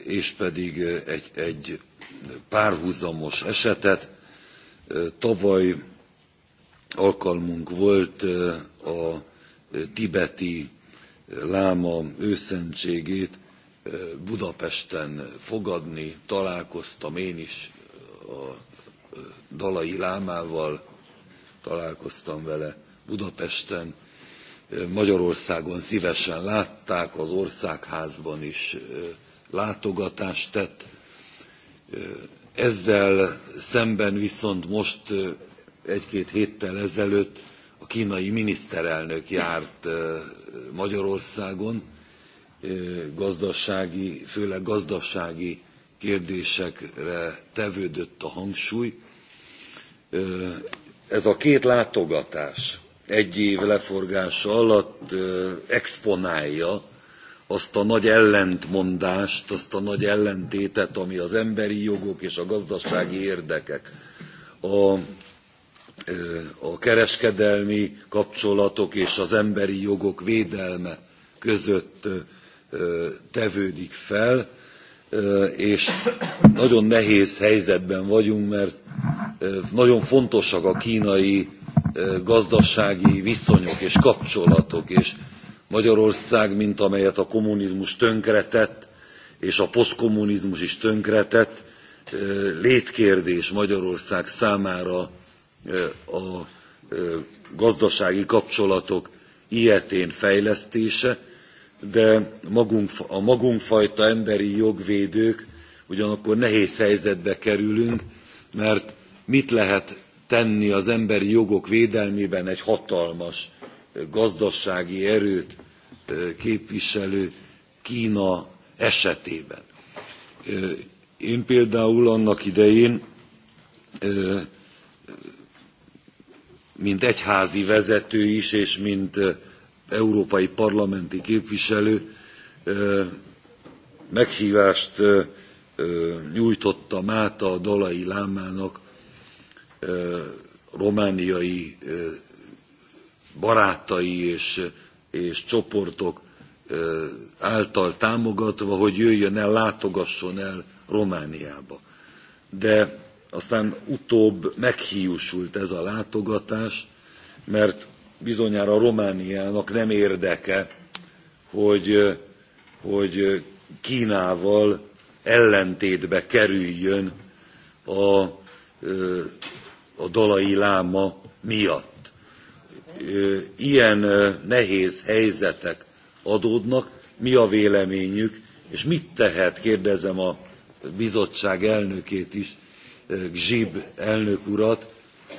és pedig egy, egy párhuzamos esetet. Tavaly alkalmunk volt a tibeti láma őszentségét Budapesten fogadni, találkoztam én is a Dalai Lámával találkoztam vele Budapesten, Magyarországon szívesen látták, az országházban is látogatást tett. Ezzel szemben viszont most egy-két héttel ezelőtt a kínai miniszterelnök járt Magyarországon, gazdasági, főleg gazdasági kérdésekre tevődött a hangsúly, ez a két látogatás egy év leforgása alatt exponálja azt a nagy ellentmondást, azt a nagy ellentétet, ami az emberi jogok és a gazdasági érdekek, a, a kereskedelmi kapcsolatok és az emberi jogok védelme között tevődik fel és nagyon nehéz helyzetben vagyunk, mert nagyon fontosak a kínai gazdasági viszonyok és kapcsolatok, és Magyarország, mint amelyet a kommunizmus tönkretett, és a posztkommunizmus is tönkretett, létkérdés Magyarország számára a gazdasági kapcsolatok ilyetén fejlesztése, de magunk, a fajta emberi jogvédők ugyanakkor nehéz helyzetbe kerülünk, mert mit lehet tenni az emberi jogok védelmében egy hatalmas gazdasági erőt képviselő Kína esetében. Én például annak idején, mint egyházi vezető is, és mint európai parlamenti képviselő meghívást nyújtottam át a dalai lámának romániai barátai és, és csoportok által támogatva, hogy jöjjön el, látogasson el Romániába. De aztán utóbb meghiúsult ez a látogatás, mert bizonyára Romániának nem érdeke, hogy, hogy Kínával ellentétbe kerüljön a, a dalai láma miatt. Ilyen nehéz helyzetek adódnak, mi a véleményük, és mit tehet, kérdezem a bizottság elnökét is, Gzsib elnök urat,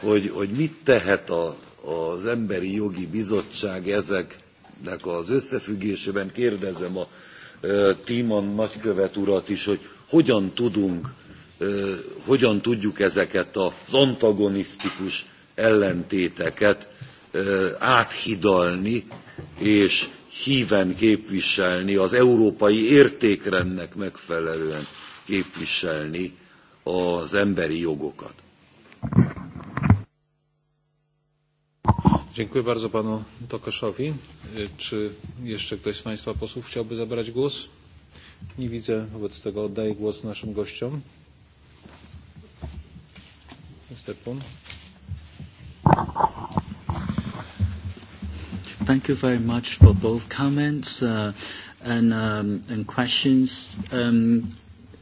hogy, hogy mit tehet a az Emberi Jogi Bizottság ezeknek az összefüggésében. Kérdezem a Tímon nagykövet urat is, hogy hogyan tudunk, hogyan tudjuk ezeket az antagonisztikus ellentéteket áthidalni és híven képviselni, az európai értékrendnek megfelelően képviselni az emberi jogokat. Dziękuję bardzo panu Tokoszowi. Czy jeszcze ktoś z państwa posłów chciałby zabrać głos? Nie widzę. Wobec tego oddaję głos naszym gościom. Stepun. Thank you very much for both comments uh, and, um, and questions. Um,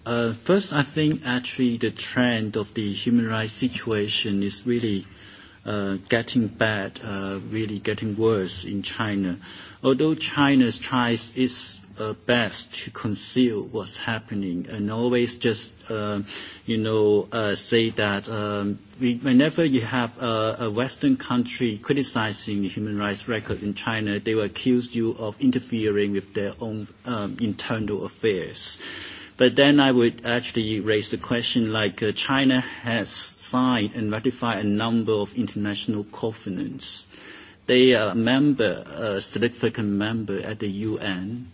uh, first, I think actually the trend of the human rights situation is really Uh, getting bad, uh, really getting worse in China. Although China tries its uh, best to conceal what's happening and always just, uh, you know, uh, say that um, we, whenever you have a, a Western country criticizing the human rights record in China, they will accuse you of interfering with their own um, internal affairs. Uh, But then I would actually raise the question like uh, China has signed and ratified a number of international covenants. They are a member, a significant member at the UN.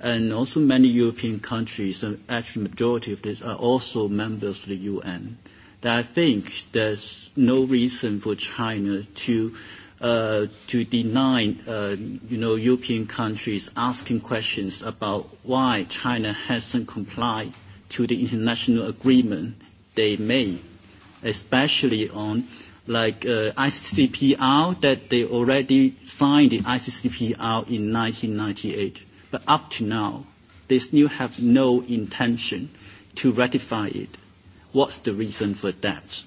And also many European countries, actually majority of these are also members of the UN. That I think there's no reason for China to Uh, to deny, uh, you know, European countries asking questions about why China hasn't complied to the international agreement they made, especially on like uh, ICCPR that they already signed the ICCPR in 1998, but up to now they still have no intention to ratify it. What's the reason for that?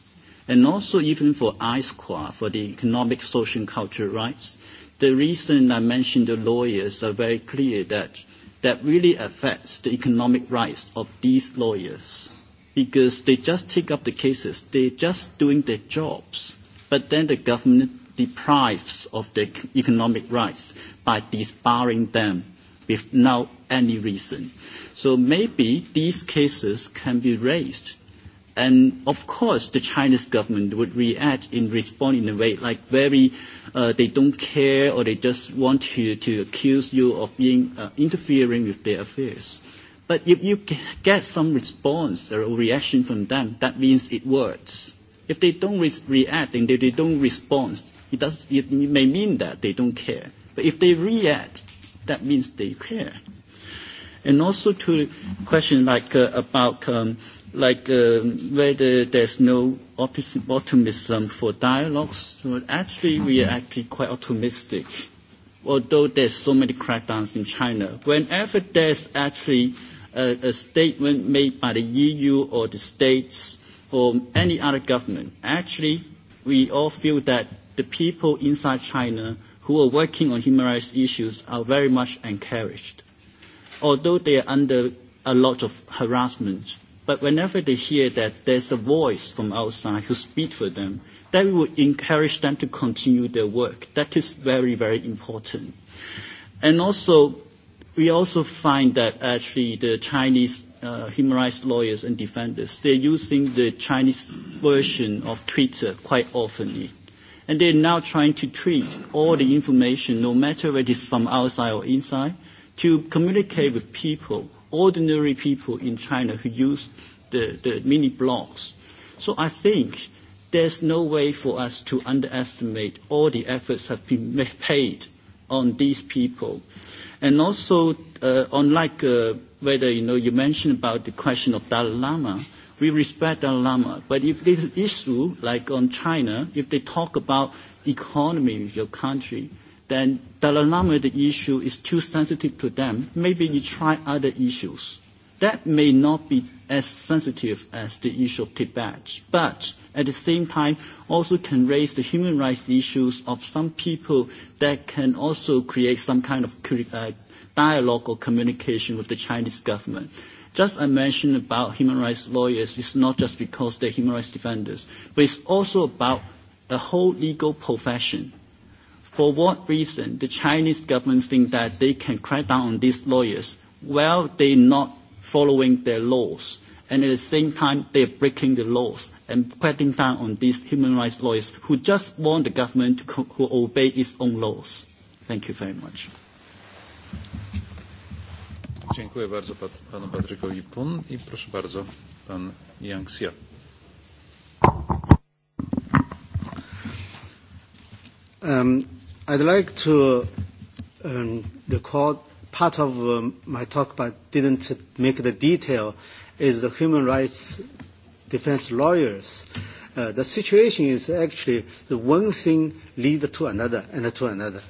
and also even for ISQA, for the Economic, Social and Cultural Rights. The reason I mentioned the lawyers are very clear that that really affects the economic rights of these lawyers because they just take up the cases, they're just doing their jobs, but then the government deprives of their economic rights by disbarring them without any reason. So maybe these cases can be raised And of course, the Chinese government would react in respond in a way like very, uh, they don't care or they just want to, to accuse you of being uh, interfering with their affairs. But if you get some response or reaction from them, that means it works. If they don't re- react and they, they don't respond, it, does, it may mean that they don't care. But if they react, that means they care. And also to question like uh, about um, like uh, whether there's no optimism for dialogues. Well, actually, we are actually quite optimistic, although there's so many crackdowns in China. Whenever there's actually a, a statement made by the EU or the states or any other government, actually, we all feel that the people inside China who are working on human rights issues are very much encouraged although they are under a lot of harassment, but whenever they hear that there's a voice from outside who speaks for them, that would encourage them to continue their work. That is very, very important. And also, we also find that actually the Chinese uh, human rights lawyers and defenders, they're using the Chinese version of Twitter quite often. And they're now trying to tweet all the information, no matter whether it's from outside or inside, to communicate with people, ordinary people in China who use the, the mini blogs. So I think there's no way for us to underestimate all the efforts have been paid on these people. And also, uh, unlike uh, whether you know you mentioned about the question of Dalai Lama, we respect Dalai Lama. But if this issue, like on China, if they talk about economy of your country, then Dalai Lama, the issue is too sensitive to them. Maybe you try other issues. That may not be as sensitive as the issue of Tibet, but at the same time also can raise the human rights issues of some people that can also create some kind of uh, dialogue or communication with the Chinese government. Just I mentioned about human rights lawyers, it's not just because they're human rights defenders, but it's also about the whole legal profession for what reason the Chinese government think that they can crack down on these lawyers while they're not following their laws. And at the same time, they're breaking the laws and cracking down on these human rights lawyers who just want the government to, co- who obey its own laws. Thank you very much. Dziękuję bardzo pat- panu Patrykowi Pun i proszę bardzo pan Yang Xia. Um, I'd like to um, record part of um, my talk, but didn't make the detail, is the human rights defense lawyers. Uh, the situation is actually the one thing lead to another and to another.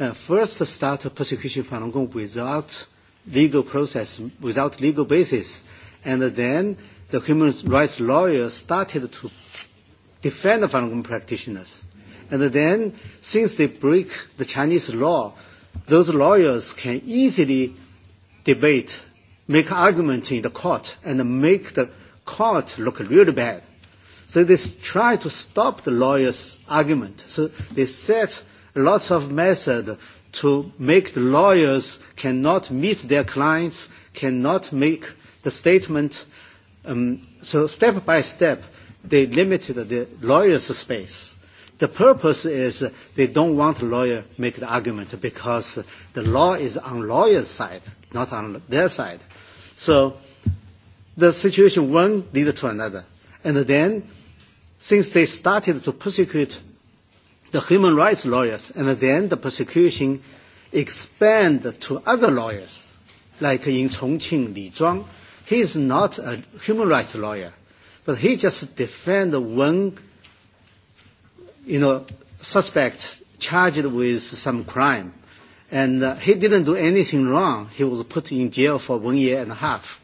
Uh, first, start persecution Falun Gong without legal process, without legal basis, and then the human rights lawyers started to defend Falun Gong practitioners And then, since they break the Chinese law, those lawyers can easily debate, make argument in the court, and make the court look really bad. So they try to stop the lawyers' argument. So they set lots of methods to make the lawyers cannot meet their clients, cannot make the statement. Um, so step by step, they limited the lawyers' space. The purpose is they don't want lawyer make the argument because the law is on lawyer's side, not on their side. So the situation one lead to another. And then, since they started to persecute the human rights lawyers, and then the persecution expand to other lawyers, like in Chongqing Li Zhuang. He is not a human rights lawyer, but he just defend one you know, suspect charged with some crime. And uh, he didn't do anything wrong. He was put in jail for one year and a half.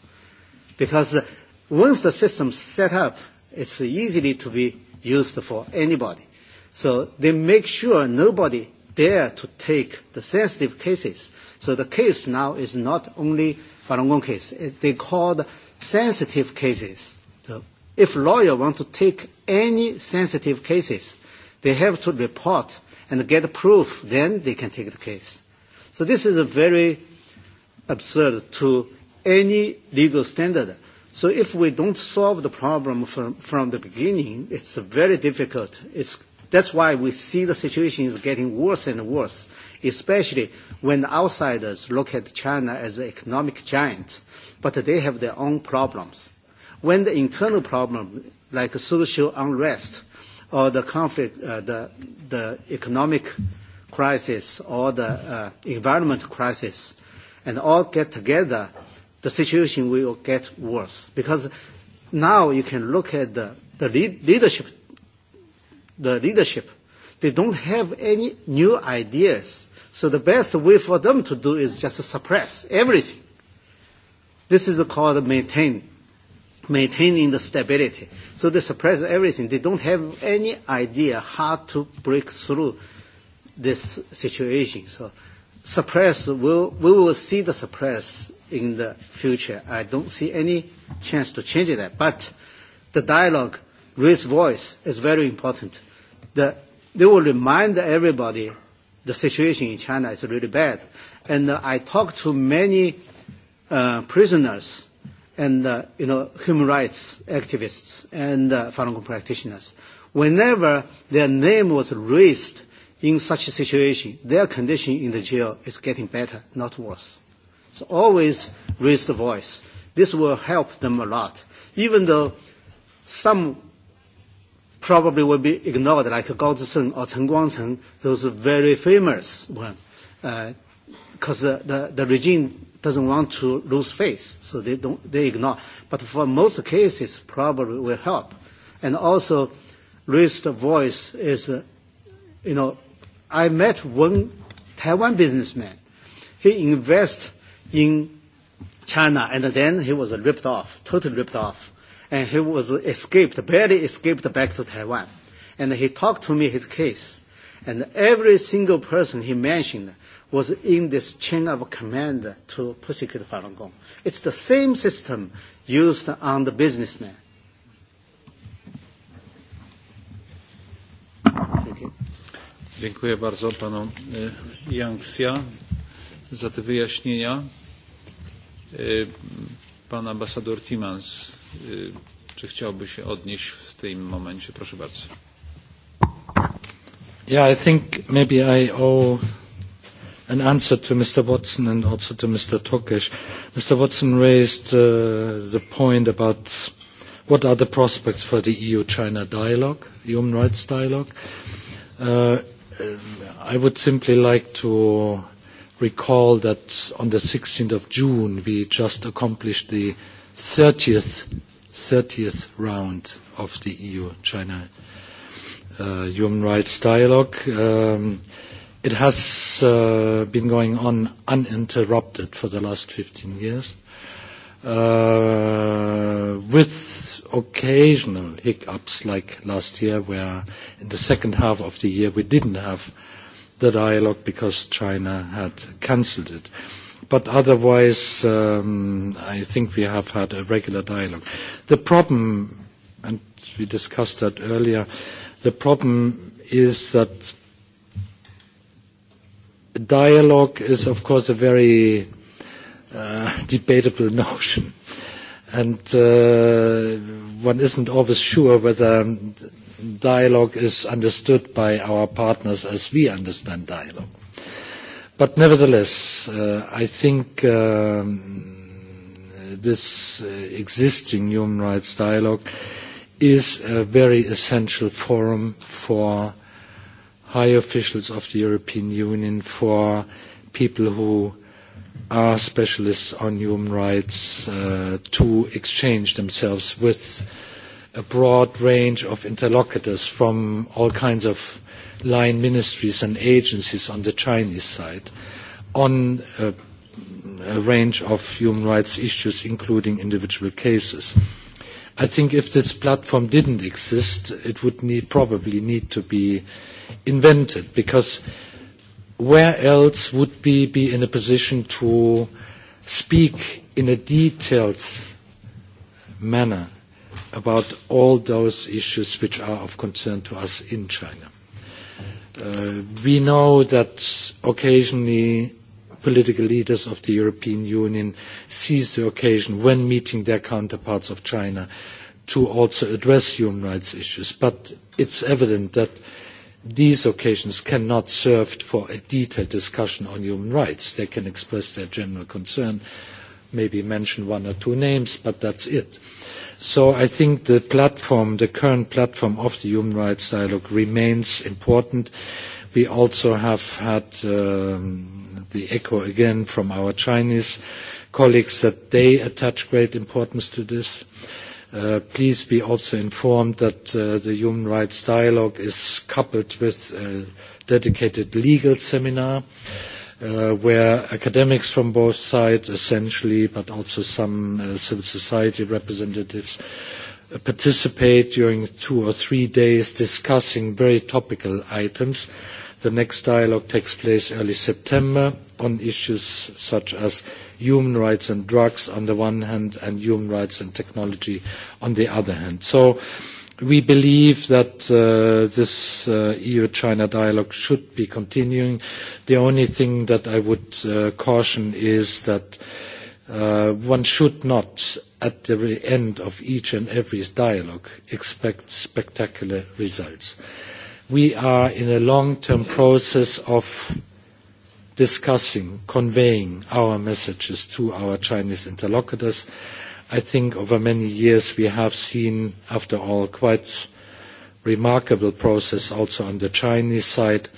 Because uh, once the system's set up, it's easily to be used for anybody. So they make sure nobody dare to take the sensitive cases. So the case now is not only Falun Gong case. It, they called sensitive cases. So if lawyer want to take any sensitive cases, They have to report and get proof, then they can take the case. So this is a very absurd to any legal standard. So if we don't solve the problem from, from the beginning, it's very difficult. It's, that's why we see the situation is getting worse and worse, especially when outsiders look at China as an economic giant, but they have their own problems. When the internal problem, like social unrest, or the conflict, uh, the, the economic crisis or the uh, environment crisis, and all get together, the situation will get worse. Because now you can look at the, the lead, leadership, the leadership, they don't have any new ideas. So the best way for them to do is just suppress everything. This is called maintain maintaining the stability. So they suppress everything. They don't have any idea how to break through this situation. So suppress, we'll, we will see the suppress in the future. I don't see any chance to change that. But the dialogue, raise voice is very important. The, they will remind everybody the situation in China is really bad. And uh, I talked to many uh, prisoners and uh, you know human rights activists and uh, Falun Gong practitioners. Whenever their name was raised in such a situation, their condition in the jail is getting better, not worse. So always raise the voice. This will help them a lot, even though some probably will be ignored, like Gao Zisheng or Chen Guangcheng, those very famous ones, because uh, the, the regime doesn't want to lose face, so they don't they ignore. But for most cases, probably will help, and also raised voice is, uh, you know, I met one Taiwan businessman. He invests in China, and then he was ripped off, totally ripped off, and he was escaped, barely escaped back to Taiwan. And he talked to me his case, and every single person he mentioned was in this chain of command to persecute Falun Gong. It's the same system used on the businessman. Dziękuję bardzo panu Yangxia za te wyjaśnienia. Pan ambasador Timans, czy chciałby się odnieść w tym momencie? Proszę bardzo. Yeah, I think maybe I owe an answer to Mr. Watson and also to Mr. Tokish. Mr. Watson raised uh, the point about what are the prospects for the EU-China dialogue, human rights dialogue. Uh, I would simply like to recall that on the 16th of June we just accomplished the 30th, 30th round of the EU-China uh, human rights dialogue. Um, It has uh, been going on uninterrupted for the last 15 years, uh, with occasional hiccups like last year, where in the second half of the year we didn't have the dialogue because China had cancelled it. But otherwise, um, I think we have had a regular dialogue. The problem, and we discussed that earlier, the problem is that dialogue is, of course, a very uh, debatable notion. And uh, one isn't always sure whether dialogue is understood by our partners as we understand dialogue. But nevertheless, uh, I think um, this uh, existing human rights dialogue is a very essential forum for high officials of the European Union for people who are specialists on human rights uh, to exchange themselves with a broad range of interlocutors from all kinds of line ministries and agencies on the Chinese side on a, a range of human rights issues, including individual cases. I think if this platform didn't exist, it would need, probably need to be uh, invented because where else would we be in a position to speak in a detailed manner about all those issues which are of concern to us in China. Uh, we know that occasionally political leaders of the European Union seize the occasion when meeting their counterparts of China to also address human rights issues. But it's evident that these occasions cannot serve for a detailed discussion on human rights. They can express their general concern, maybe mention one or two names, but that's it. So I think the platform, the current platform of the human rights dialogue remains important. We also have had um, the echo again from our Chinese colleagues that they attach great importance to this. Uh, Uh, please be also informed that uh, the human rights dialogue is coupled with a dedicated legal seminar uh, where academics from both sides essentially, but also some uh, civil society representatives uh, participate during two or three days discussing very topical items. The next dialogue takes place early September on issues such as human rights and drugs on the one hand and human rights and technology on the other hand. So we believe that uh, this uh, EU-China dialogue should be continuing. The only thing that I would uh, caution is that uh, one should not, at the end of each and every dialogue, expect spectacular results. We are in a long-term process of discussing, conveying our messages to our Chinese interlocutors. I think over many years we have seen, after all, quite remarkable process also on the Chinese side,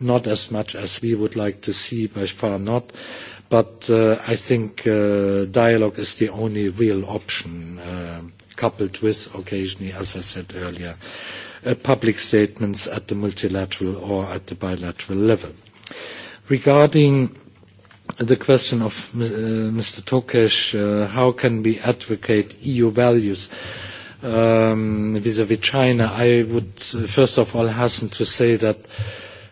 not as much as we would like to see, by far not. But uh, I think uh, dialogue is the only real option, uh, coupled with occasionally, as I said earlier, uh, public statements at the multilateral or at the bilateral level. Regarding the question of uh, Mr. Tokes, uh, how can we advocate EU values um, vis-à-vis China? I would first of all hasten to say that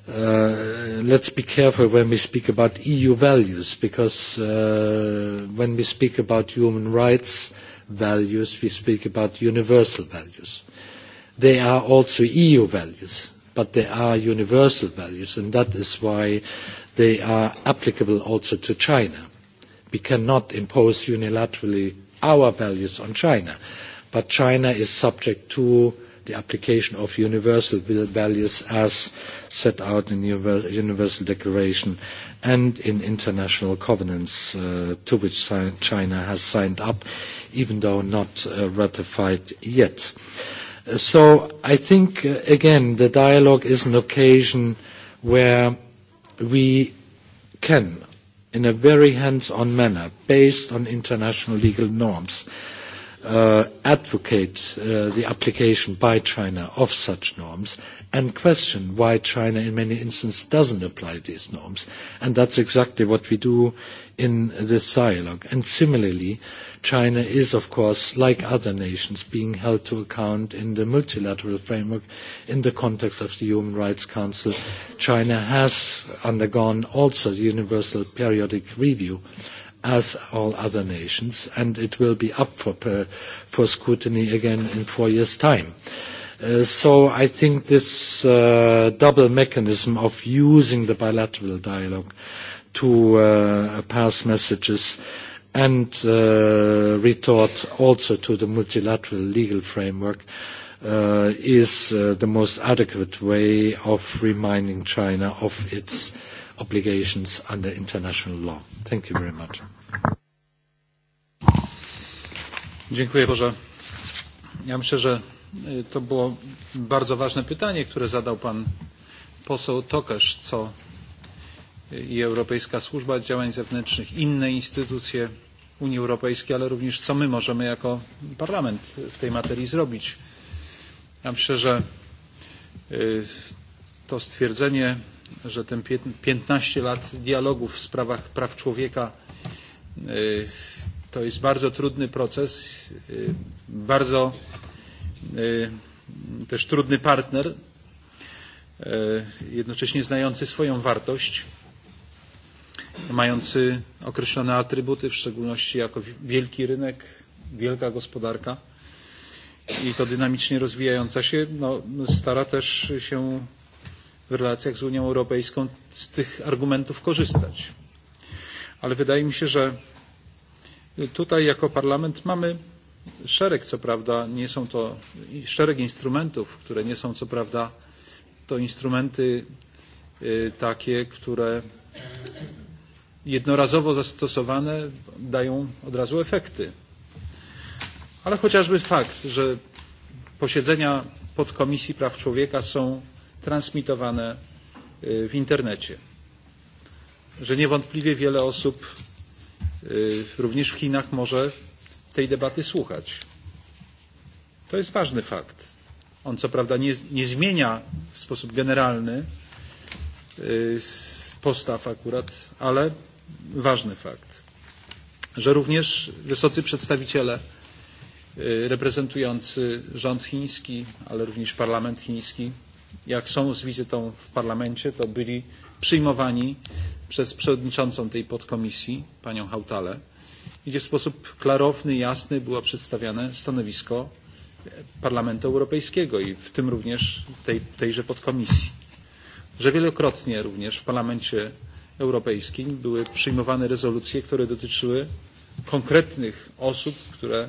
uh, let's be careful when we speak about EU values, because when we speak about human rights values, we speak about universal values. They are also EU values, but they are universal values, and that is why they are applicable also to China. We cannot impose unilaterally our values on China, but China is subject to the application of universal values as set out in the Universal Declaration and in international covenants uh, to which China has signed up, even though not uh, ratified yet. Uh, so I think, uh, again, the dialogue is an occasion where we can, in a very hands-on manner, based on international legal norms, uh, advocate uh, the application by China of such norms and question why China in many instances doesn't apply these norms. And that's exactly what we do in this dialogue. And similarly, uh, China is, of course, like other nations, being held to account in the multilateral framework in the context of the Human Rights Council. China has undergone also the Universal Periodic Review as all other nations, and it will be up for, for scrutiny again in four years' time. Uh, so I think this uh, double mechanism of using the bilateral dialogue to uh, pass messages and uh, retort also to the multilateral legal framework uh, is uh, the most adequate way of reminding China of its obligations under international law. Thank you very much. Dziękuję Boże. Ja myślę, że to było bardzo ważne pytanie, które zadał pan poseł Tokarz, co i Europejska Służba Działań Zewnętrznych, inne instytucje Unii Europejskiej, ale również co my możemy jako Parlament w tej materii zrobić. Ja myślę, że to stwierdzenie, że ten 15 lat dialogu w sprawach praw człowieka to jest bardzo trudny proces, bardzo też trudny partner, jednocześnie znający swoją wartość mający określone atrybuty, w szczególności jako wielki rynek, wielka gospodarka i to dynamicznie rozwijająca się, no, stara też się w relacjach z Unią Europejską z tych argumentów korzystać. Ale wydaje mi się, że tutaj jako parlament mamy szereg, co prawda, nie są to szereg instrumentów, które nie są, co prawda, to instrumenty takie, które jednorazowo zastosowane dają od razu efekty. Ale chociażby fakt, że posiedzenia podkomisji praw człowieka są transmitowane w internecie, że niewątpliwie wiele osób również w Chinach może tej debaty słuchać. To jest ważny fakt. On co prawda nie, nie zmienia w sposób generalny postaw akurat, ale ważny fakt, że również wysocy przedstawiciele reprezentujący rząd chiński, ale również parlament chiński, jak są z wizytą w parlamencie, to byli przyjmowani przez przewodniczącą tej podkomisji, panią Hautalę, gdzie w sposób klarowny, jasny było przedstawiane stanowisko Parlamentu Europejskiego i w tym również tej, tejże podkomisji. Że wielokrotnie również w Parlamencie Europejskim były przyjmowane rezolucje, które dotyczyły konkretnych osób, które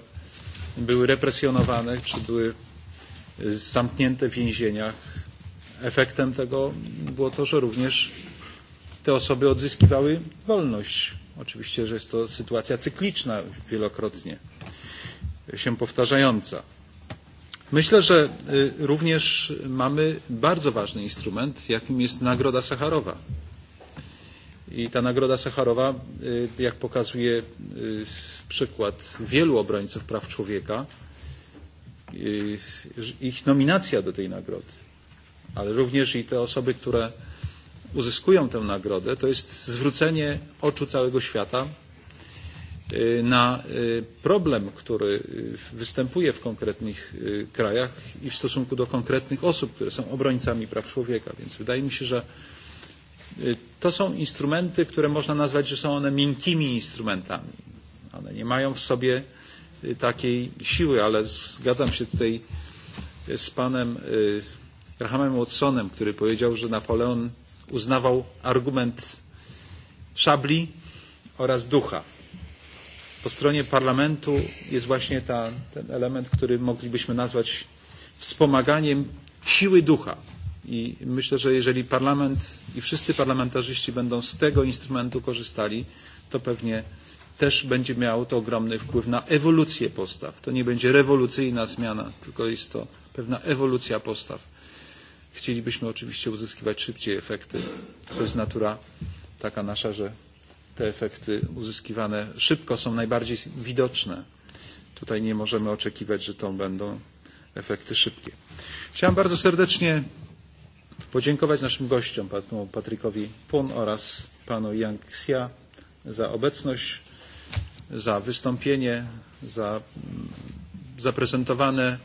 były represjonowane czy były zamknięte w więzieniach. Efektem tego było to, że również te osoby odzyskiwały wolność. Oczywiście, że jest to sytuacja cykliczna, wielokrotnie się powtarzająca. Myślę, że również mamy bardzo ważny instrument, jakim jest Nagroda Sacharowa I ta Nagroda Sacharowa, jak pokazuje przykład wielu obrońców praw człowieka, ich nominacja do tej nagrody, ale również i te osoby, które uzyskują tę nagrodę, to jest zwrócenie oczu całego świata na problem, który występuje w konkretnych krajach i w stosunku do konkretnych osób, które są obrońcami praw człowieka. Więc wydaje mi się, że To są instrumenty, które można nazwać, że są one miękkimi instrumentami. One nie mają w sobie takiej siły, ale zgadzam się tutaj z panem Grahamem Watsonem, który powiedział, że Napoleon uznawał argument szabli oraz ducha. Po stronie parlamentu jest właśnie ta, ten element, który moglibyśmy nazwać wspomaganiem siły ducha. I myślę, że jeżeli parlament i wszyscy parlamentarzyści będą z tego instrumentu korzystali, to pewnie też będzie miało to ogromny wpływ na ewolucję postaw. To nie będzie rewolucyjna zmiana, tylko jest to pewna ewolucja postaw. Chcielibyśmy oczywiście uzyskiwać szybciej efekty. To jest natura taka nasza, że te efekty uzyskiwane szybko są najbardziej widoczne. Tutaj nie możemy oczekiwać, że to będą efekty szybkie. Chciałem bardzo serdecznie podziękować naszym gościom, panu Patrykowi Pun oraz panu Yang Xia za obecność, za wystąpienie, za mm, zaprezentowane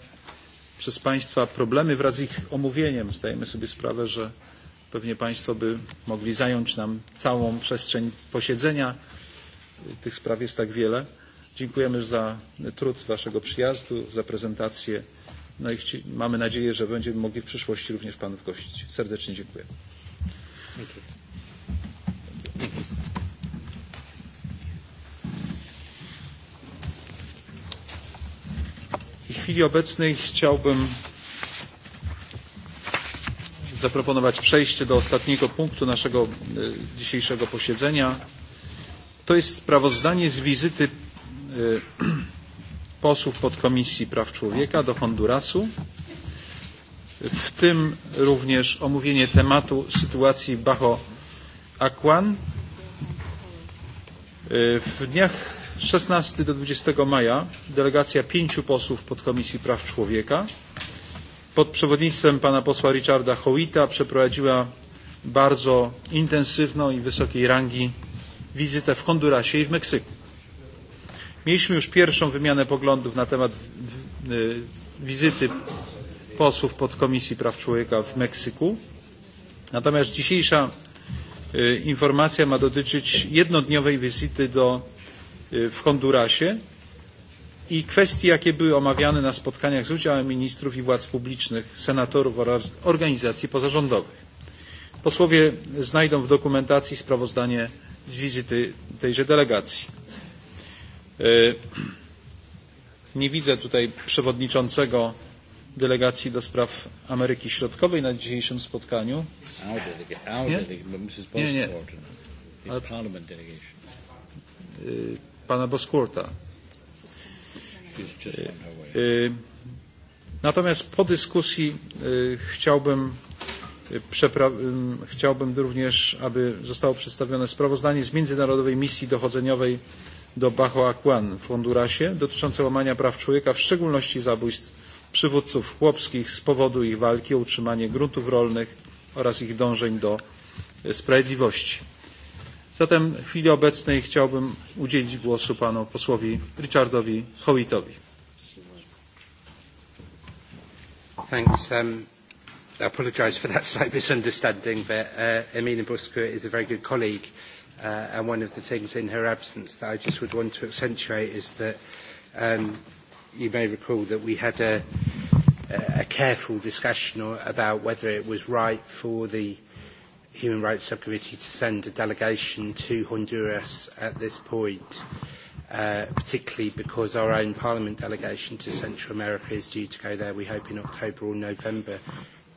przez Państwa problemy wraz z ich omówieniem. Zdajemy sobie sprawę, że pewnie Państwo by mogli zająć nam całą przestrzeń posiedzenia. Tych spraw jest tak wiele. Dziękujemy za trud Waszego przyjazdu, za prezentację No i chci, mamy nadzieję, że będziemy mogli w przyszłości również Panów gościć. Serdecznie dziękuję. W chwili obecnej chciałbym zaproponować przejście do ostatniego punktu naszego dzisiejszego posiedzenia. To jest sprawozdanie z wizyty posłów podkomisji praw człowieka do Hondurasu, w tym również omówienie tematu sytuacji Bajo Akwan. W dniach 16 do 20 maja delegacja pięciu posłów podkomisji praw człowieka pod przewodnictwem pana posła Richarda Howita przeprowadziła bardzo intensywną i wysokiej rangi wizytę w Hondurasie i w Meksyku. Mieliśmy już pierwszą wymianę poglądów na temat wizyty posłów podkomisji praw człowieka w Meksyku. Natomiast dzisiejsza informacja ma dotyczyć jednodniowej wizyty do, w Hondurasie i kwestii, jakie były omawiane na spotkaniach z udziałem ministrów i władz publicznych, senatorów oraz organizacji pozarządowych. Posłowie znajdą w dokumentacji sprawozdanie z wizyty tejże delegacji. Nie widzę tutaj przewodniczącego delegacji do spraw Ameryki Środkowej na dzisiejszym spotkaniu. Nie, nie. nie. Pana Boskurta. Natomiast po dyskusji chciałbym, chciałbym również, aby zostało przedstawione sprawozdanie z Międzynarodowej Misji Dochodzeniowej do Baho Akwan w Hondurasie dotyczące łamania praw człowieka, w szczególności zabójstw przywódców chłopskich z powodu ich walki o utrzymanie gruntów rolnych oraz ich dążeń do sprawiedliwości. Zatem w chwili obecnej chciałbym udzielić głosu panu posłowi Richardowi Howitowi. Thanks. Um, I apologize for that slight misunderstanding, but uh, Emine Busquet is a very good colleague Uh, and one of the things in her absence that I just would want to accentuate is that um, you may recall that we had a, a careful discussion about whether it was right for the Human Rights Subcommittee to send a delegation to Honduras at this point, uh, particularly because our own Parliament delegation to Central America is due to go there, we hope, in October or November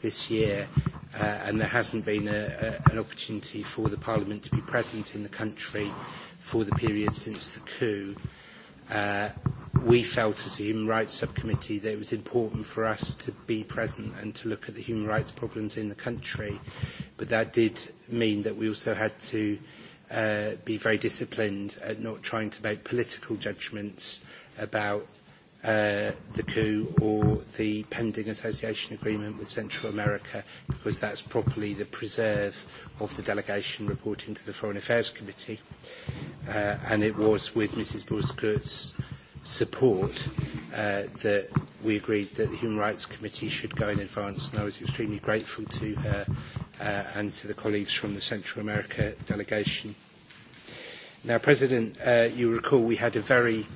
this year uh, and there hasn't been a, a, an opportunity for the Parliament to be present in the country for the period since the coup. Uh, we felt as a Human Rights Subcommittee that it was important for us to be present and to look at the human rights problems in the country, but that did mean that we also had to uh, be very disciplined at not trying to make political judgments about Uh, the coup or the pending association agreement with Central America because that's properly the preserve of the delegation reporting to the Foreign Affairs Committee. Uh, and it was with Mrs. Borskurt's support uh, that we agreed that the Human Rights Committee should go in advance and I was extremely grateful to her uh, and to the colleagues from the Central America delegation. Now, President, uh, you recall we had a very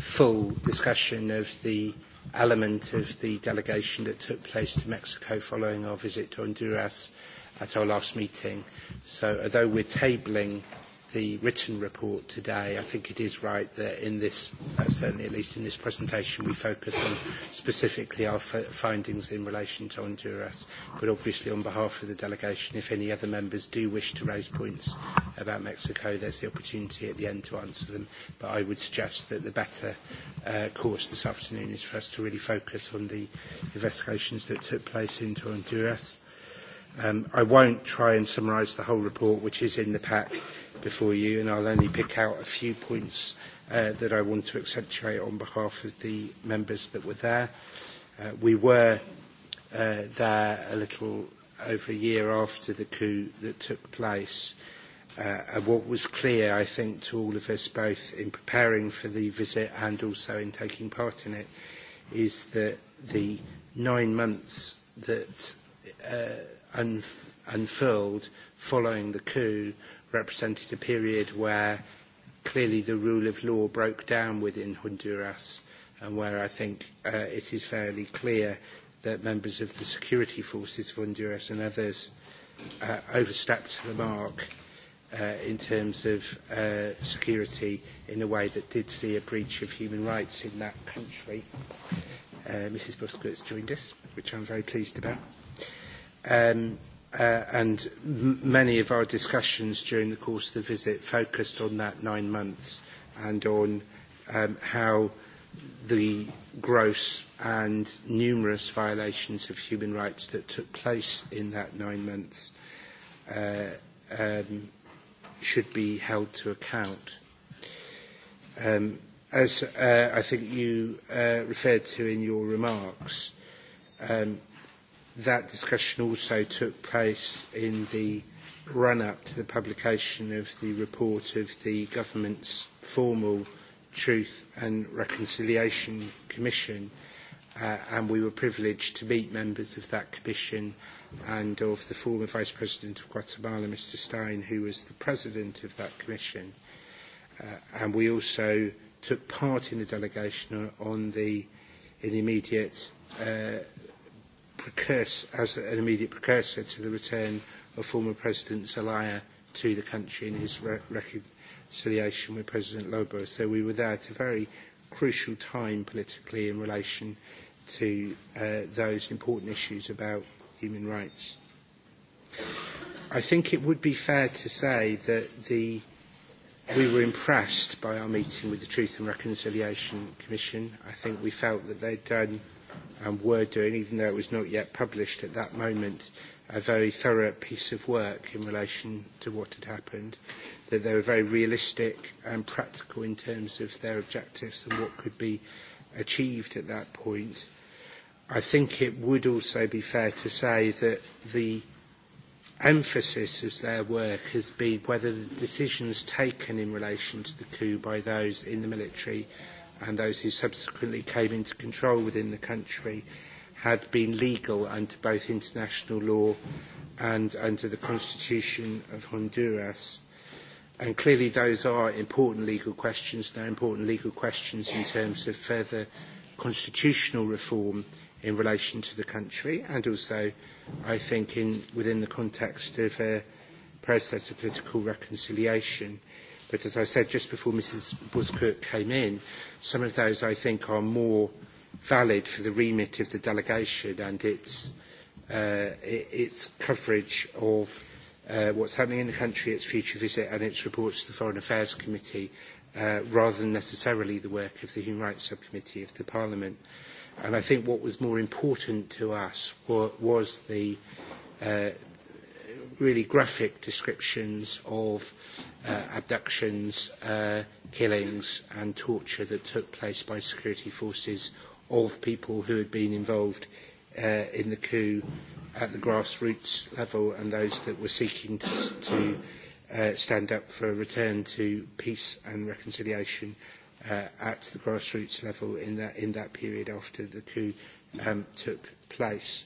full discussion of the element of the delegation that took place to Mexico following our visit to Honduras at our last meeting. So although we're tabling the written report today, I think it is right that in this, uh, certainly at least in this presentation, we focus on specifically our findings in relation to Honduras. But obviously, on behalf of the delegation, if any other members do wish to raise points about Mexico, there's the opportunity at the end to answer them. But I would suggest that the better uh, course this afternoon is for us to really focus on the investigations that took place into Honduras. Um, I won't try and summarise the whole report, which is in the pack before you, and I'll only pick out a few points uh, that I want to accentuate on behalf of the members that were there. Uh, we were uh, there a little over a year after the coup that took place. Uh, and what was clear, I think, to all of us, both in preparing for the visit and also in taking part in it, is that the nine months that uh, unf- unfurled following the coup represented a period where clearly the rule of law broke down within Honduras and where I think uh, it is fairly clear that members of the security forces of Honduras and others uh, overstepped the mark uh, in terms of uh, security in a way that did see a breach of human rights in that country. Uh, Mrs. Busquets joined us, which I'm very pleased about. Um, uh, and many of our discussions during the course of the visit focused on that nine months and on um, how the gross and numerous violations of human rights that took place in that nine months uh, um, should be held to account. Um, as uh, I think you uh, referred to in your remarks, um, that discussion also took place in the run-up to the publication of the report of the government's formal Truth and Reconciliation Commission, uh, and we were privileged to meet members of that commission and of the former Vice President of Guatemala, Mr. Stein, who was the President of that commission. Uh, and we also took part in the delegation on the, in the immediate uh, precursor, as an immediate precursor to the return of former President Zelaya to the country in his re reconciliation with President Lobo. So we were there at a very crucial time politically in relation to uh, those important issues about human rights. I think it would be fair to say that the, we were impressed by our meeting with the Truth and Reconciliation Commission. I think we felt that they'd done and were doing, even though it was not yet published at that moment, a very thorough piece of work in relation to what had happened, that they were very realistic and practical in terms of their objectives and what could be achieved at that point. I think it would also be fair to say that the emphasis of their work has been whether the decisions taken in relation to the coup by those in the military and those who subsequently came into control within the country had been legal under both international law and under the Constitution of Honduras. And clearly those are important legal questions. They're important legal questions in terms of further constitutional reform in relation to the country and also, I think, in, within the context of a process of political reconciliation. But as I said just before Mrs Buskirk came in, Some of those, I think, are more valid for the remit of the delegation and its, uh, its coverage of uh, what's happening in the country, its future visit and its reports to the Foreign Affairs Committee, uh, rather than necessarily the work of the Human Rights Subcommittee of the Parliament. And I think what was more important to us were, was the uh, really graphic descriptions of uh, abductions, uh, killings and torture that took place by security forces of people who had been involved uh, in the coup at the grassroots level and those that were seeking to, to uh, stand up for a return to peace and reconciliation uh, at the grassroots level in that, in that period after the coup um, took place.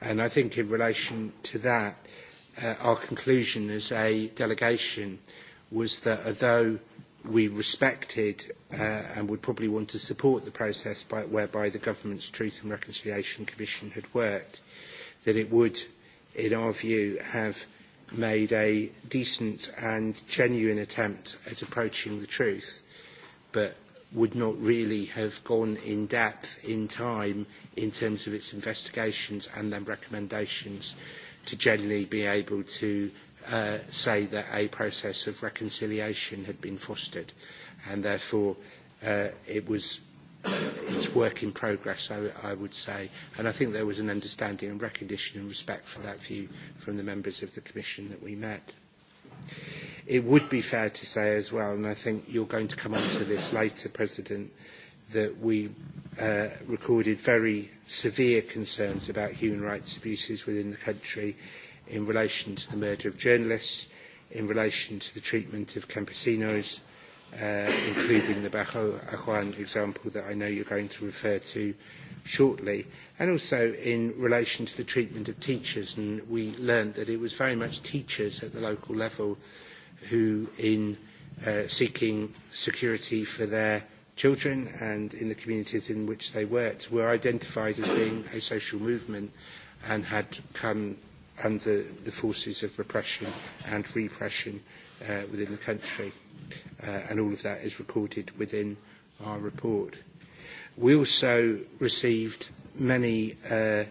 And I think in relation to that, uh, uh, our conclusion as a delegation was that although we respected uh, and would probably want to support the process by, whereby the government's Truth and Reconciliation Commission had worked, that it would, in our view, have made a decent and genuine attempt at approaching the truth, but would not really have gone in depth in time in terms of its investigations and then recommendations to generally be able to uh, say that a process of reconciliation had been fostered and therefore uh, it was it's work in progress, I, I would say. And I think there was an understanding and recognition and respect for that view from the members of the Commission that we met. It would be fair to say as well, and I think you're going to come on to this later, President, uh, that we uh, recorded very severe concerns about human rights abuses within the country in relation to the murder of journalists, in relation to the treatment of campesinos, uh, including the Bajo Ajuan example that I know you're going to refer to shortly, and also in relation to the treatment of teachers. And we learned that it was very much teachers at the local level who, in uh, seeking security for their children and in the communities in which they worked were identified as being a social movement and had come under the forces of repression and repression uh, within the country. Uh, and all of that is recorded within our report. We also received many uh,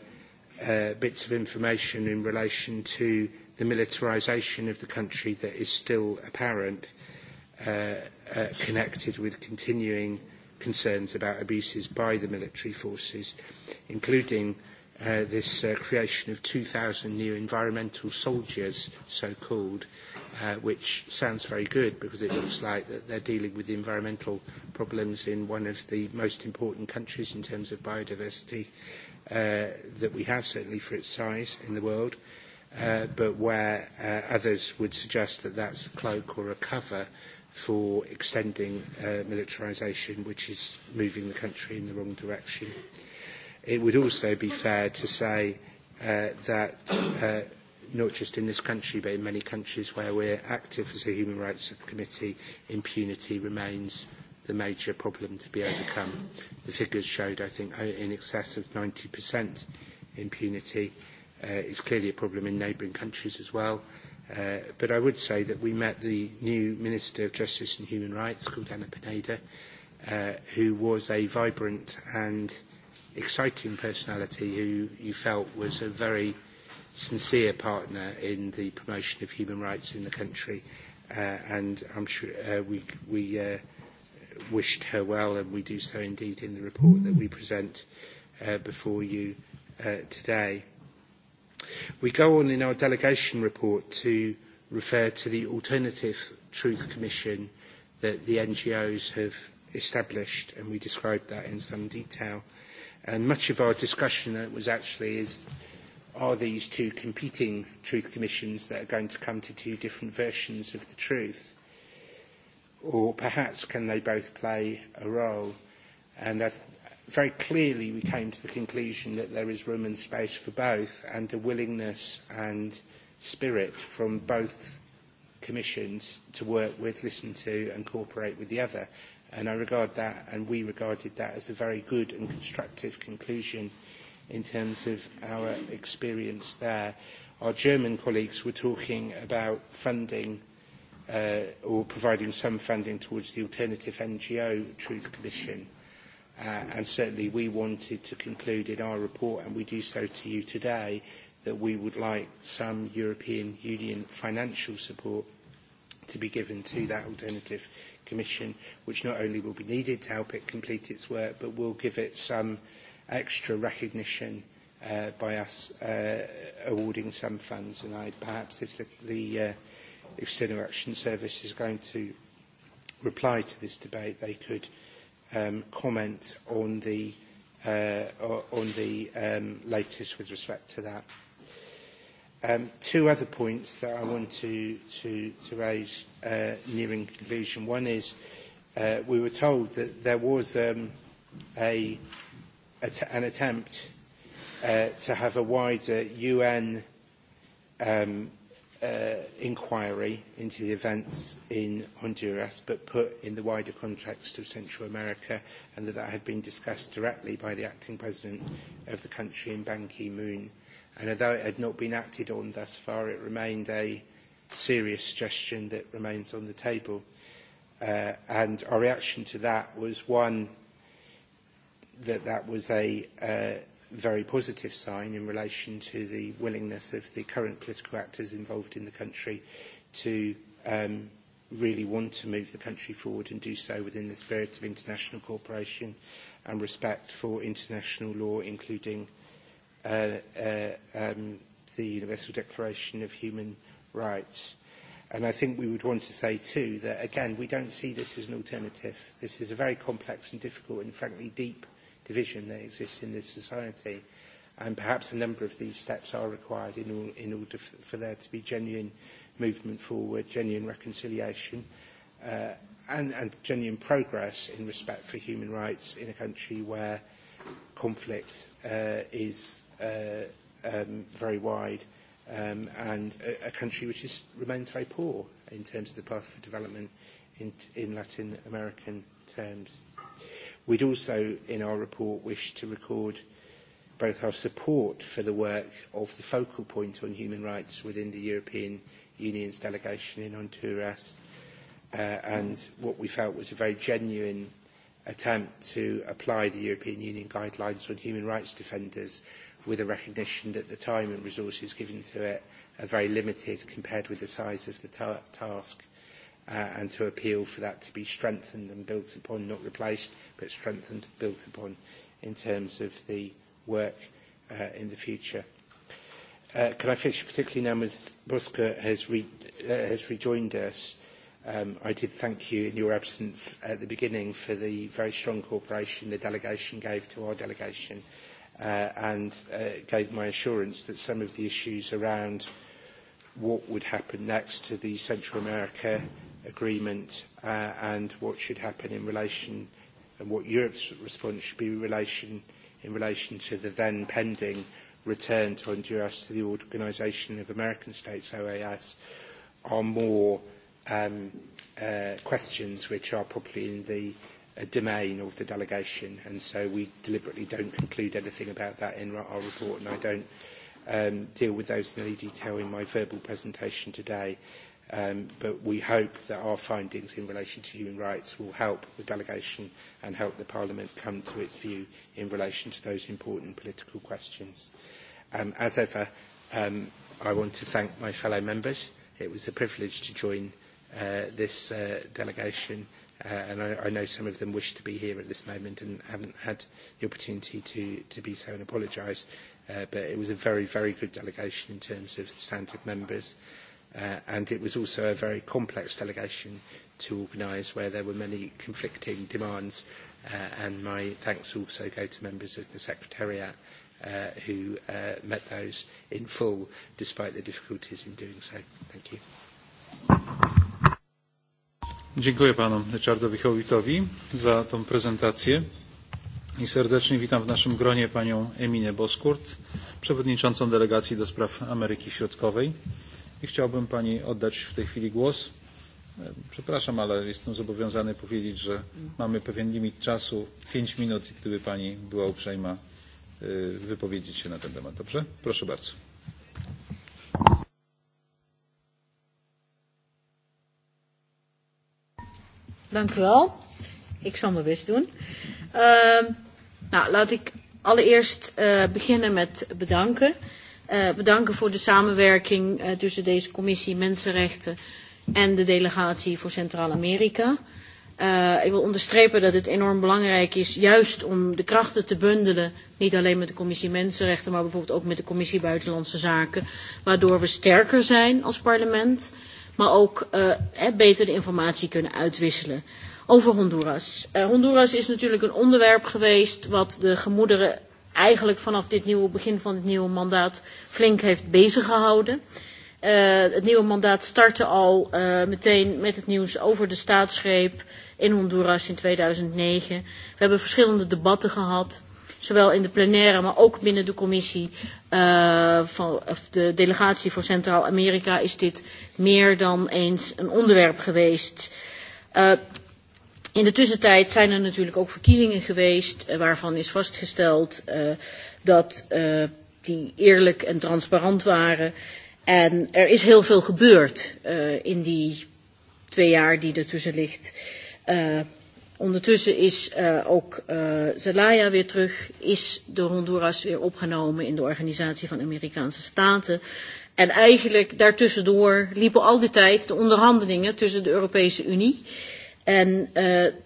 uh, bits of information in relation to the militarisation of the country that is still apparent uh, uh, connected with continuing concerns about abuses by the military forces, including uh, this uh, creation of 2,000 new environmental soldiers, so-called, uh, which sounds very good because it looks like that they're dealing with environmental problems in one of the most important countries in terms of biodiversity uh, that we have, certainly for its size in the world, uh, but where uh, others would suggest that that's a cloak or a cover uh, for extending uh, militarisation, which is moving the country in the wrong direction. It would also be fair to say uh, that uh, not just in this country but in many countries where we're active as a human rights Committee, impunity remains the major problem to be overcome. The figures showed, I think, uh, in excess of 90% impunity. Uh, is clearly a problem in neighbouring countries as well Uh, but I would say that we met the new Minister of Justice and Human Rights called Anna Pineda, uh, who was a vibrant and exciting personality who you felt was a very sincere partner in the promotion of human rights in the country. Uh, and I'm sure uh, we, we uh, wished her well, and we do so indeed in the report that we present uh, before you uh, today. We go on in our delegation report to refer to the Alternative Truth Commission that the NGOs have established, and we describe that in some detail. And much of our discussion uh, was actually is, are these two competing truth commissions that are going to come to two different versions of the truth? Or perhaps can they both play a role? And I, very clearly we came to the conclusion that there is room and space for both and a willingness and spirit from both commissions to work with, listen to and cooperate with the other. And I regard that, and we regarded that as a very good and constructive conclusion in terms of our experience there. Our German colleagues were talking about funding uh, or providing some funding towards the Alternative NGO Truth Commission. Uh, and certainly we wanted to conclude in our report, and we do so to you today, that we would like some European Union financial support to be given to mm. that alternative commission, which not only will be needed to help it complete its work, but will give it some extra recognition uh, by us uh, awarding some funds. And I, perhaps if the, the uh, External Action Service is going to reply to this debate, they could um, comment on the, uh, on the um, latest with respect to that. Um, two other points that I want to, to, to raise uh, nearing conclusion. One is uh, we were told that there was um, a, a an attempt uh, to have a wider UN um, uh, inquiry into the events in Honduras, but put in the wider context of Central America, and that that had been discussed directly by the acting president of the country in Ban Ki-moon. And although it had not been acted on thus far, it remained a serious suggestion that remains on the table. Uh, and our reaction to that was one, that that was a uh, very positive sign in relation to the willingness of the current political actors involved in the country to um, really want to move the country forward and do so within the spirit of international cooperation and respect for international law, including uh, uh, um, the Universal Declaration of Human Rights. And I think we would want to say too that, again, we don't see this as an alternative. This is a very complex and difficult and frankly deep division that exists in this society. And perhaps a number of these steps are required in, all, in order for there to be genuine movement forward, genuine reconciliation, uh, and, and genuine progress in respect for human rights in a country where conflict uh, is uh, um, very wide um, and a, a country which is, remains very poor in terms of the path for development in, in Latin American terms. We'd also, in our report, wish to record both our support for the work of the focal point on human rights within the European Union's delegation in Honduras uh, and what we felt was a very genuine attempt to apply the European Union guidelines on human rights defenders with a recognition that the time and resources given to it are very limited compared with the size of the ta task uh, and to appeal for that to be strengthened and built upon, not replaced, but strengthened, built upon in terms of the work uh, in the future. Uh, can I finish particularly now Ms Busker has, re uh, has rejoined us. Um, I did thank you in your absence at the beginning for the very strong cooperation the delegation gave to our delegation uh, and uh, gave my assurance that some of the issues around what would happen next to the Central America agreement uh, and what should happen in relation and what Europe's response should be in relation, in relation to the then pending return to Honduras to the Organization of American States, OAS, are more um, uh, questions which are probably in the uh, domain of the delegation. And so we deliberately don't conclude anything about that in our report, and I don't um, deal with those in any detail in my verbal presentation today. Um, but we hope that our findings in relation to human rights will help the delegation and help the Parliament come to its view in relation to those important political questions. Um, as ever, um, I want to thank my fellow members. It was a privilege to join uh, this uh, delegation, uh, and I, I know some of them wish to be here at this moment and haven't had the opportunity to, to be so and apologise. Uh, but it was a very, very good delegation in terms of the standard members. Uh, and it was also a very complex delegation to organise where there were many conflicting demands uh, and my thanks also go to members of the Secretariat uh, who uh, met those in full despite the difficulties in doing so. Thank you. Dziękuję panu Richardowi Howitowi za tą prezentację i serdecznie witam w naszym gronie panią Eminę Boskurt, przewodniczącą delegacji do spraw Ameryki Środkowej i chciałbym Pani oddać w tej chwili głos. Przepraszam, ale jestem zobowiązany powiedzieć, że mamy pewien limit czasu, pięć minut i gdyby Pani była uprzejma wypowiedzieć się na ten temat. Dobrze? Proszę bardzo. Dank u wel. Ik zal mijn best doen. Uh, nou, laat ik allereerst uh, beginnen met bedanken. Uh, Eh, bedanken voor de samenwerking eh, tussen deze commissie Mensenrechten en de delegatie voor Centraal-Amerika. Uh, ik wil onderstrepen dat het enorm belangrijk is juist om de krachten te bundelen, niet alleen met de commissie Mensenrechten, maar bijvoorbeeld ook met de commissie Buitenlandse Zaken, waardoor we sterker zijn als parlement, maar ook uh, beter de informatie kunnen uitwisselen. Over Honduras. Uh, Honduras is natuurlijk een onderwerp geweest wat de gemoederen eigenlijk vanaf dit nieuwe begin van het nieuwe mandaat flink heeft bezig gehouden. Uh, eh, het nieuwe mandaat startte al uh, meteen met het nieuws over de staatsgreep in Honduras in 2009. We hebben verschillende debatten gehad, zowel in de plenaire, maar ook binnen de commissie uh, van of de delegatie voor Centraal-Amerika is dit meer dan eens een onderwerp geweest. Uh, In de tussentijd zijn er natuurlijk ook verkiezingen geweest eh, waarvan is vastgesteld uh, dat uh, die eerlijk en transparant waren. En er is heel veel gebeurd uh, in die twee jaar die ertussen ligt. Uh, ondertussen is uh, ook uh, Zelaya weer terug, is de Honduras weer opgenomen in de Organisatie van Amerikaanse Staten. En eigenlijk daartussendoor liepen al die tijd de onderhandelingen tussen de Europese Unie. Uh, en uh,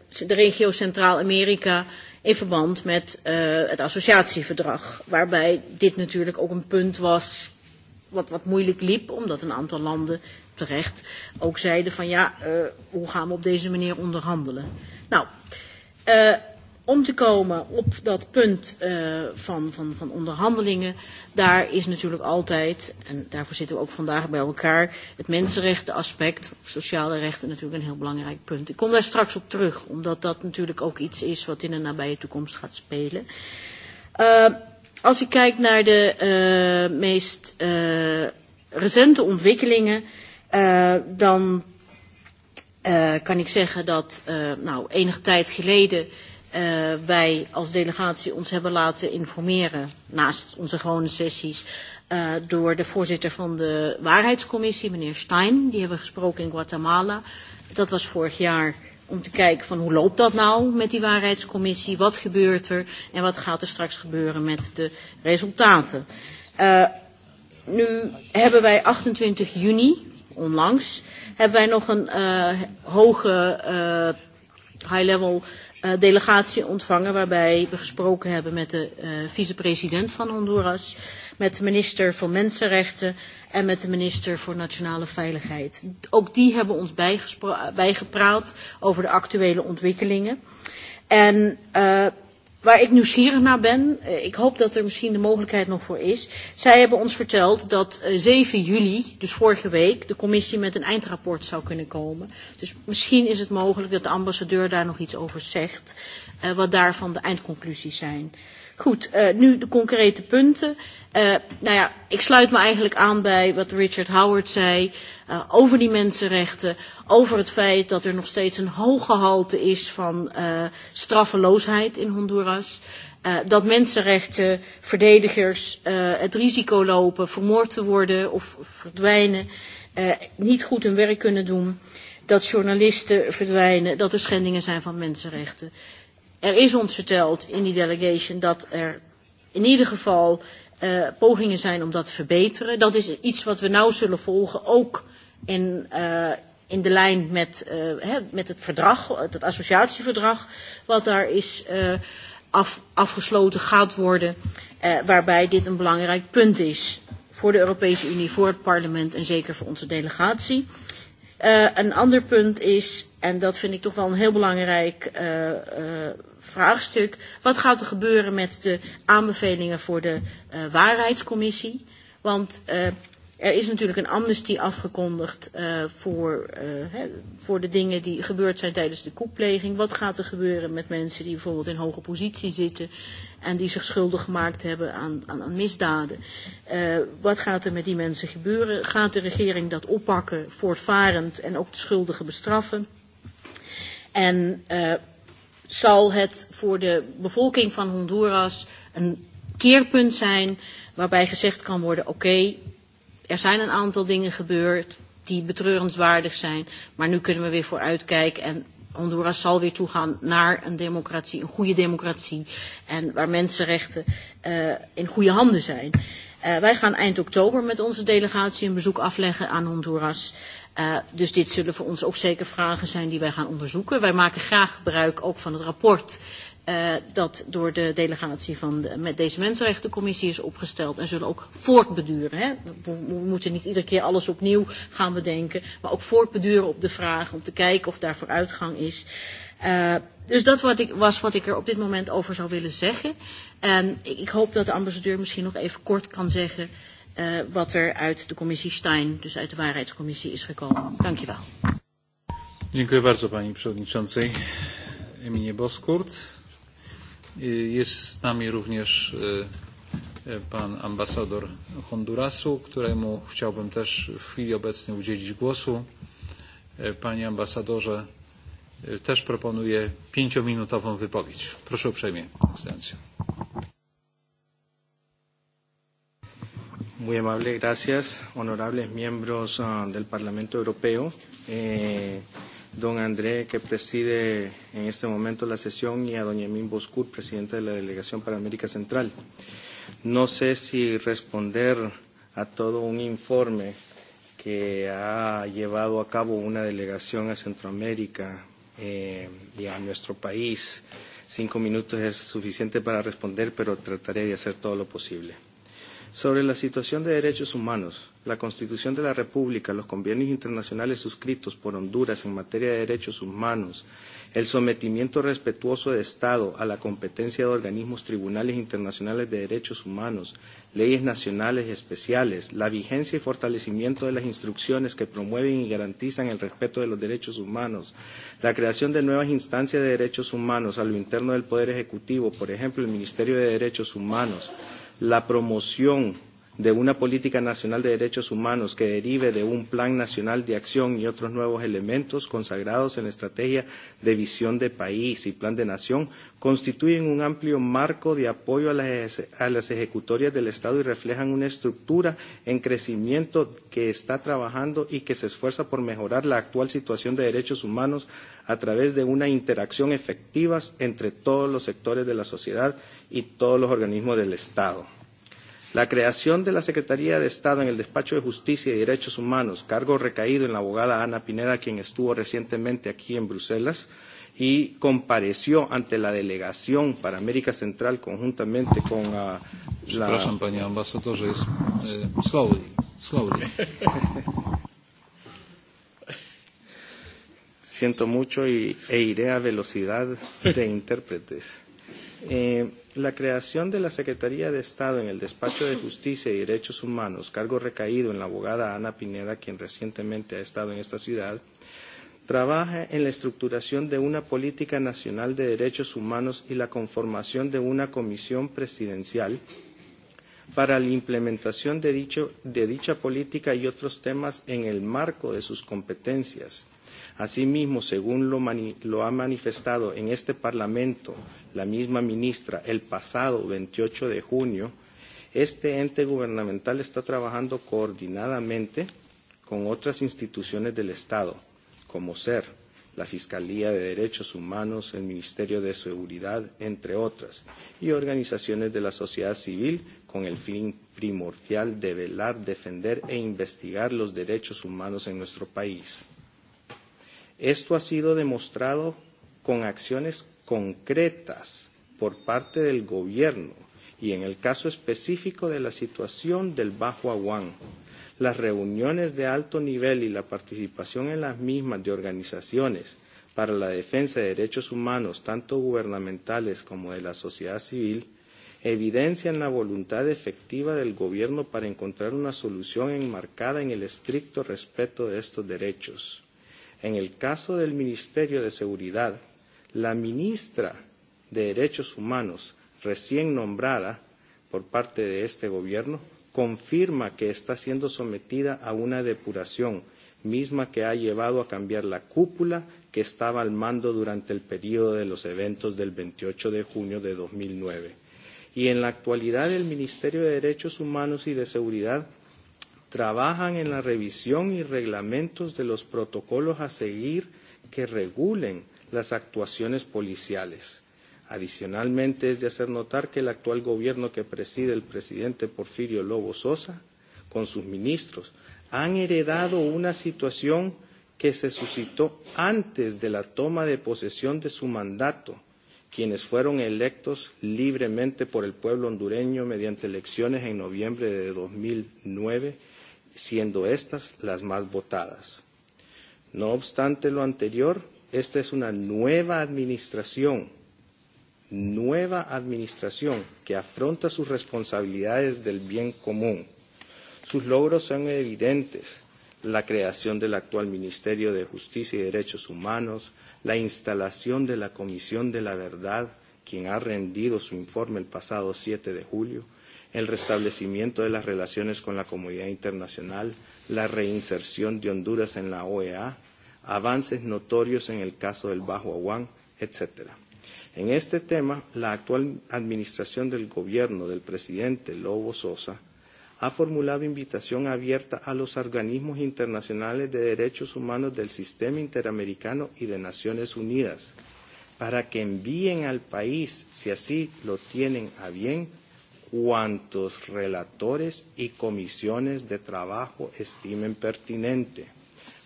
de regio Centraal-Amerika in verband met uh, het associatieverdrag. Waarbij dit natuurlijk ook een punt was wat, wat moeilijk liep, omdat een aantal landen terecht ook zeiden van ja, uh, hoe gaan we op deze manier onderhandelen? Nou, uh, om te komen op dat punt uh, van, van, van onderhandelingen, daar is natuurlijk altijd, en daarvoor zitten we ook vandaag bij elkaar, het mensenrechtenaspect, sociale rechten natuurlijk een heel belangrijk punt. Ik kom daar straks op terug, omdat dat natuurlijk ook iets is wat in de nabije toekomst gaat spelen. Uh, als ik kijk naar de uh, meest uh, recente ontwikkelingen, uh, dan uh, kan ik zeggen dat uh, nou, enige tijd geleden uh, wij als delegatie ons hebben laten informeren, naast onze gewone sessies, uh, door de voorzitter van de waarheidscommissie, meneer Stein. Die hebben we gesproken in Guatemala. Dat was vorig jaar om te kijken van hoe loopt dat nou met die waarheidscommissie, wat gebeurt er en wat gaat er straks gebeuren met de resultaten. Uh, nu hebben wij 28 juni, onlangs, hebben wij nog een uh, hoge uh, high-level Eh, delegatie ontvangen waarbij we gesproken hebben met de uh, vicepresident van Honduras, met de minister voor Mensenrechten en met de minister voor Nationale Veiligheid. Ook die hebben ons bijgepraat over de actuele ontwikkelingen. En uh, waar ik nieuwsgierig naar ben, eh, ik hoop dat er misschien de mogelijkheid nog voor is. Zij hebben ons verteld dat 7 eh, juli, dus vorige week, de commissie met een eindrapport zou kunnen komen. Dus misschien is het mogelijk dat de ambassadeur daar nog iets over zegt, eh, wat daarvan de eindconclusies zijn. Uh, Goed, uh, nu de concrete punten. Uh, nou ja, ik sluit me eigenlijk aan bij wat Richard Howard zei uh, over die mensenrechten, over het feit dat er nog steeds een hoog gehalte is van uh, straffeloosheid in Honduras. Uh, dat mensenrechtenverdedigers uh, het risico lopen vermoord te worden of verdwijnen, uh, niet goed hun werk kunnen doen, dat journalisten verdwijnen, dat er schendingen zijn van mensenrechten er is ons verteld in die delegation dat er in ieder geval uh, pogingen zijn om dat te verbeteren. Dat is iets wat we nauw zullen volgen, ook in, uh, in de lijn met, uh, hè, met het verdrag, het associatieverdrag, wat daar is uh, af, afgesloten gaat worden, uh, waarbij dit een belangrijk punt is voor de Europese Unie, voor het parlement en zeker voor onze delegatie. Uh, een ander punt is, en dat vind ik toch wel een heel belangrijk uh, uh, vraagstuk. Wat gaat er gebeuren met de aanbevelingen voor de uh, waarheidscommissie? Want uh, er is natuurlijk een amnestie afgekondigd uh, voor, uh, hè, voor de dingen die gebeurd zijn tijdens de koepleging. Wat gaat er gebeuren met mensen die bijvoorbeeld in hoge positie zitten en die zich schuldig gemaakt hebben aan, aan, aan misdaden? Uh, wat gaat er met die mensen gebeuren? Gaat de regering dat oppakken voortvarend en ook de schuldigen bestraffen? En uh, zal het voor de bevolking van Honduras een keerpunt zijn waarbij gezegd kan worden: oké, okay, er zijn een aantal dingen gebeurd die betreurenswaardig zijn, maar nu kunnen we weer vooruitkijken en Honduras zal weer toegaan naar een democratie, een goede democratie en waar mensenrechten uh, in goede handen zijn. Uh, wij gaan eind oktober met onze delegatie een bezoek afleggen aan Honduras. Uh, Uh, dus dit zullen voor ons ook zeker vragen zijn die wij gaan onderzoeken. Wij maken graag gebruik ook van het rapport uh, dat door de delegatie van de, met deze Mensenrechtencommissie is opgesteld en zullen ook voortbeduren. Hè? We, we moeten niet iedere keer alles opnieuw gaan bedenken, maar ook voortbeduren op de vraag om te kijken of daar vooruitgang is. Uh, dus dat wat ik, was wat ik er op dit moment over zou willen zeggen. En ik, ik hoop dat de ambassadeur misschien nog even kort kan zeggen uh, uh, wat er uit de commissie Stein, dus uit de waarheidscommissie, is gekomen. Dank je wel. Dziękuję bardzo Pani Przewodniczącej Emilie Boskurt. Jest z nami również pan ambasador Hondurasu, któremu chciałbym też w chwili obecnej udzielić głosu. Panie ambasadorze, też proponuję pięciominutową wypowiedź. Proszę uprzejmie, ekscelencjo. Muy amable, gracias, honorables miembros uh, del Parlamento Europeo. Eh, don André, que preside en este momento la sesión, y a doña Emín Boscur, presidente de la Delegación para América Central. No sé si responder a todo un informe que ha llevado a cabo una delegación a Centroamérica eh, y a nuestro país. Cinco minutos es suficiente para responder, pero trataré de hacer todo lo posible. Sobre la situación de derechos humanos, la Constitución de la República, los convenios internacionales suscritos por Honduras en materia de derechos humanos, el sometimiento respetuoso de Estado a la competencia de organismos tribunales internacionales de derechos humanos, leyes nacionales especiales, la vigencia y fortalecimiento de las instrucciones que promueven y garantizan el respeto de los derechos humanos, la creación de nuevas instancias de derechos humanos a lo interno del Poder Ejecutivo, por ejemplo, el Ministerio de Derechos Humanos, la promoción de una política nacional de derechos humanos que derive de un plan nacional de acción y otros nuevos elementos consagrados en la estrategia de visión de país y plan de nación constituyen un amplio marco de apoyo a las, a las ejecutorias del Estado y reflejan una estructura en crecimiento que está trabajando y que se esfuerza por mejorar la actual situación de derechos humanos a través de una interacción efectiva entre todos los sectores de la sociedad y todos los organismos del Estado. La creación de la Secretaría de Estado en el Despacho de Justicia y Derechos Humanos, cargo recaído en la abogada Ana Pineda, quien estuvo recientemente aquí en Bruselas y compareció ante la delegación para América Central conjuntamente con uh, la... Przepraszam, panie ambasadorze, jest... Eh, slowly, slowly. Siento mucho y, e iré a velocidad de intérpretes. Eh, la creación de la Secretaría de Estado en el Despacho de Justicia y Derechos Humanos, cargo recaído en la abogada Ana Pineda, quien recientemente ha estado en esta ciudad, trabaja en la estructuración de una política nacional de derechos humanos y la conformación de una comisión presidencial para la implementación de, dicho, de dicha política y otros temas en el marco de sus competencias. Asimismo, según lo, mani lo ha manifestado en este Parlamento la misma ministra el pasado 28 de junio, este ente gubernamental está trabajando coordinadamente con otras instituciones del Estado, como SER, la Fiscalía de Derechos Humanos, el Ministerio de Seguridad, entre otras, y organizaciones de la sociedad civil con el fin primordial de velar, defender e investigar los derechos humanos en nuestro país. Esto ha sido demostrado con acciones concretas por parte del gobierno y en el caso específico de la situación del Bajo Aguán. Las reuniones de alto nivel y la participación en las mismas de organizaciones para la defensa de derechos humanos, tanto gubernamentales como de la sociedad civil, evidencian la voluntad efectiva del Gobierno para encontrar una solución enmarcada en el estricto respeto de estos derechos. En el caso del Ministerio de Seguridad, la ministra de Derechos Humanos recién nombrada por parte de este gobierno confirma que está siendo sometida a una depuración misma que ha llevado a cambiar la cúpula que estaba al mando durante el periodo de los eventos del 28 de junio de 2009. Y en la actualidad el Ministerio de Derechos Humanos y de Seguridad trabajan en la revisión y reglamentos de los protocolos a seguir que regulen las actuaciones policiales. Adicionalmente, es de hacer notar que el actual gobierno que preside el presidente Porfirio Lobo Sosa, con sus ministros, han heredado una situación que se suscitó antes de la toma de posesión de su mandato, quienes fueron electos libremente por el pueblo hondureño mediante elecciones en noviembre de 2009 siendo estas las más votadas. No obstante lo anterior, esta es una nueva administración, nueva administración que afronta sus responsabilidades del bien común. Sus logros son evidentes, la creación del actual Ministerio de Justicia y Derechos Humanos, la instalación de la Comisión de la Verdad, quien ha rendido su informe el pasado 7 de julio, el restablecimiento de las relaciones con la comunidad internacional, la reinserción de Honduras en la OEA, avances notorios en el caso del Bajo Aguán, etc. En este tema, la actual administración del gobierno del presidente Lobo Sosa ha formulado invitación abierta a los organismos internacionales de derechos humanos del sistema interamericano y de Naciones Unidas para que envíen al país, si así lo tienen a bien, cuantos relatores y comisiones de trabajo estimen pertinente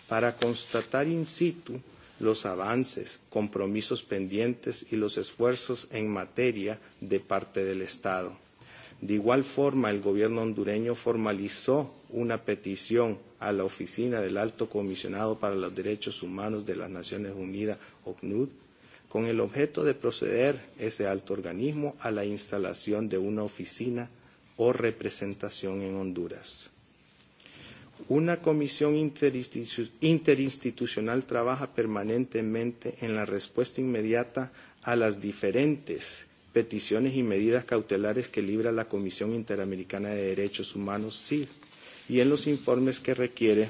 para constatar in situ los avances, compromisos pendientes y los esfuerzos en materia de parte del Estado. De igual forma, el gobierno hondureño formalizó una petición a la Oficina del Alto Comisionado para los Derechos Humanos de las Naciones Unidas, OCNUD, con el objeto de proceder ese alto organismo a la instalación de una oficina o representación en Honduras. Una comisión interinstitu interinstitucional trabaja permanentemente en la respuesta inmediata a las diferentes peticiones y medidas cautelares que libra la Comisión Interamericana de Derechos Humanos, CID, y en los informes que requiere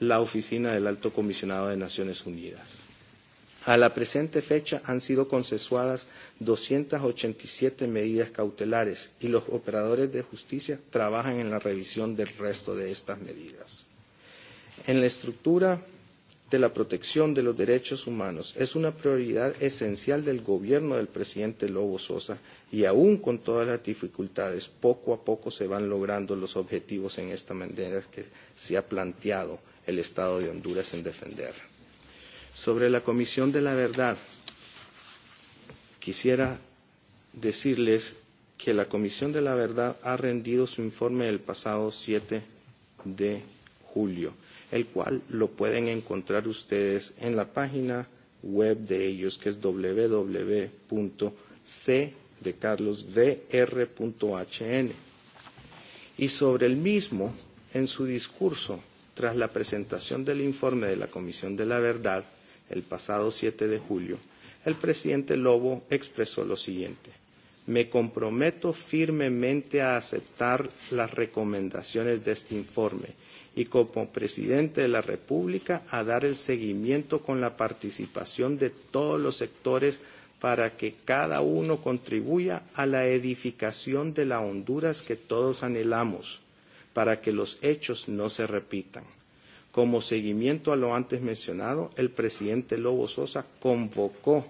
la Oficina del Alto Comisionado de Naciones Unidas. A la presente fecha han sido consensuadas 287 medidas cautelares y los operadores de justicia trabajan en la revisión del resto de estas medidas. En la estructura de la protección de los derechos humanos es una prioridad esencial del gobierno del presidente Lobo Sosa y aún con todas las dificultades, poco a poco se van logrando los objetivos en esta manera que se ha planteado el Estado de Honduras en defenderla. Sobre la Comisión de la Verdad, quisiera decirles que la Comisión de la Verdad ha rendido su informe el pasado 7 de julio, el cual lo pueden encontrar ustedes en la página web de ellos, que es www.cdecarlosvr.hn. Y sobre el mismo, en su discurso, tras la presentación del informe de la Comisión de la Verdad, el pasado 7 de julio, el presidente Lobo expresó lo siguiente. Me comprometo firmemente a aceptar las recomendaciones de este informe y como presidente de la República a dar el seguimiento con la participación de todos los sectores para que cada uno contribuya a la edificación de la Honduras que todos anhelamos, para que los hechos no se repitan. Como seguimiento a lo antes mencionado, el presidente Lobo Sosa convocó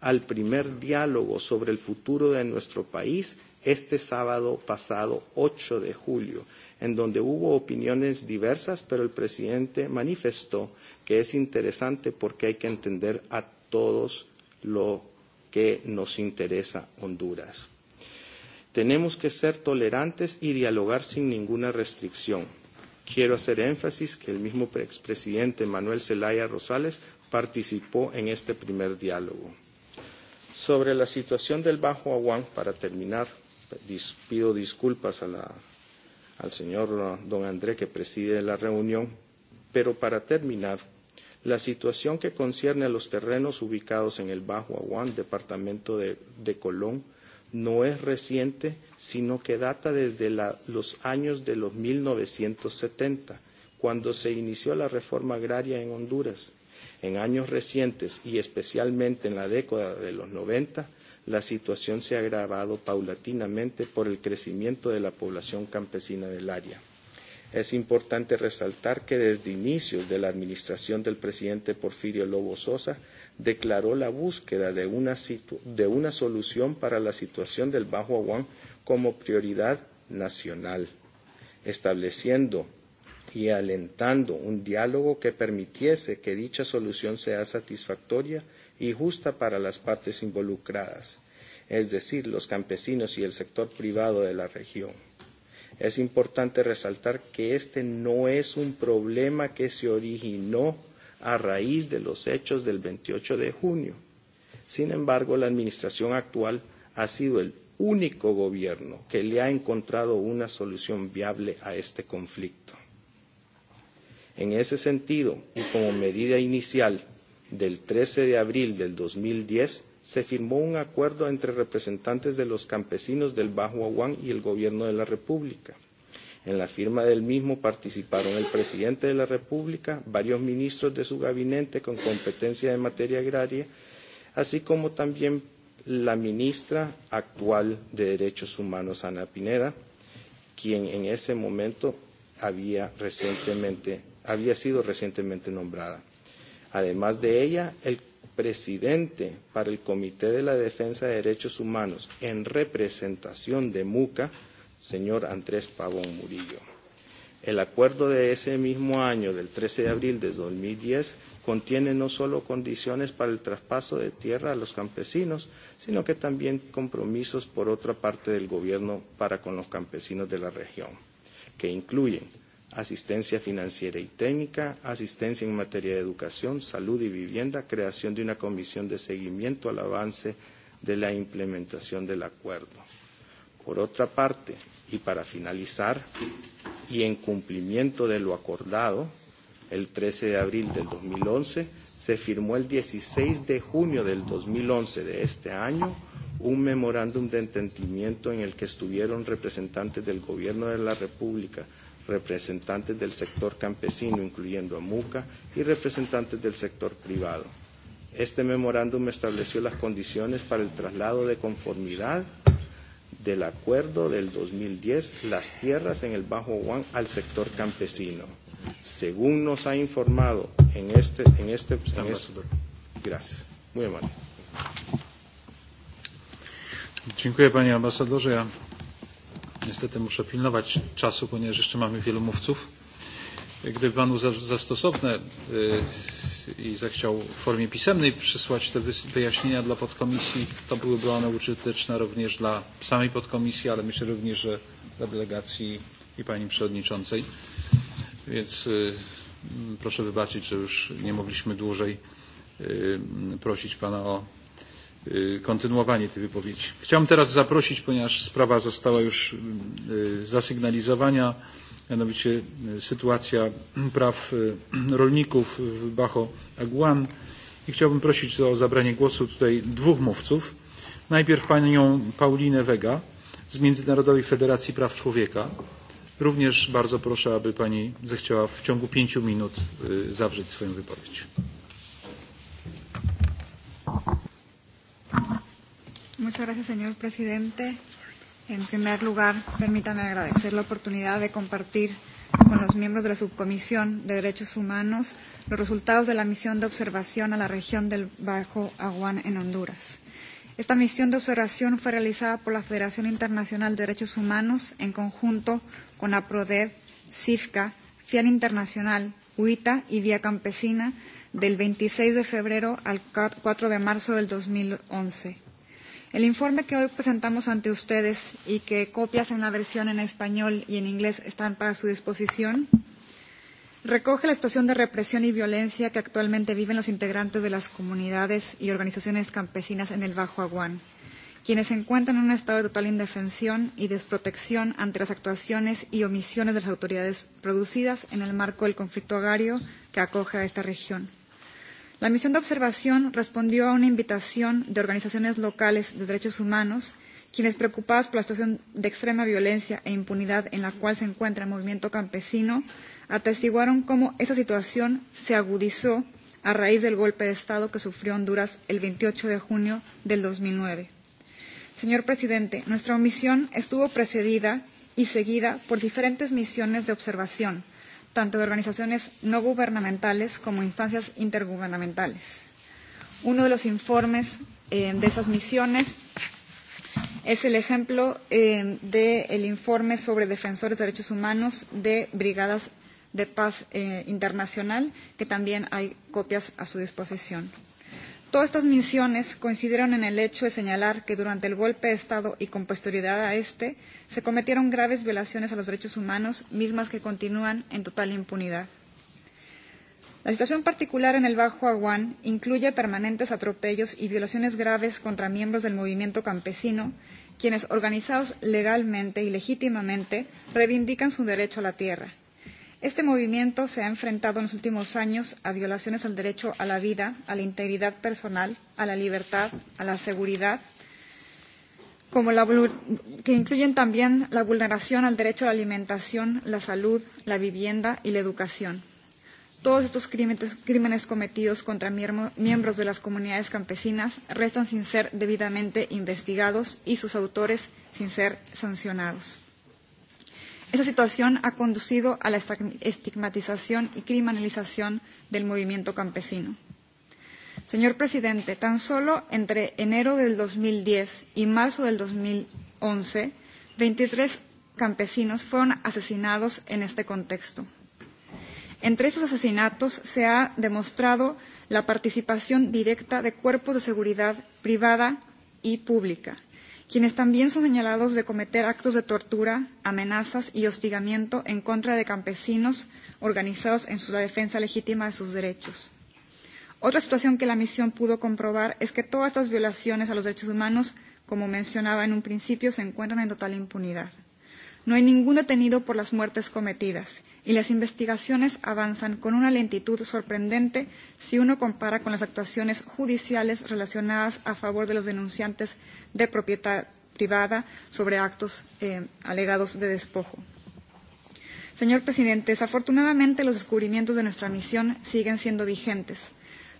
al primer diálogo sobre el futuro de nuestro país este sábado pasado 8 de julio, en donde hubo opiniones diversas, pero el presidente manifestó que es interesante porque hay que entender a todos lo que nos interesa Honduras. Tenemos que ser tolerantes y dialogar sin ninguna restricción Quiero hacer énfasis que el mismo expresidente Manuel Zelaya Rosales participó en este primer diálogo. Sobre la situación del Bajo Aguán, para terminar, pido disculpas a la, al señor don André que preside la reunión, pero para terminar, la situación que concierne a los terrenos ubicados en el Bajo Aguán, departamento de, de Colón, no es reciente, sino que data desde la, los años de los 1970, cuando se inició la reforma agraria en Honduras. En años recientes y especialmente en la década de los 90, la situación se ha agravado paulatinamente por el crecimiento de la población campesina del área. Es importante resaltar que desde inicios de la administración del presidente Porfirio Lobo Sosa declaró la búsqueda de una, situ de una solución para la situación del Bajo Aguán como prioridad nacional, estableciendo y alentando un diálogo que permitiese que dicha solución sea satisfactoria y justa para las partes involucradas, es decir, los campesinos y el sector privado de la región. Es importante resaltar que este no es un problema que se originó a raíz de los hechos del 28 de junio. Sin embargo, la administración actual ha sido el único gobierno que le ha encontrado una solución viable a este conflicto. En ese sentido, y como medida inicial del 13 de abril del 2010, se firmó un acuerdo entre representantes de los campesinos del Bajo Aguán y el Gobierno de la República En la firma del mismo participaron el presidente de la República, varios ministros de su gabinete con competencia en materia agraria, así como también la ministra actual de Derechos Humanos, Ana Pineda, quien en ese momento había, recientemente, había sido recientemente nombrada. Además de ella, el presidente para el Comité de la Defensa de Derechos Humanos en representación de MUCA, señor Andrés Pavón Murillo. El acuerdo de ese mismo año, del 13 de abril de 2010, contiene no solo condiciones para el traspaso de tierra a los campesinos, sino que también compromisos por otra parte del gobierno para con los campesinos de la región, que incluyen asistencia financiera y técnica, asistencia en materia de educación, salud y vivienda, creación de una comisión de seguimiento al avance de la implementación del acuerdo. Por otra parte, y para finalizar, y en cumplimiento de lo acordado, el 13 de abril del 2011, se firmó el 16 de junio del 2011 de este año un memorándum de entendimiento en el que estuvieron representantes del Gobierno de la República, representantes del sector campesino, incluyendo a MUCA, y representantes del sector privado. Este memorándum estableció las condiciones para el traslado de conformidad del acuerdo del 2010 las tierras en el Bajo Juan al sector campesino. Según nos ha informado en este, en este, en este gracias, muy amable. Dziękuję panie ambasadorze. Ja niestety muszę pilnować czasu, ponieważ jeszcze mamy wielu mówców gdyby Panu za, za stosowne y, i zechciał w formie pisemnej przysłać te wyjaśnienia dla podkomisji, to byłyby one użyteczne również dla samej podkomisji, ale myślę również, że dla delegacji i Pani Przewodniczącej. Więc y, proszę wybaczyć, że już nie mogliśmy dłużej y, prosić Pana o kontynuowanie tej wypowiedzi. Chciałbym teraz zaprosić, ponieważ sprawa została już zasygnalizowana, mianowicie sytuacja praw rolników w Bajo Aguan. I chciałbym prosić o zabranie głosu tutaj dwóch mówców. Najpierw panią Paulinę Wega z Międzynarodowej Federacji Praw Człowieka. Również bardzo proszę, aby pani zechciała w ciągu pięciu minut zawrzeć swoją wypowiedź. Muchas gracias, señor presidente. En primer lugar, permítame agradecer la oportunidad de compartir con los miembros de la Subcomisión de Derechos Humanos los resultados de la misión de observación a la región del Bajo Aguán en Honduras. Esta misión de observación fue realizada por la Federación Internacional de Derechos Humanos en conjunto con APRODEV, CIFCA, FIAN Internacional, UITA y Vía Campesina del 26 de febrero al 4 de marzo del 2011 el informe que hoy presentamos ante ustedes y que copias en la versión en español y en inglés están para su disposición recoge la situación de represión y violencia que actualmente viven los integrantes de las comunidades y organizaciones campesinas en el Bajo Aguán, quienes se encuentran en un estado de total indefensión y desprotección ante las actuaciones y omisiones de las autoridades producidas en el marco del conflicto agrario que acoge a esta región. La misión de observación respondió a una invitación de organizaciones locales de derechos humanos, quienes preocupadas por la situación de extrema violencia e impunidad en la cual se encuentra el movimiento campesino, atestiguaron cómo esa situación se agudizó a raíz del golpe de Estado que sufrió Honduras el 28 de junio del 2009. Señor presidente, nuestra misión estuvo precedida y seguida por diferentes misiones de observación – tanto de organizaciones no gubernamentales como instancias intergubernamentales. Uno de los informes eh, de esas misiones es el ejemplo eh, del de informe sobre defensores de derechos humanos de brigadas de paz eh, internacional, que también hay copias a su disposición. Todas estas misiones coincidieron en el hecho de señalar que durante el golpe de Estado y con posterioridad a este, se cometieron graves violaciones a los derechos humanos, mismas que continúan en total impunidad. La situación particular en el Bajo Aguán incluye permanentes atropellos y violaciones graves contra miembros del movimiento campesino, quienes, organizados legalmente y legítimamente, reivindican su derecho a la tierra. Este movimiento se ha enfrentado en los últimos años a violaciones al derecho a la vida, a la integridad personal, a la libertad, a la seguridad como la, que incluyen también la vulneración al derecho a la alimentación, la salud, la vivienda y la educación. Todos estos crímenes, crímenes cometidos contra miembros de las comunidades campesinas restan sin ser debidamente investigados y sus autores sin ser sancionados. Esa situación ha conducido a la estigmatización y criminalización del movimiento campesino. Señor presidente, tan solo entre enero del 2010 y marzo del 2011, 23 campesinos fueron asesinados en este contexto. Entre esos asesinatos se ha demostrado la participación directa de cuerpos de seguridad privada y pública, quienes también son señalados de cometer actos de tortura, amenazas y hostigamiento en contra de campesinos organizados en su defensa legítima de sus derechos. Otra situación que la misión pudo comprobar es que todas estas violaciones a los derechos humanos, como mencionaba en un principio, se encuentran en total impunidad. No hay ningún detenido por las muertes cometidas y las investigaciones avanzan con una lentitud sorprendente si uno compara con las actuaciones judiciales relacionadas a favor de los denunciantes de propiedad privada sobre actos eh, alegados de despojo. Señor presidente, desafortunadamente los descubrimientos de nuestra misión siguen siendo vigentes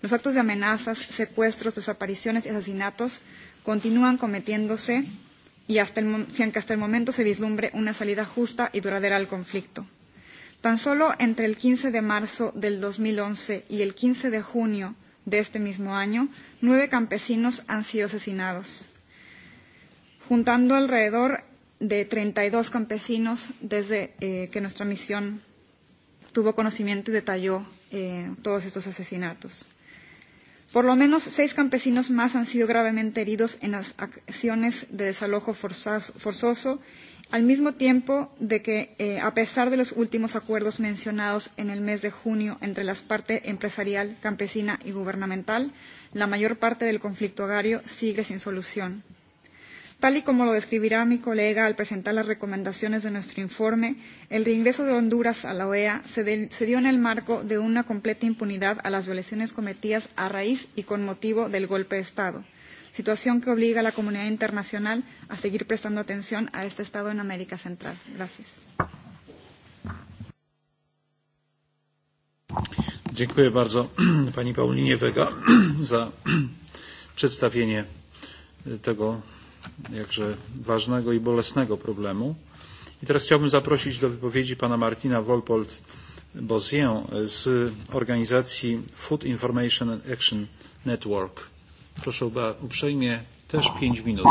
Los actos de amenazas, secuestros, desapariciones y asesinatos continúan cometiéndose y hasta el, sin que hasta el momento se vislumbre una salida justa y duradera al conflicto. Tan solo entre el 15 de marzo del 2011 y el 15 de junio de este mismo año, nueve campesinos han sido asesinados, juntando alrededor de 32 campesinos desde eh, que nuestra misión tuvo conocimiento y detalló eh, todos estos asesinatos. Por lo menos seis campesinos más han sido gravemente heridos en las acciones de desalojo forzoso, al mismo tiempo de que, eh, a pesar de los últimos acuerdos mencionados en el mes de junio entre las partes empresarial, campesina y gubernamental, la mayor parte del conflicto agrario sigue sin solución. Tal y como lo describirá mi colega al presentar las recomendaciones de nuestro informe, el reingreso de Honduras a la OEA se, de, se dio en el marco de una completa impunidad a las violaciones cometidas a raíz y con motivo del golpe de Estado, situación que obliga a la comunidad internacional a seguir prestando atención a este Estado en América Central. Gracias. Dziękuję bardzo pani Paulinie Vega za przedstawienie tego jakże ważnego i bolesnego problemu. I teraz chciałbym zaprosić do wypowiedzi pana Martina Wolpold Bozien z organizacji Food Information and Action Network. Proszę uprzejmie, też pięć minut.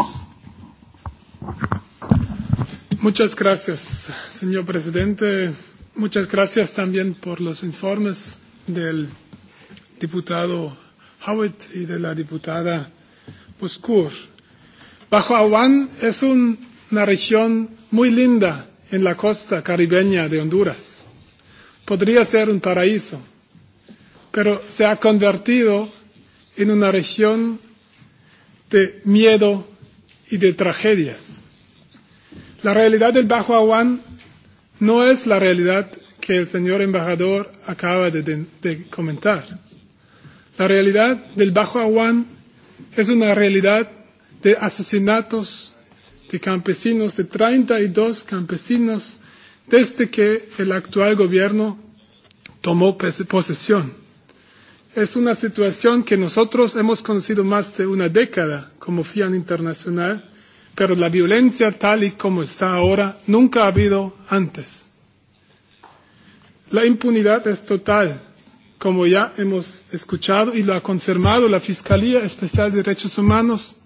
Muchas gracias, señor presidente. Muchas gracias también por los informes del diputado Howitt y de la diputada Boscour. Bajo Awan es un, una región muy linda en la costa caribeña de Honduras. Podría ser un paraíso, pero se ha convertido en una región de miedo y de tragedias. La realidad del Bajo Aguán no es la realidad que el señor embajador acaba de, de, de comentar. La realidad del Bajo Aguán es una realidad de asesinatos de campesinos, de 32 campesinos, desde que el actual gobierno tomó posesión. Es una situación que nosotros hemos conocido más de una década como FIAN Internacional, pero la violencia tal y como está ahora nunca ha habido antes. La impunidad es total, como ya hemos escuchado y lo ha confirmado la Fiscalía Especial de Derechos Humanos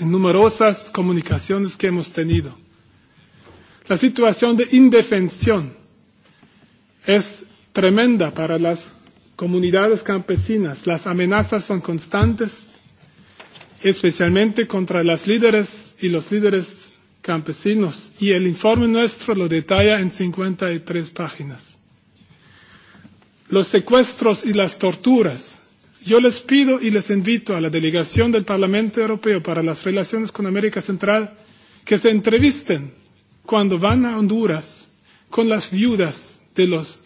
en numerosas comunicaciones que hemos tenido. La situación de indefensión es tremenda para las comunidades campesinas. Las amenazas son constantes, especialmente contra las líderes y los líderes campesinos. Y el informe nuestro lo detalla en 53 páginas. Los secuestros y las torturas Yo les pido y les invito a la delegación del Parlamento Europeo para las relaciones con América Central que se entrevisten cuando van a Honduras con las viudas de los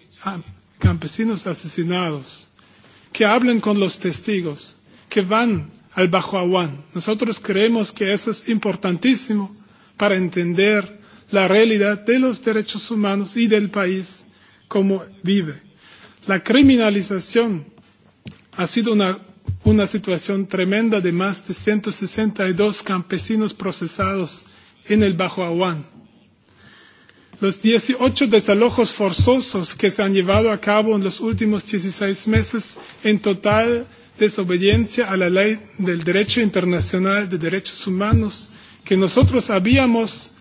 campesinos asesinados, que hablen con los testigos, que van al Bajo Aguán. Nosotros creemos que eso es importantísimo para entender la realidad de los derechos humanos y del país como vive. La criminalización Ha sido una, una situación tremenda de más de 162 campesinos procesados en el Bajo Aguán. Los 18 desalojos forzosos que se han llevado a cabo en los últimos 16 meses, en total desobediencia a la ley del derecho internacional de derechos humanos, que nosotros habíamos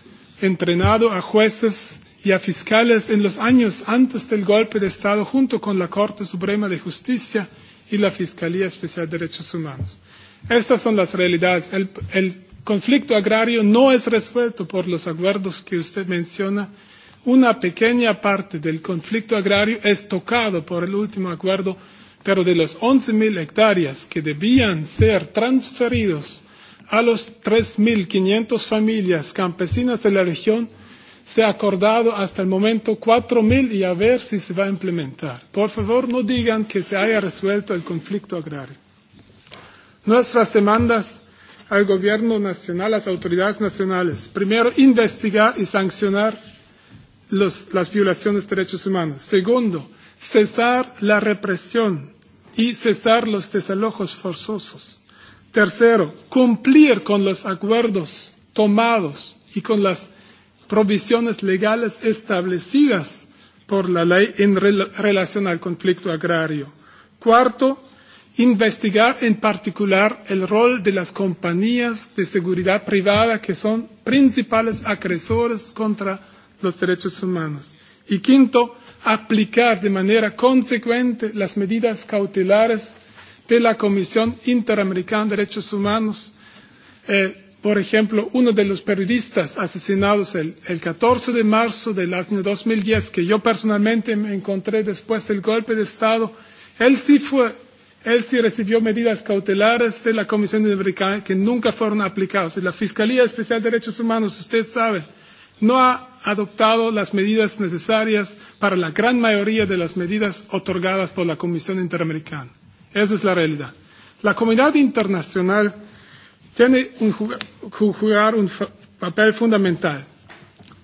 entrenado a jueces y a fiscales en los años antes del golpe de Estado junto con la Corte Suprema de Justicia y la Fiscalía Especial de Derechos Humanos. Estas son las realidades. El, el conflicto agrario no es resuelto por los acuerdos que usted menciona. Una pequeña parte del conflicto agrario es tocado por el último acuerdo, pero de las 11.000 hectáreas que debían ser transferidos a las 3.500 familias campesinas de la región, se ha acordado hasta el momento 4.000 y a ver si se va a implementar. Por favor, no digan que se haya resuelto el conflicto agrario. Nuestras demandas al Gobierno Nacional, a las autoridades nacionales, primero, investigar y sancionar los, las violaciones de derechos humanos. Segundo, cesar la represión y cesar los desalojos forzosos. Tercero, cumplir con los acuerdos tomados y con las provisiones legales establecidas por la ley en rel relación al conflicto agrario. Cuarto, investigar en particular el rol de las compañías de seguridad privada que son principales agresores contra los derechos humanos. Y quinto, aplicar de manera consecuente las medidas cautelares de la Comisión Interamericana de Derechos Humanos eh, Por ejemplo, uno de los periodistas asesinados el, el 14 de marzo del año 2010, que yo personalmente me encontré después del golpe de Estado, él sí fue, él sí recibió medidas cautelares de la Comisión Interamericana que nunca fueron aplicadas. La Fiscalía Especial de Derechos Humanos, usted sabe, no ha adoptado las medidas necesarias para la gran mayoría de las medidas otorgadas por la Comisión Interamericana. Esa es la realidad. La comunidad internacional tiene un, jugar un papel fundamental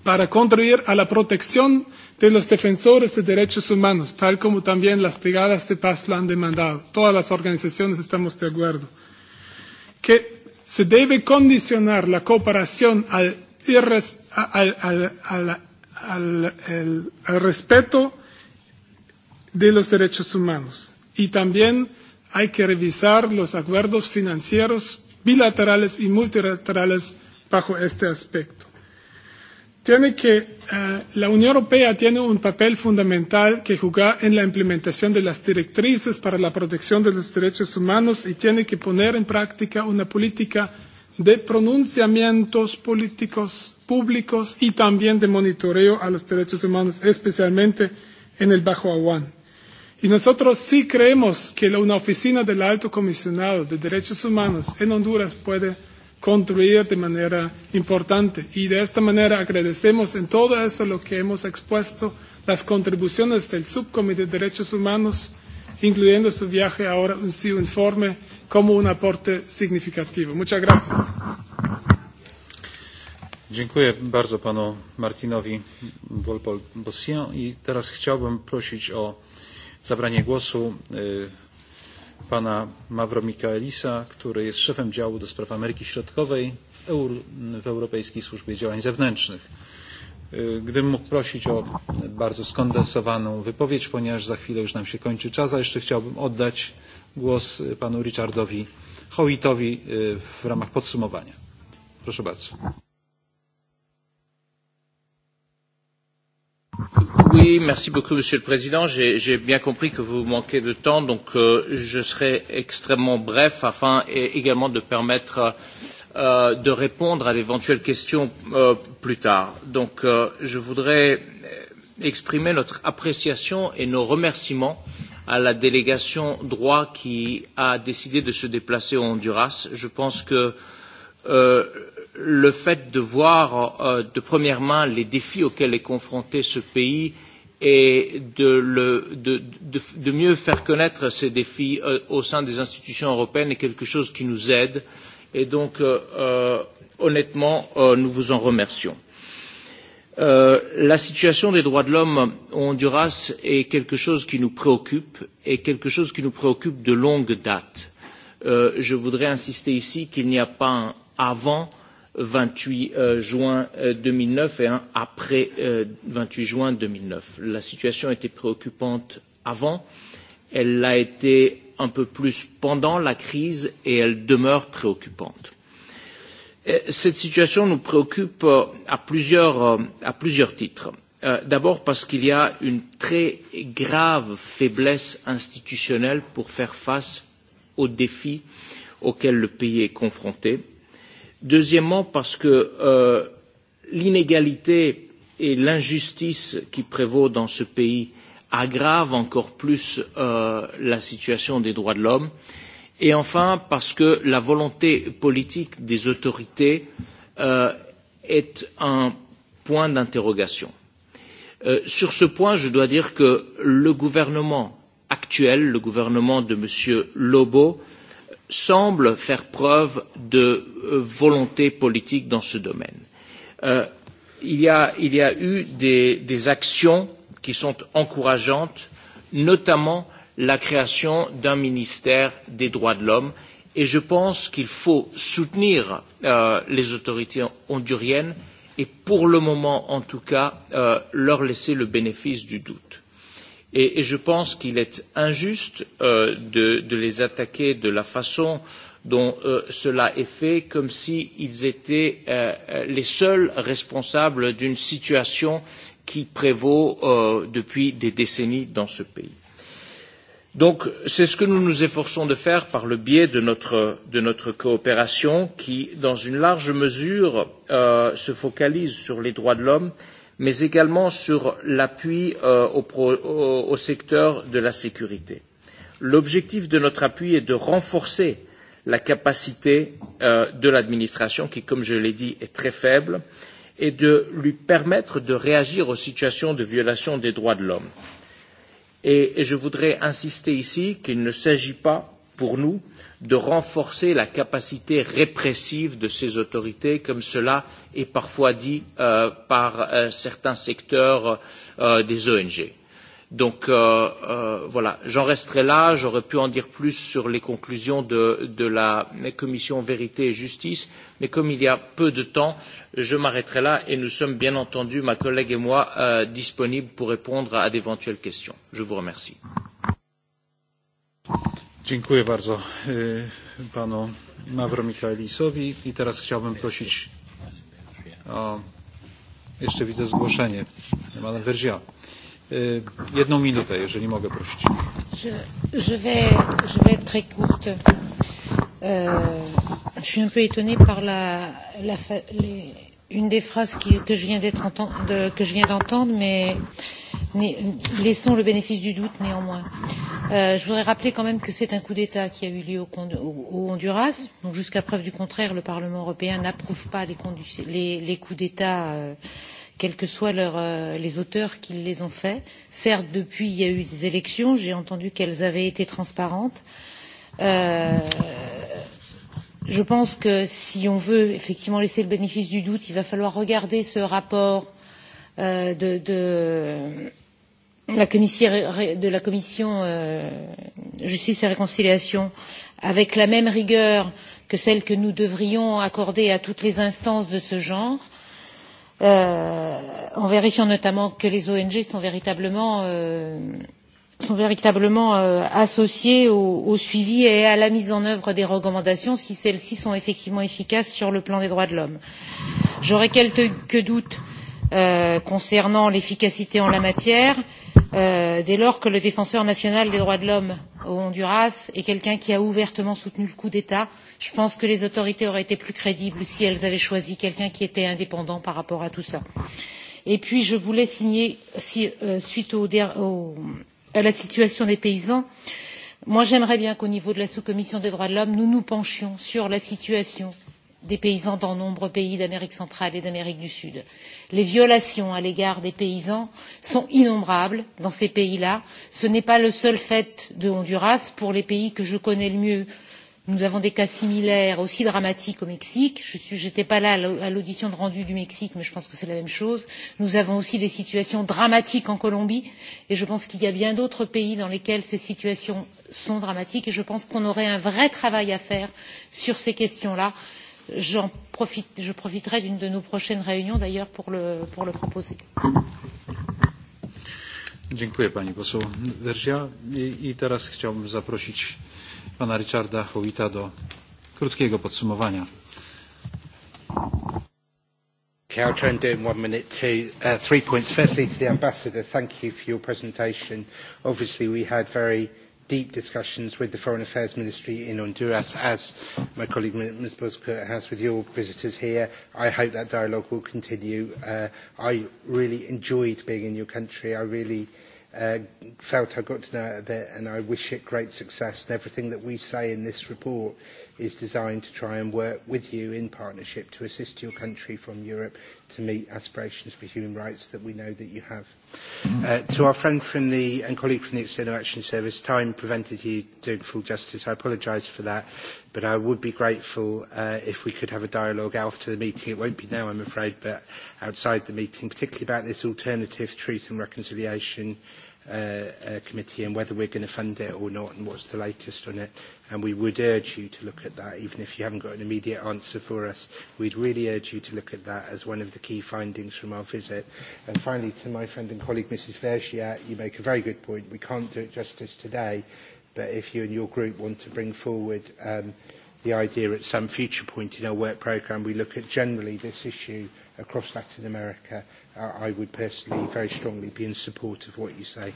para contribuir a la protección de los defensores de derechos humanos, tal como también las brigadas de paz la han demandado. Todas las organizaciones estamos de acuerdo. Que se debe condicionar la cooperación al, al, al, al, al, el, al respeto de los derechos humanos. Y también hay que revisar los acuerdos financieros bilaterales y multilaterales bajo este aspecto. Tiene que, eh, la Unión Europea tiene un papel fundamental que jugar en la implementación de las directrices para la protección de los derechos humanos y tiene que poner en práctica una política de pronunciamientos políticos públicos y también de monitoreo a los derechos humanos, especialmente en el Bajo Aguán. Y nosotros sí creemos que una oficina del alto comisionado de derechos humanos en Honduras puede construir de manera importante. Y de esta manera agradecemos en todo eso lo que hemos expuesto, las contribuciones del Subcomité de Derechos Humanos, incluyendo su viaje ahora en su informe, como un aporte significativo. Muchas gracias. Dziękuję bardzo panu Martinowi Bolpol-Bossian i teraz chciałbym prosić o zabranie głosu pana Mavro Mikaelisa, który jest szefem działu do spraw Ameryki Środkowej w Europejskiej Służbie Działań Zewnętrznych. Gdybym mógł prosić o bardzo skondensowaną wypowiedź, ponieważ za chwilę już nam się kończy czas, a jeszcze chciałbym oddać głos panu Richardowi Howitowi w ramach podsumowania. Proszę bardzo. Oui, merci beaucoup, Monsieur le Président. J'ai bien compris que vous manquez de temps, donc euh, je serai extrêmement bref afin et, également de permettre euh, de répondre à d'éventuelles questions euh, plus tard. Donc euh, je voudrais euh, exprimer notre appréciation et nos remerciements à la délégation droit qui a décidé de se déplacer au Honduras. Je pense que euh, le fait de voir euh, de première main les défis auxquels est confronté ce pays et de, le, de, de, de mieux faire connaître ces défis euh, au sein des institutions européennes est quelque chose qui nous aide. Et donc, euh, euh, honnêtement, euh, nous vous en remercions. Euh, la situation des droits de l'homme au Honduras est quelque chose qui nous préoccupe et quelque chose qui nous préoccupe de longue date. Euh, je voudrais insister ici qu'il n'y a pas un avant euh, 28 euh, juin 2009 euh, et un après 28 euh, juin 2009. La situation était préoccupante avant, elle l'a été un peu plus pendant la crise et elle demeure préoccupante. Cette situation nous préoccupe à plusieurs, à plusieurs titres. D'abord parce qu'il y a une très grave faiblesse institutionnelle pour faire face aux défis auxquels le pays est confronté Euh, Deuxièmement, parce que euh, l'inégalité et l'injustice qui prévaut dans ce pays aggravent encore plus euh, la situation des droits de l'homme. Et enfin, parce que la volonté politique des autorités euh, est un point d'interrogation. Euh, sur ce point, je dois dire que le gouvernement actuel, le gouvernement de M. Lobo, euh, semble faire preuve de euh, volonté politique dans ce domaine. Euh, il, y a, il y a eu des, des actions qui sont encourageantes, notamment la création d'un ministère des droits de l'homme et je pense qu'il faut soutenir euh, les autorités honduriennes et pour le moment en tout cas euh, leur laisser le bénéfice du doute. Et, et je pense qu'il est injuste euh, de, de les attaquer de la façon dont euh, cela est fait, comme s'ils étaient euh, euh, les seuls responsables d'une situation qui prévaut euh, depuis des décennies dans ce pays. Donc, c'est ce que nous nous efforçons de faire par le biais de notre, de notre coopération qui, dans une large mesure, euh, se focalise sur les droits de l'homme, mais également sur l'appui euh, au, pro, au, au secteur de la sécurité. L'objectif de notre appui est de renforcer la capacité euh, de l'administration, qui, comme je l'ai dit, est très faible, et de lui permettre de réagir aux situations de violation des droits de l'homme. Et, et je voudrais insister ici qu'il ne s'agit pas, pour nous, de renforcer la capacité répressive de ces autorités, comme cela est parfois dit euh, par euh, certains secteurs euh, des ONG. Donc euh, euh, voilà, j'en resterai là. J'aurais pu en dire plus sur les conclusions de, de la commission Vérité et Justice, mais comme il y a peu de temps, je m'arrêterai là et nous sommes bien entendu, ma collègue et moi, euh, disponibles pour répondre à d'éventuelles questions. Je vous remercie. Dziękuję bardzo panu Mawro Michaelisowi i teraz chciałbym prosić o jeszcze widzę zgłoszenie. Madame Vergia. Jedną minutę, jeżeli mogę prosić. Je, vais, je vais très courte. Euh, je suis un peu étonnée par la, la, les, une des phrases qui, que je viens d'entendre, de, mais euh, laissons le bénéfice du doute néanmoins. Euh, je voudrais rappeler quand même que c'est un coup d'état qui a eu lieu au, honduras donc jusqu'à preuve du contraire le parlement européen n'approuve pas les, coups d'état euh, quels que soient leur, euh, les auteurs qui les ont faits. certes depuis il y a eu des élections j'ai entendu qu'elles avaient été transparentes. Euh, je pense que si on veut effectivement laisser le bénéfice du doute il va falloir regarder ce rapport Euh, de, la commission, euh, justice et réconciliation avec la même rigueur que celle que nous devrions accorder à toutes les instances de ce genre euh, en vérifiant notamment que les ong sont véritablement, associées au suivi et à la mise en œuvre des recommandations si celles ci sont effectivement efficaces sur le plan des droits de l'homme. j'aurais quelques doutes Euh, concernant l'efficacité en la matière euh, dès lors que le défenseur national des droits de l'homme au Honduras est quelqu'un qui a ouvertement soutenu le coup d'État. Je pense que les autorités auraient été plus crédibles si elles avaient choisi quelqu'un qui était indépendant par rapport à tout cela. Et puis je voulais signer, si, euh, suite au, au, à la situation des paysans, moi j'aimerais bien qu'au niveau de la sous-commission des droits de l'homme, nous nous penchions sur la situation des paysans dans de nombreux pays d'amérique centrale et d'amérique du sud. les violations à l'égard des paysans sont innombrables dans ces pays là. ce n'est pas le seul fait du honduras. pour les pays que je connais le mieux nous avons des cas similaires aussi dramatiques au mexique je n'étais pas là à l'audition de rendu du mexique mais je pense que c'est la même chose. nous avons aussi des situations dramatiques en colombie et je pense qu'il y a bien d'autres pays dans lesquels ces situations sont dramatiques et je pense qu'on aurait un vrai travail à faire sur ces questions là je profiterai d'une de nos prochaines réunions d'ailleurs pour le, pour le proposer. Dziękuję pani poseł Dersia. I, I teraz chciałbym zaprosić pana Richarda Howita do krótkiego podsumowania. Okay, I'll try and do in one minute to uh, three points. Firstly, to the ambassador, thank you for your presentation. Obviously, we had very deep discussions with the Foreign Affairs Ministry in Honduras, as my colleague Ms. Buska has with your visitors here. I hope that dialogue will continue. Uh, I really enjoyed being in your country. I really uh, felt I got to know it a bit, and I wish it great success. And everything that we say in this report is designed to try and work with you in partnership to assist your country from Europe to meet aspirations for human rights that we know that you have. Mm-hmm. Uh, to our friend from the, and colleague from the External Action Service, time prevented you doing full justice. I apologise for that, but I would be grateful uh, if we could have a dialogue after the meeting. It won't be now, I'm afraid, but outside the meeting, particularly about this alternative truth and reconciliation Uh, uh, committee and whether we're going to fund it or not and what's the latest on it. And we would urge you to look at that, even if you haven't got an immediate answer for us. We'd really urge you to look at that as one of the key findings from our visit. And finally, to my friend and colleague, Mrs. Vergia, you make a very good point. We can't do it justice today, but if you and your group want to bring forward um, the idea at some future point in our work programme, we look at generally this issue across Latin America I would personally very strongly be in support of what you say.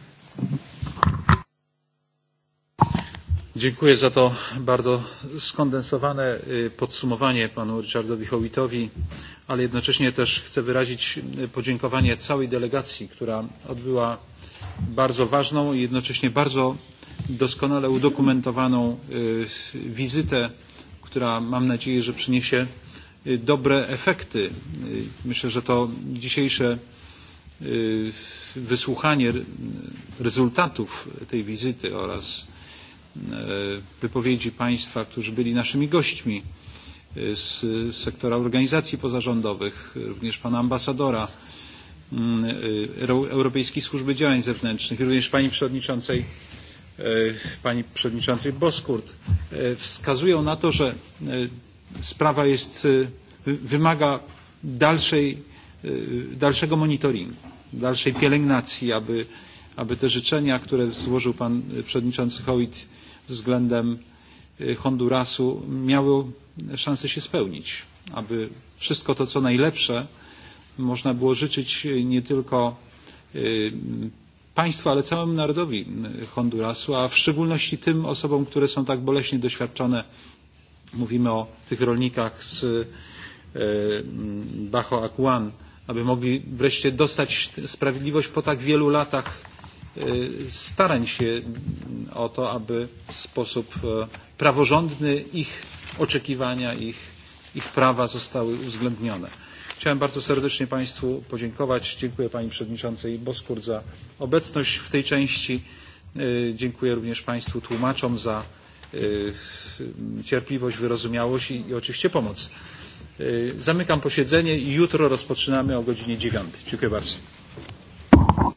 Dziękuję za to bardzo skondensowane podsumowanie panu Richardowi Howitowi, ale jednocześnie też chcę wyrazić podziękowanie całej delegacji, która odbyła bardzo ważną i jednocześnie bardzo doskonale udokumentowaną wizytę, która mam nadzieję, że przyniesie dobre efekty. Myślę, że to dzisiejsze wysłuchanie rezultatów tej wizyty oraz wypowiedzi Państwa, którzy byli naszymi gośćmi z sektora organizacji pozarządowych, również Pana ambasadora Europejskiej Służby Działań Zewnętrznych i również Pani Przewodniczącej Pani Przewodniczącej Boskurt wskazują na to, że sprawa jest, wymaga dalszej, dalszego monitoringu, dalszej pielęgnacji, aby, aby te życzenia, które złożył pan przewodniczący Howitt względem Hondurasu, miały szansę się spełnić, aby wszystko to, co najlepsze, można było życzyć nie tylko państwu, ale całemu narodowi Hondurasu, a w szczególności tym osobom, które są tak boleśnie doświadczone mówimy o tych rolnikach z Bajo Akuan, aby mogli wreszcie dostać sprawiedliwość po tak wielu latach starań się o to, aby w sposób praworządny ich oczekiwania, ich, ich prawa zostały uwzględnione. Chciałem bardzo serdecznie Państwu podziękować. Dziękuję Pani Przewodniczącej Boskurt za obecność w tej części. Dziękuję również Państwu tłumaczom za cierpliwość, wyrozumiałość i, i oczywiście pomoc. Zamykam posiedzenie i jutro rozpoczynamy o godzinie 9. Dziękuję bardzo.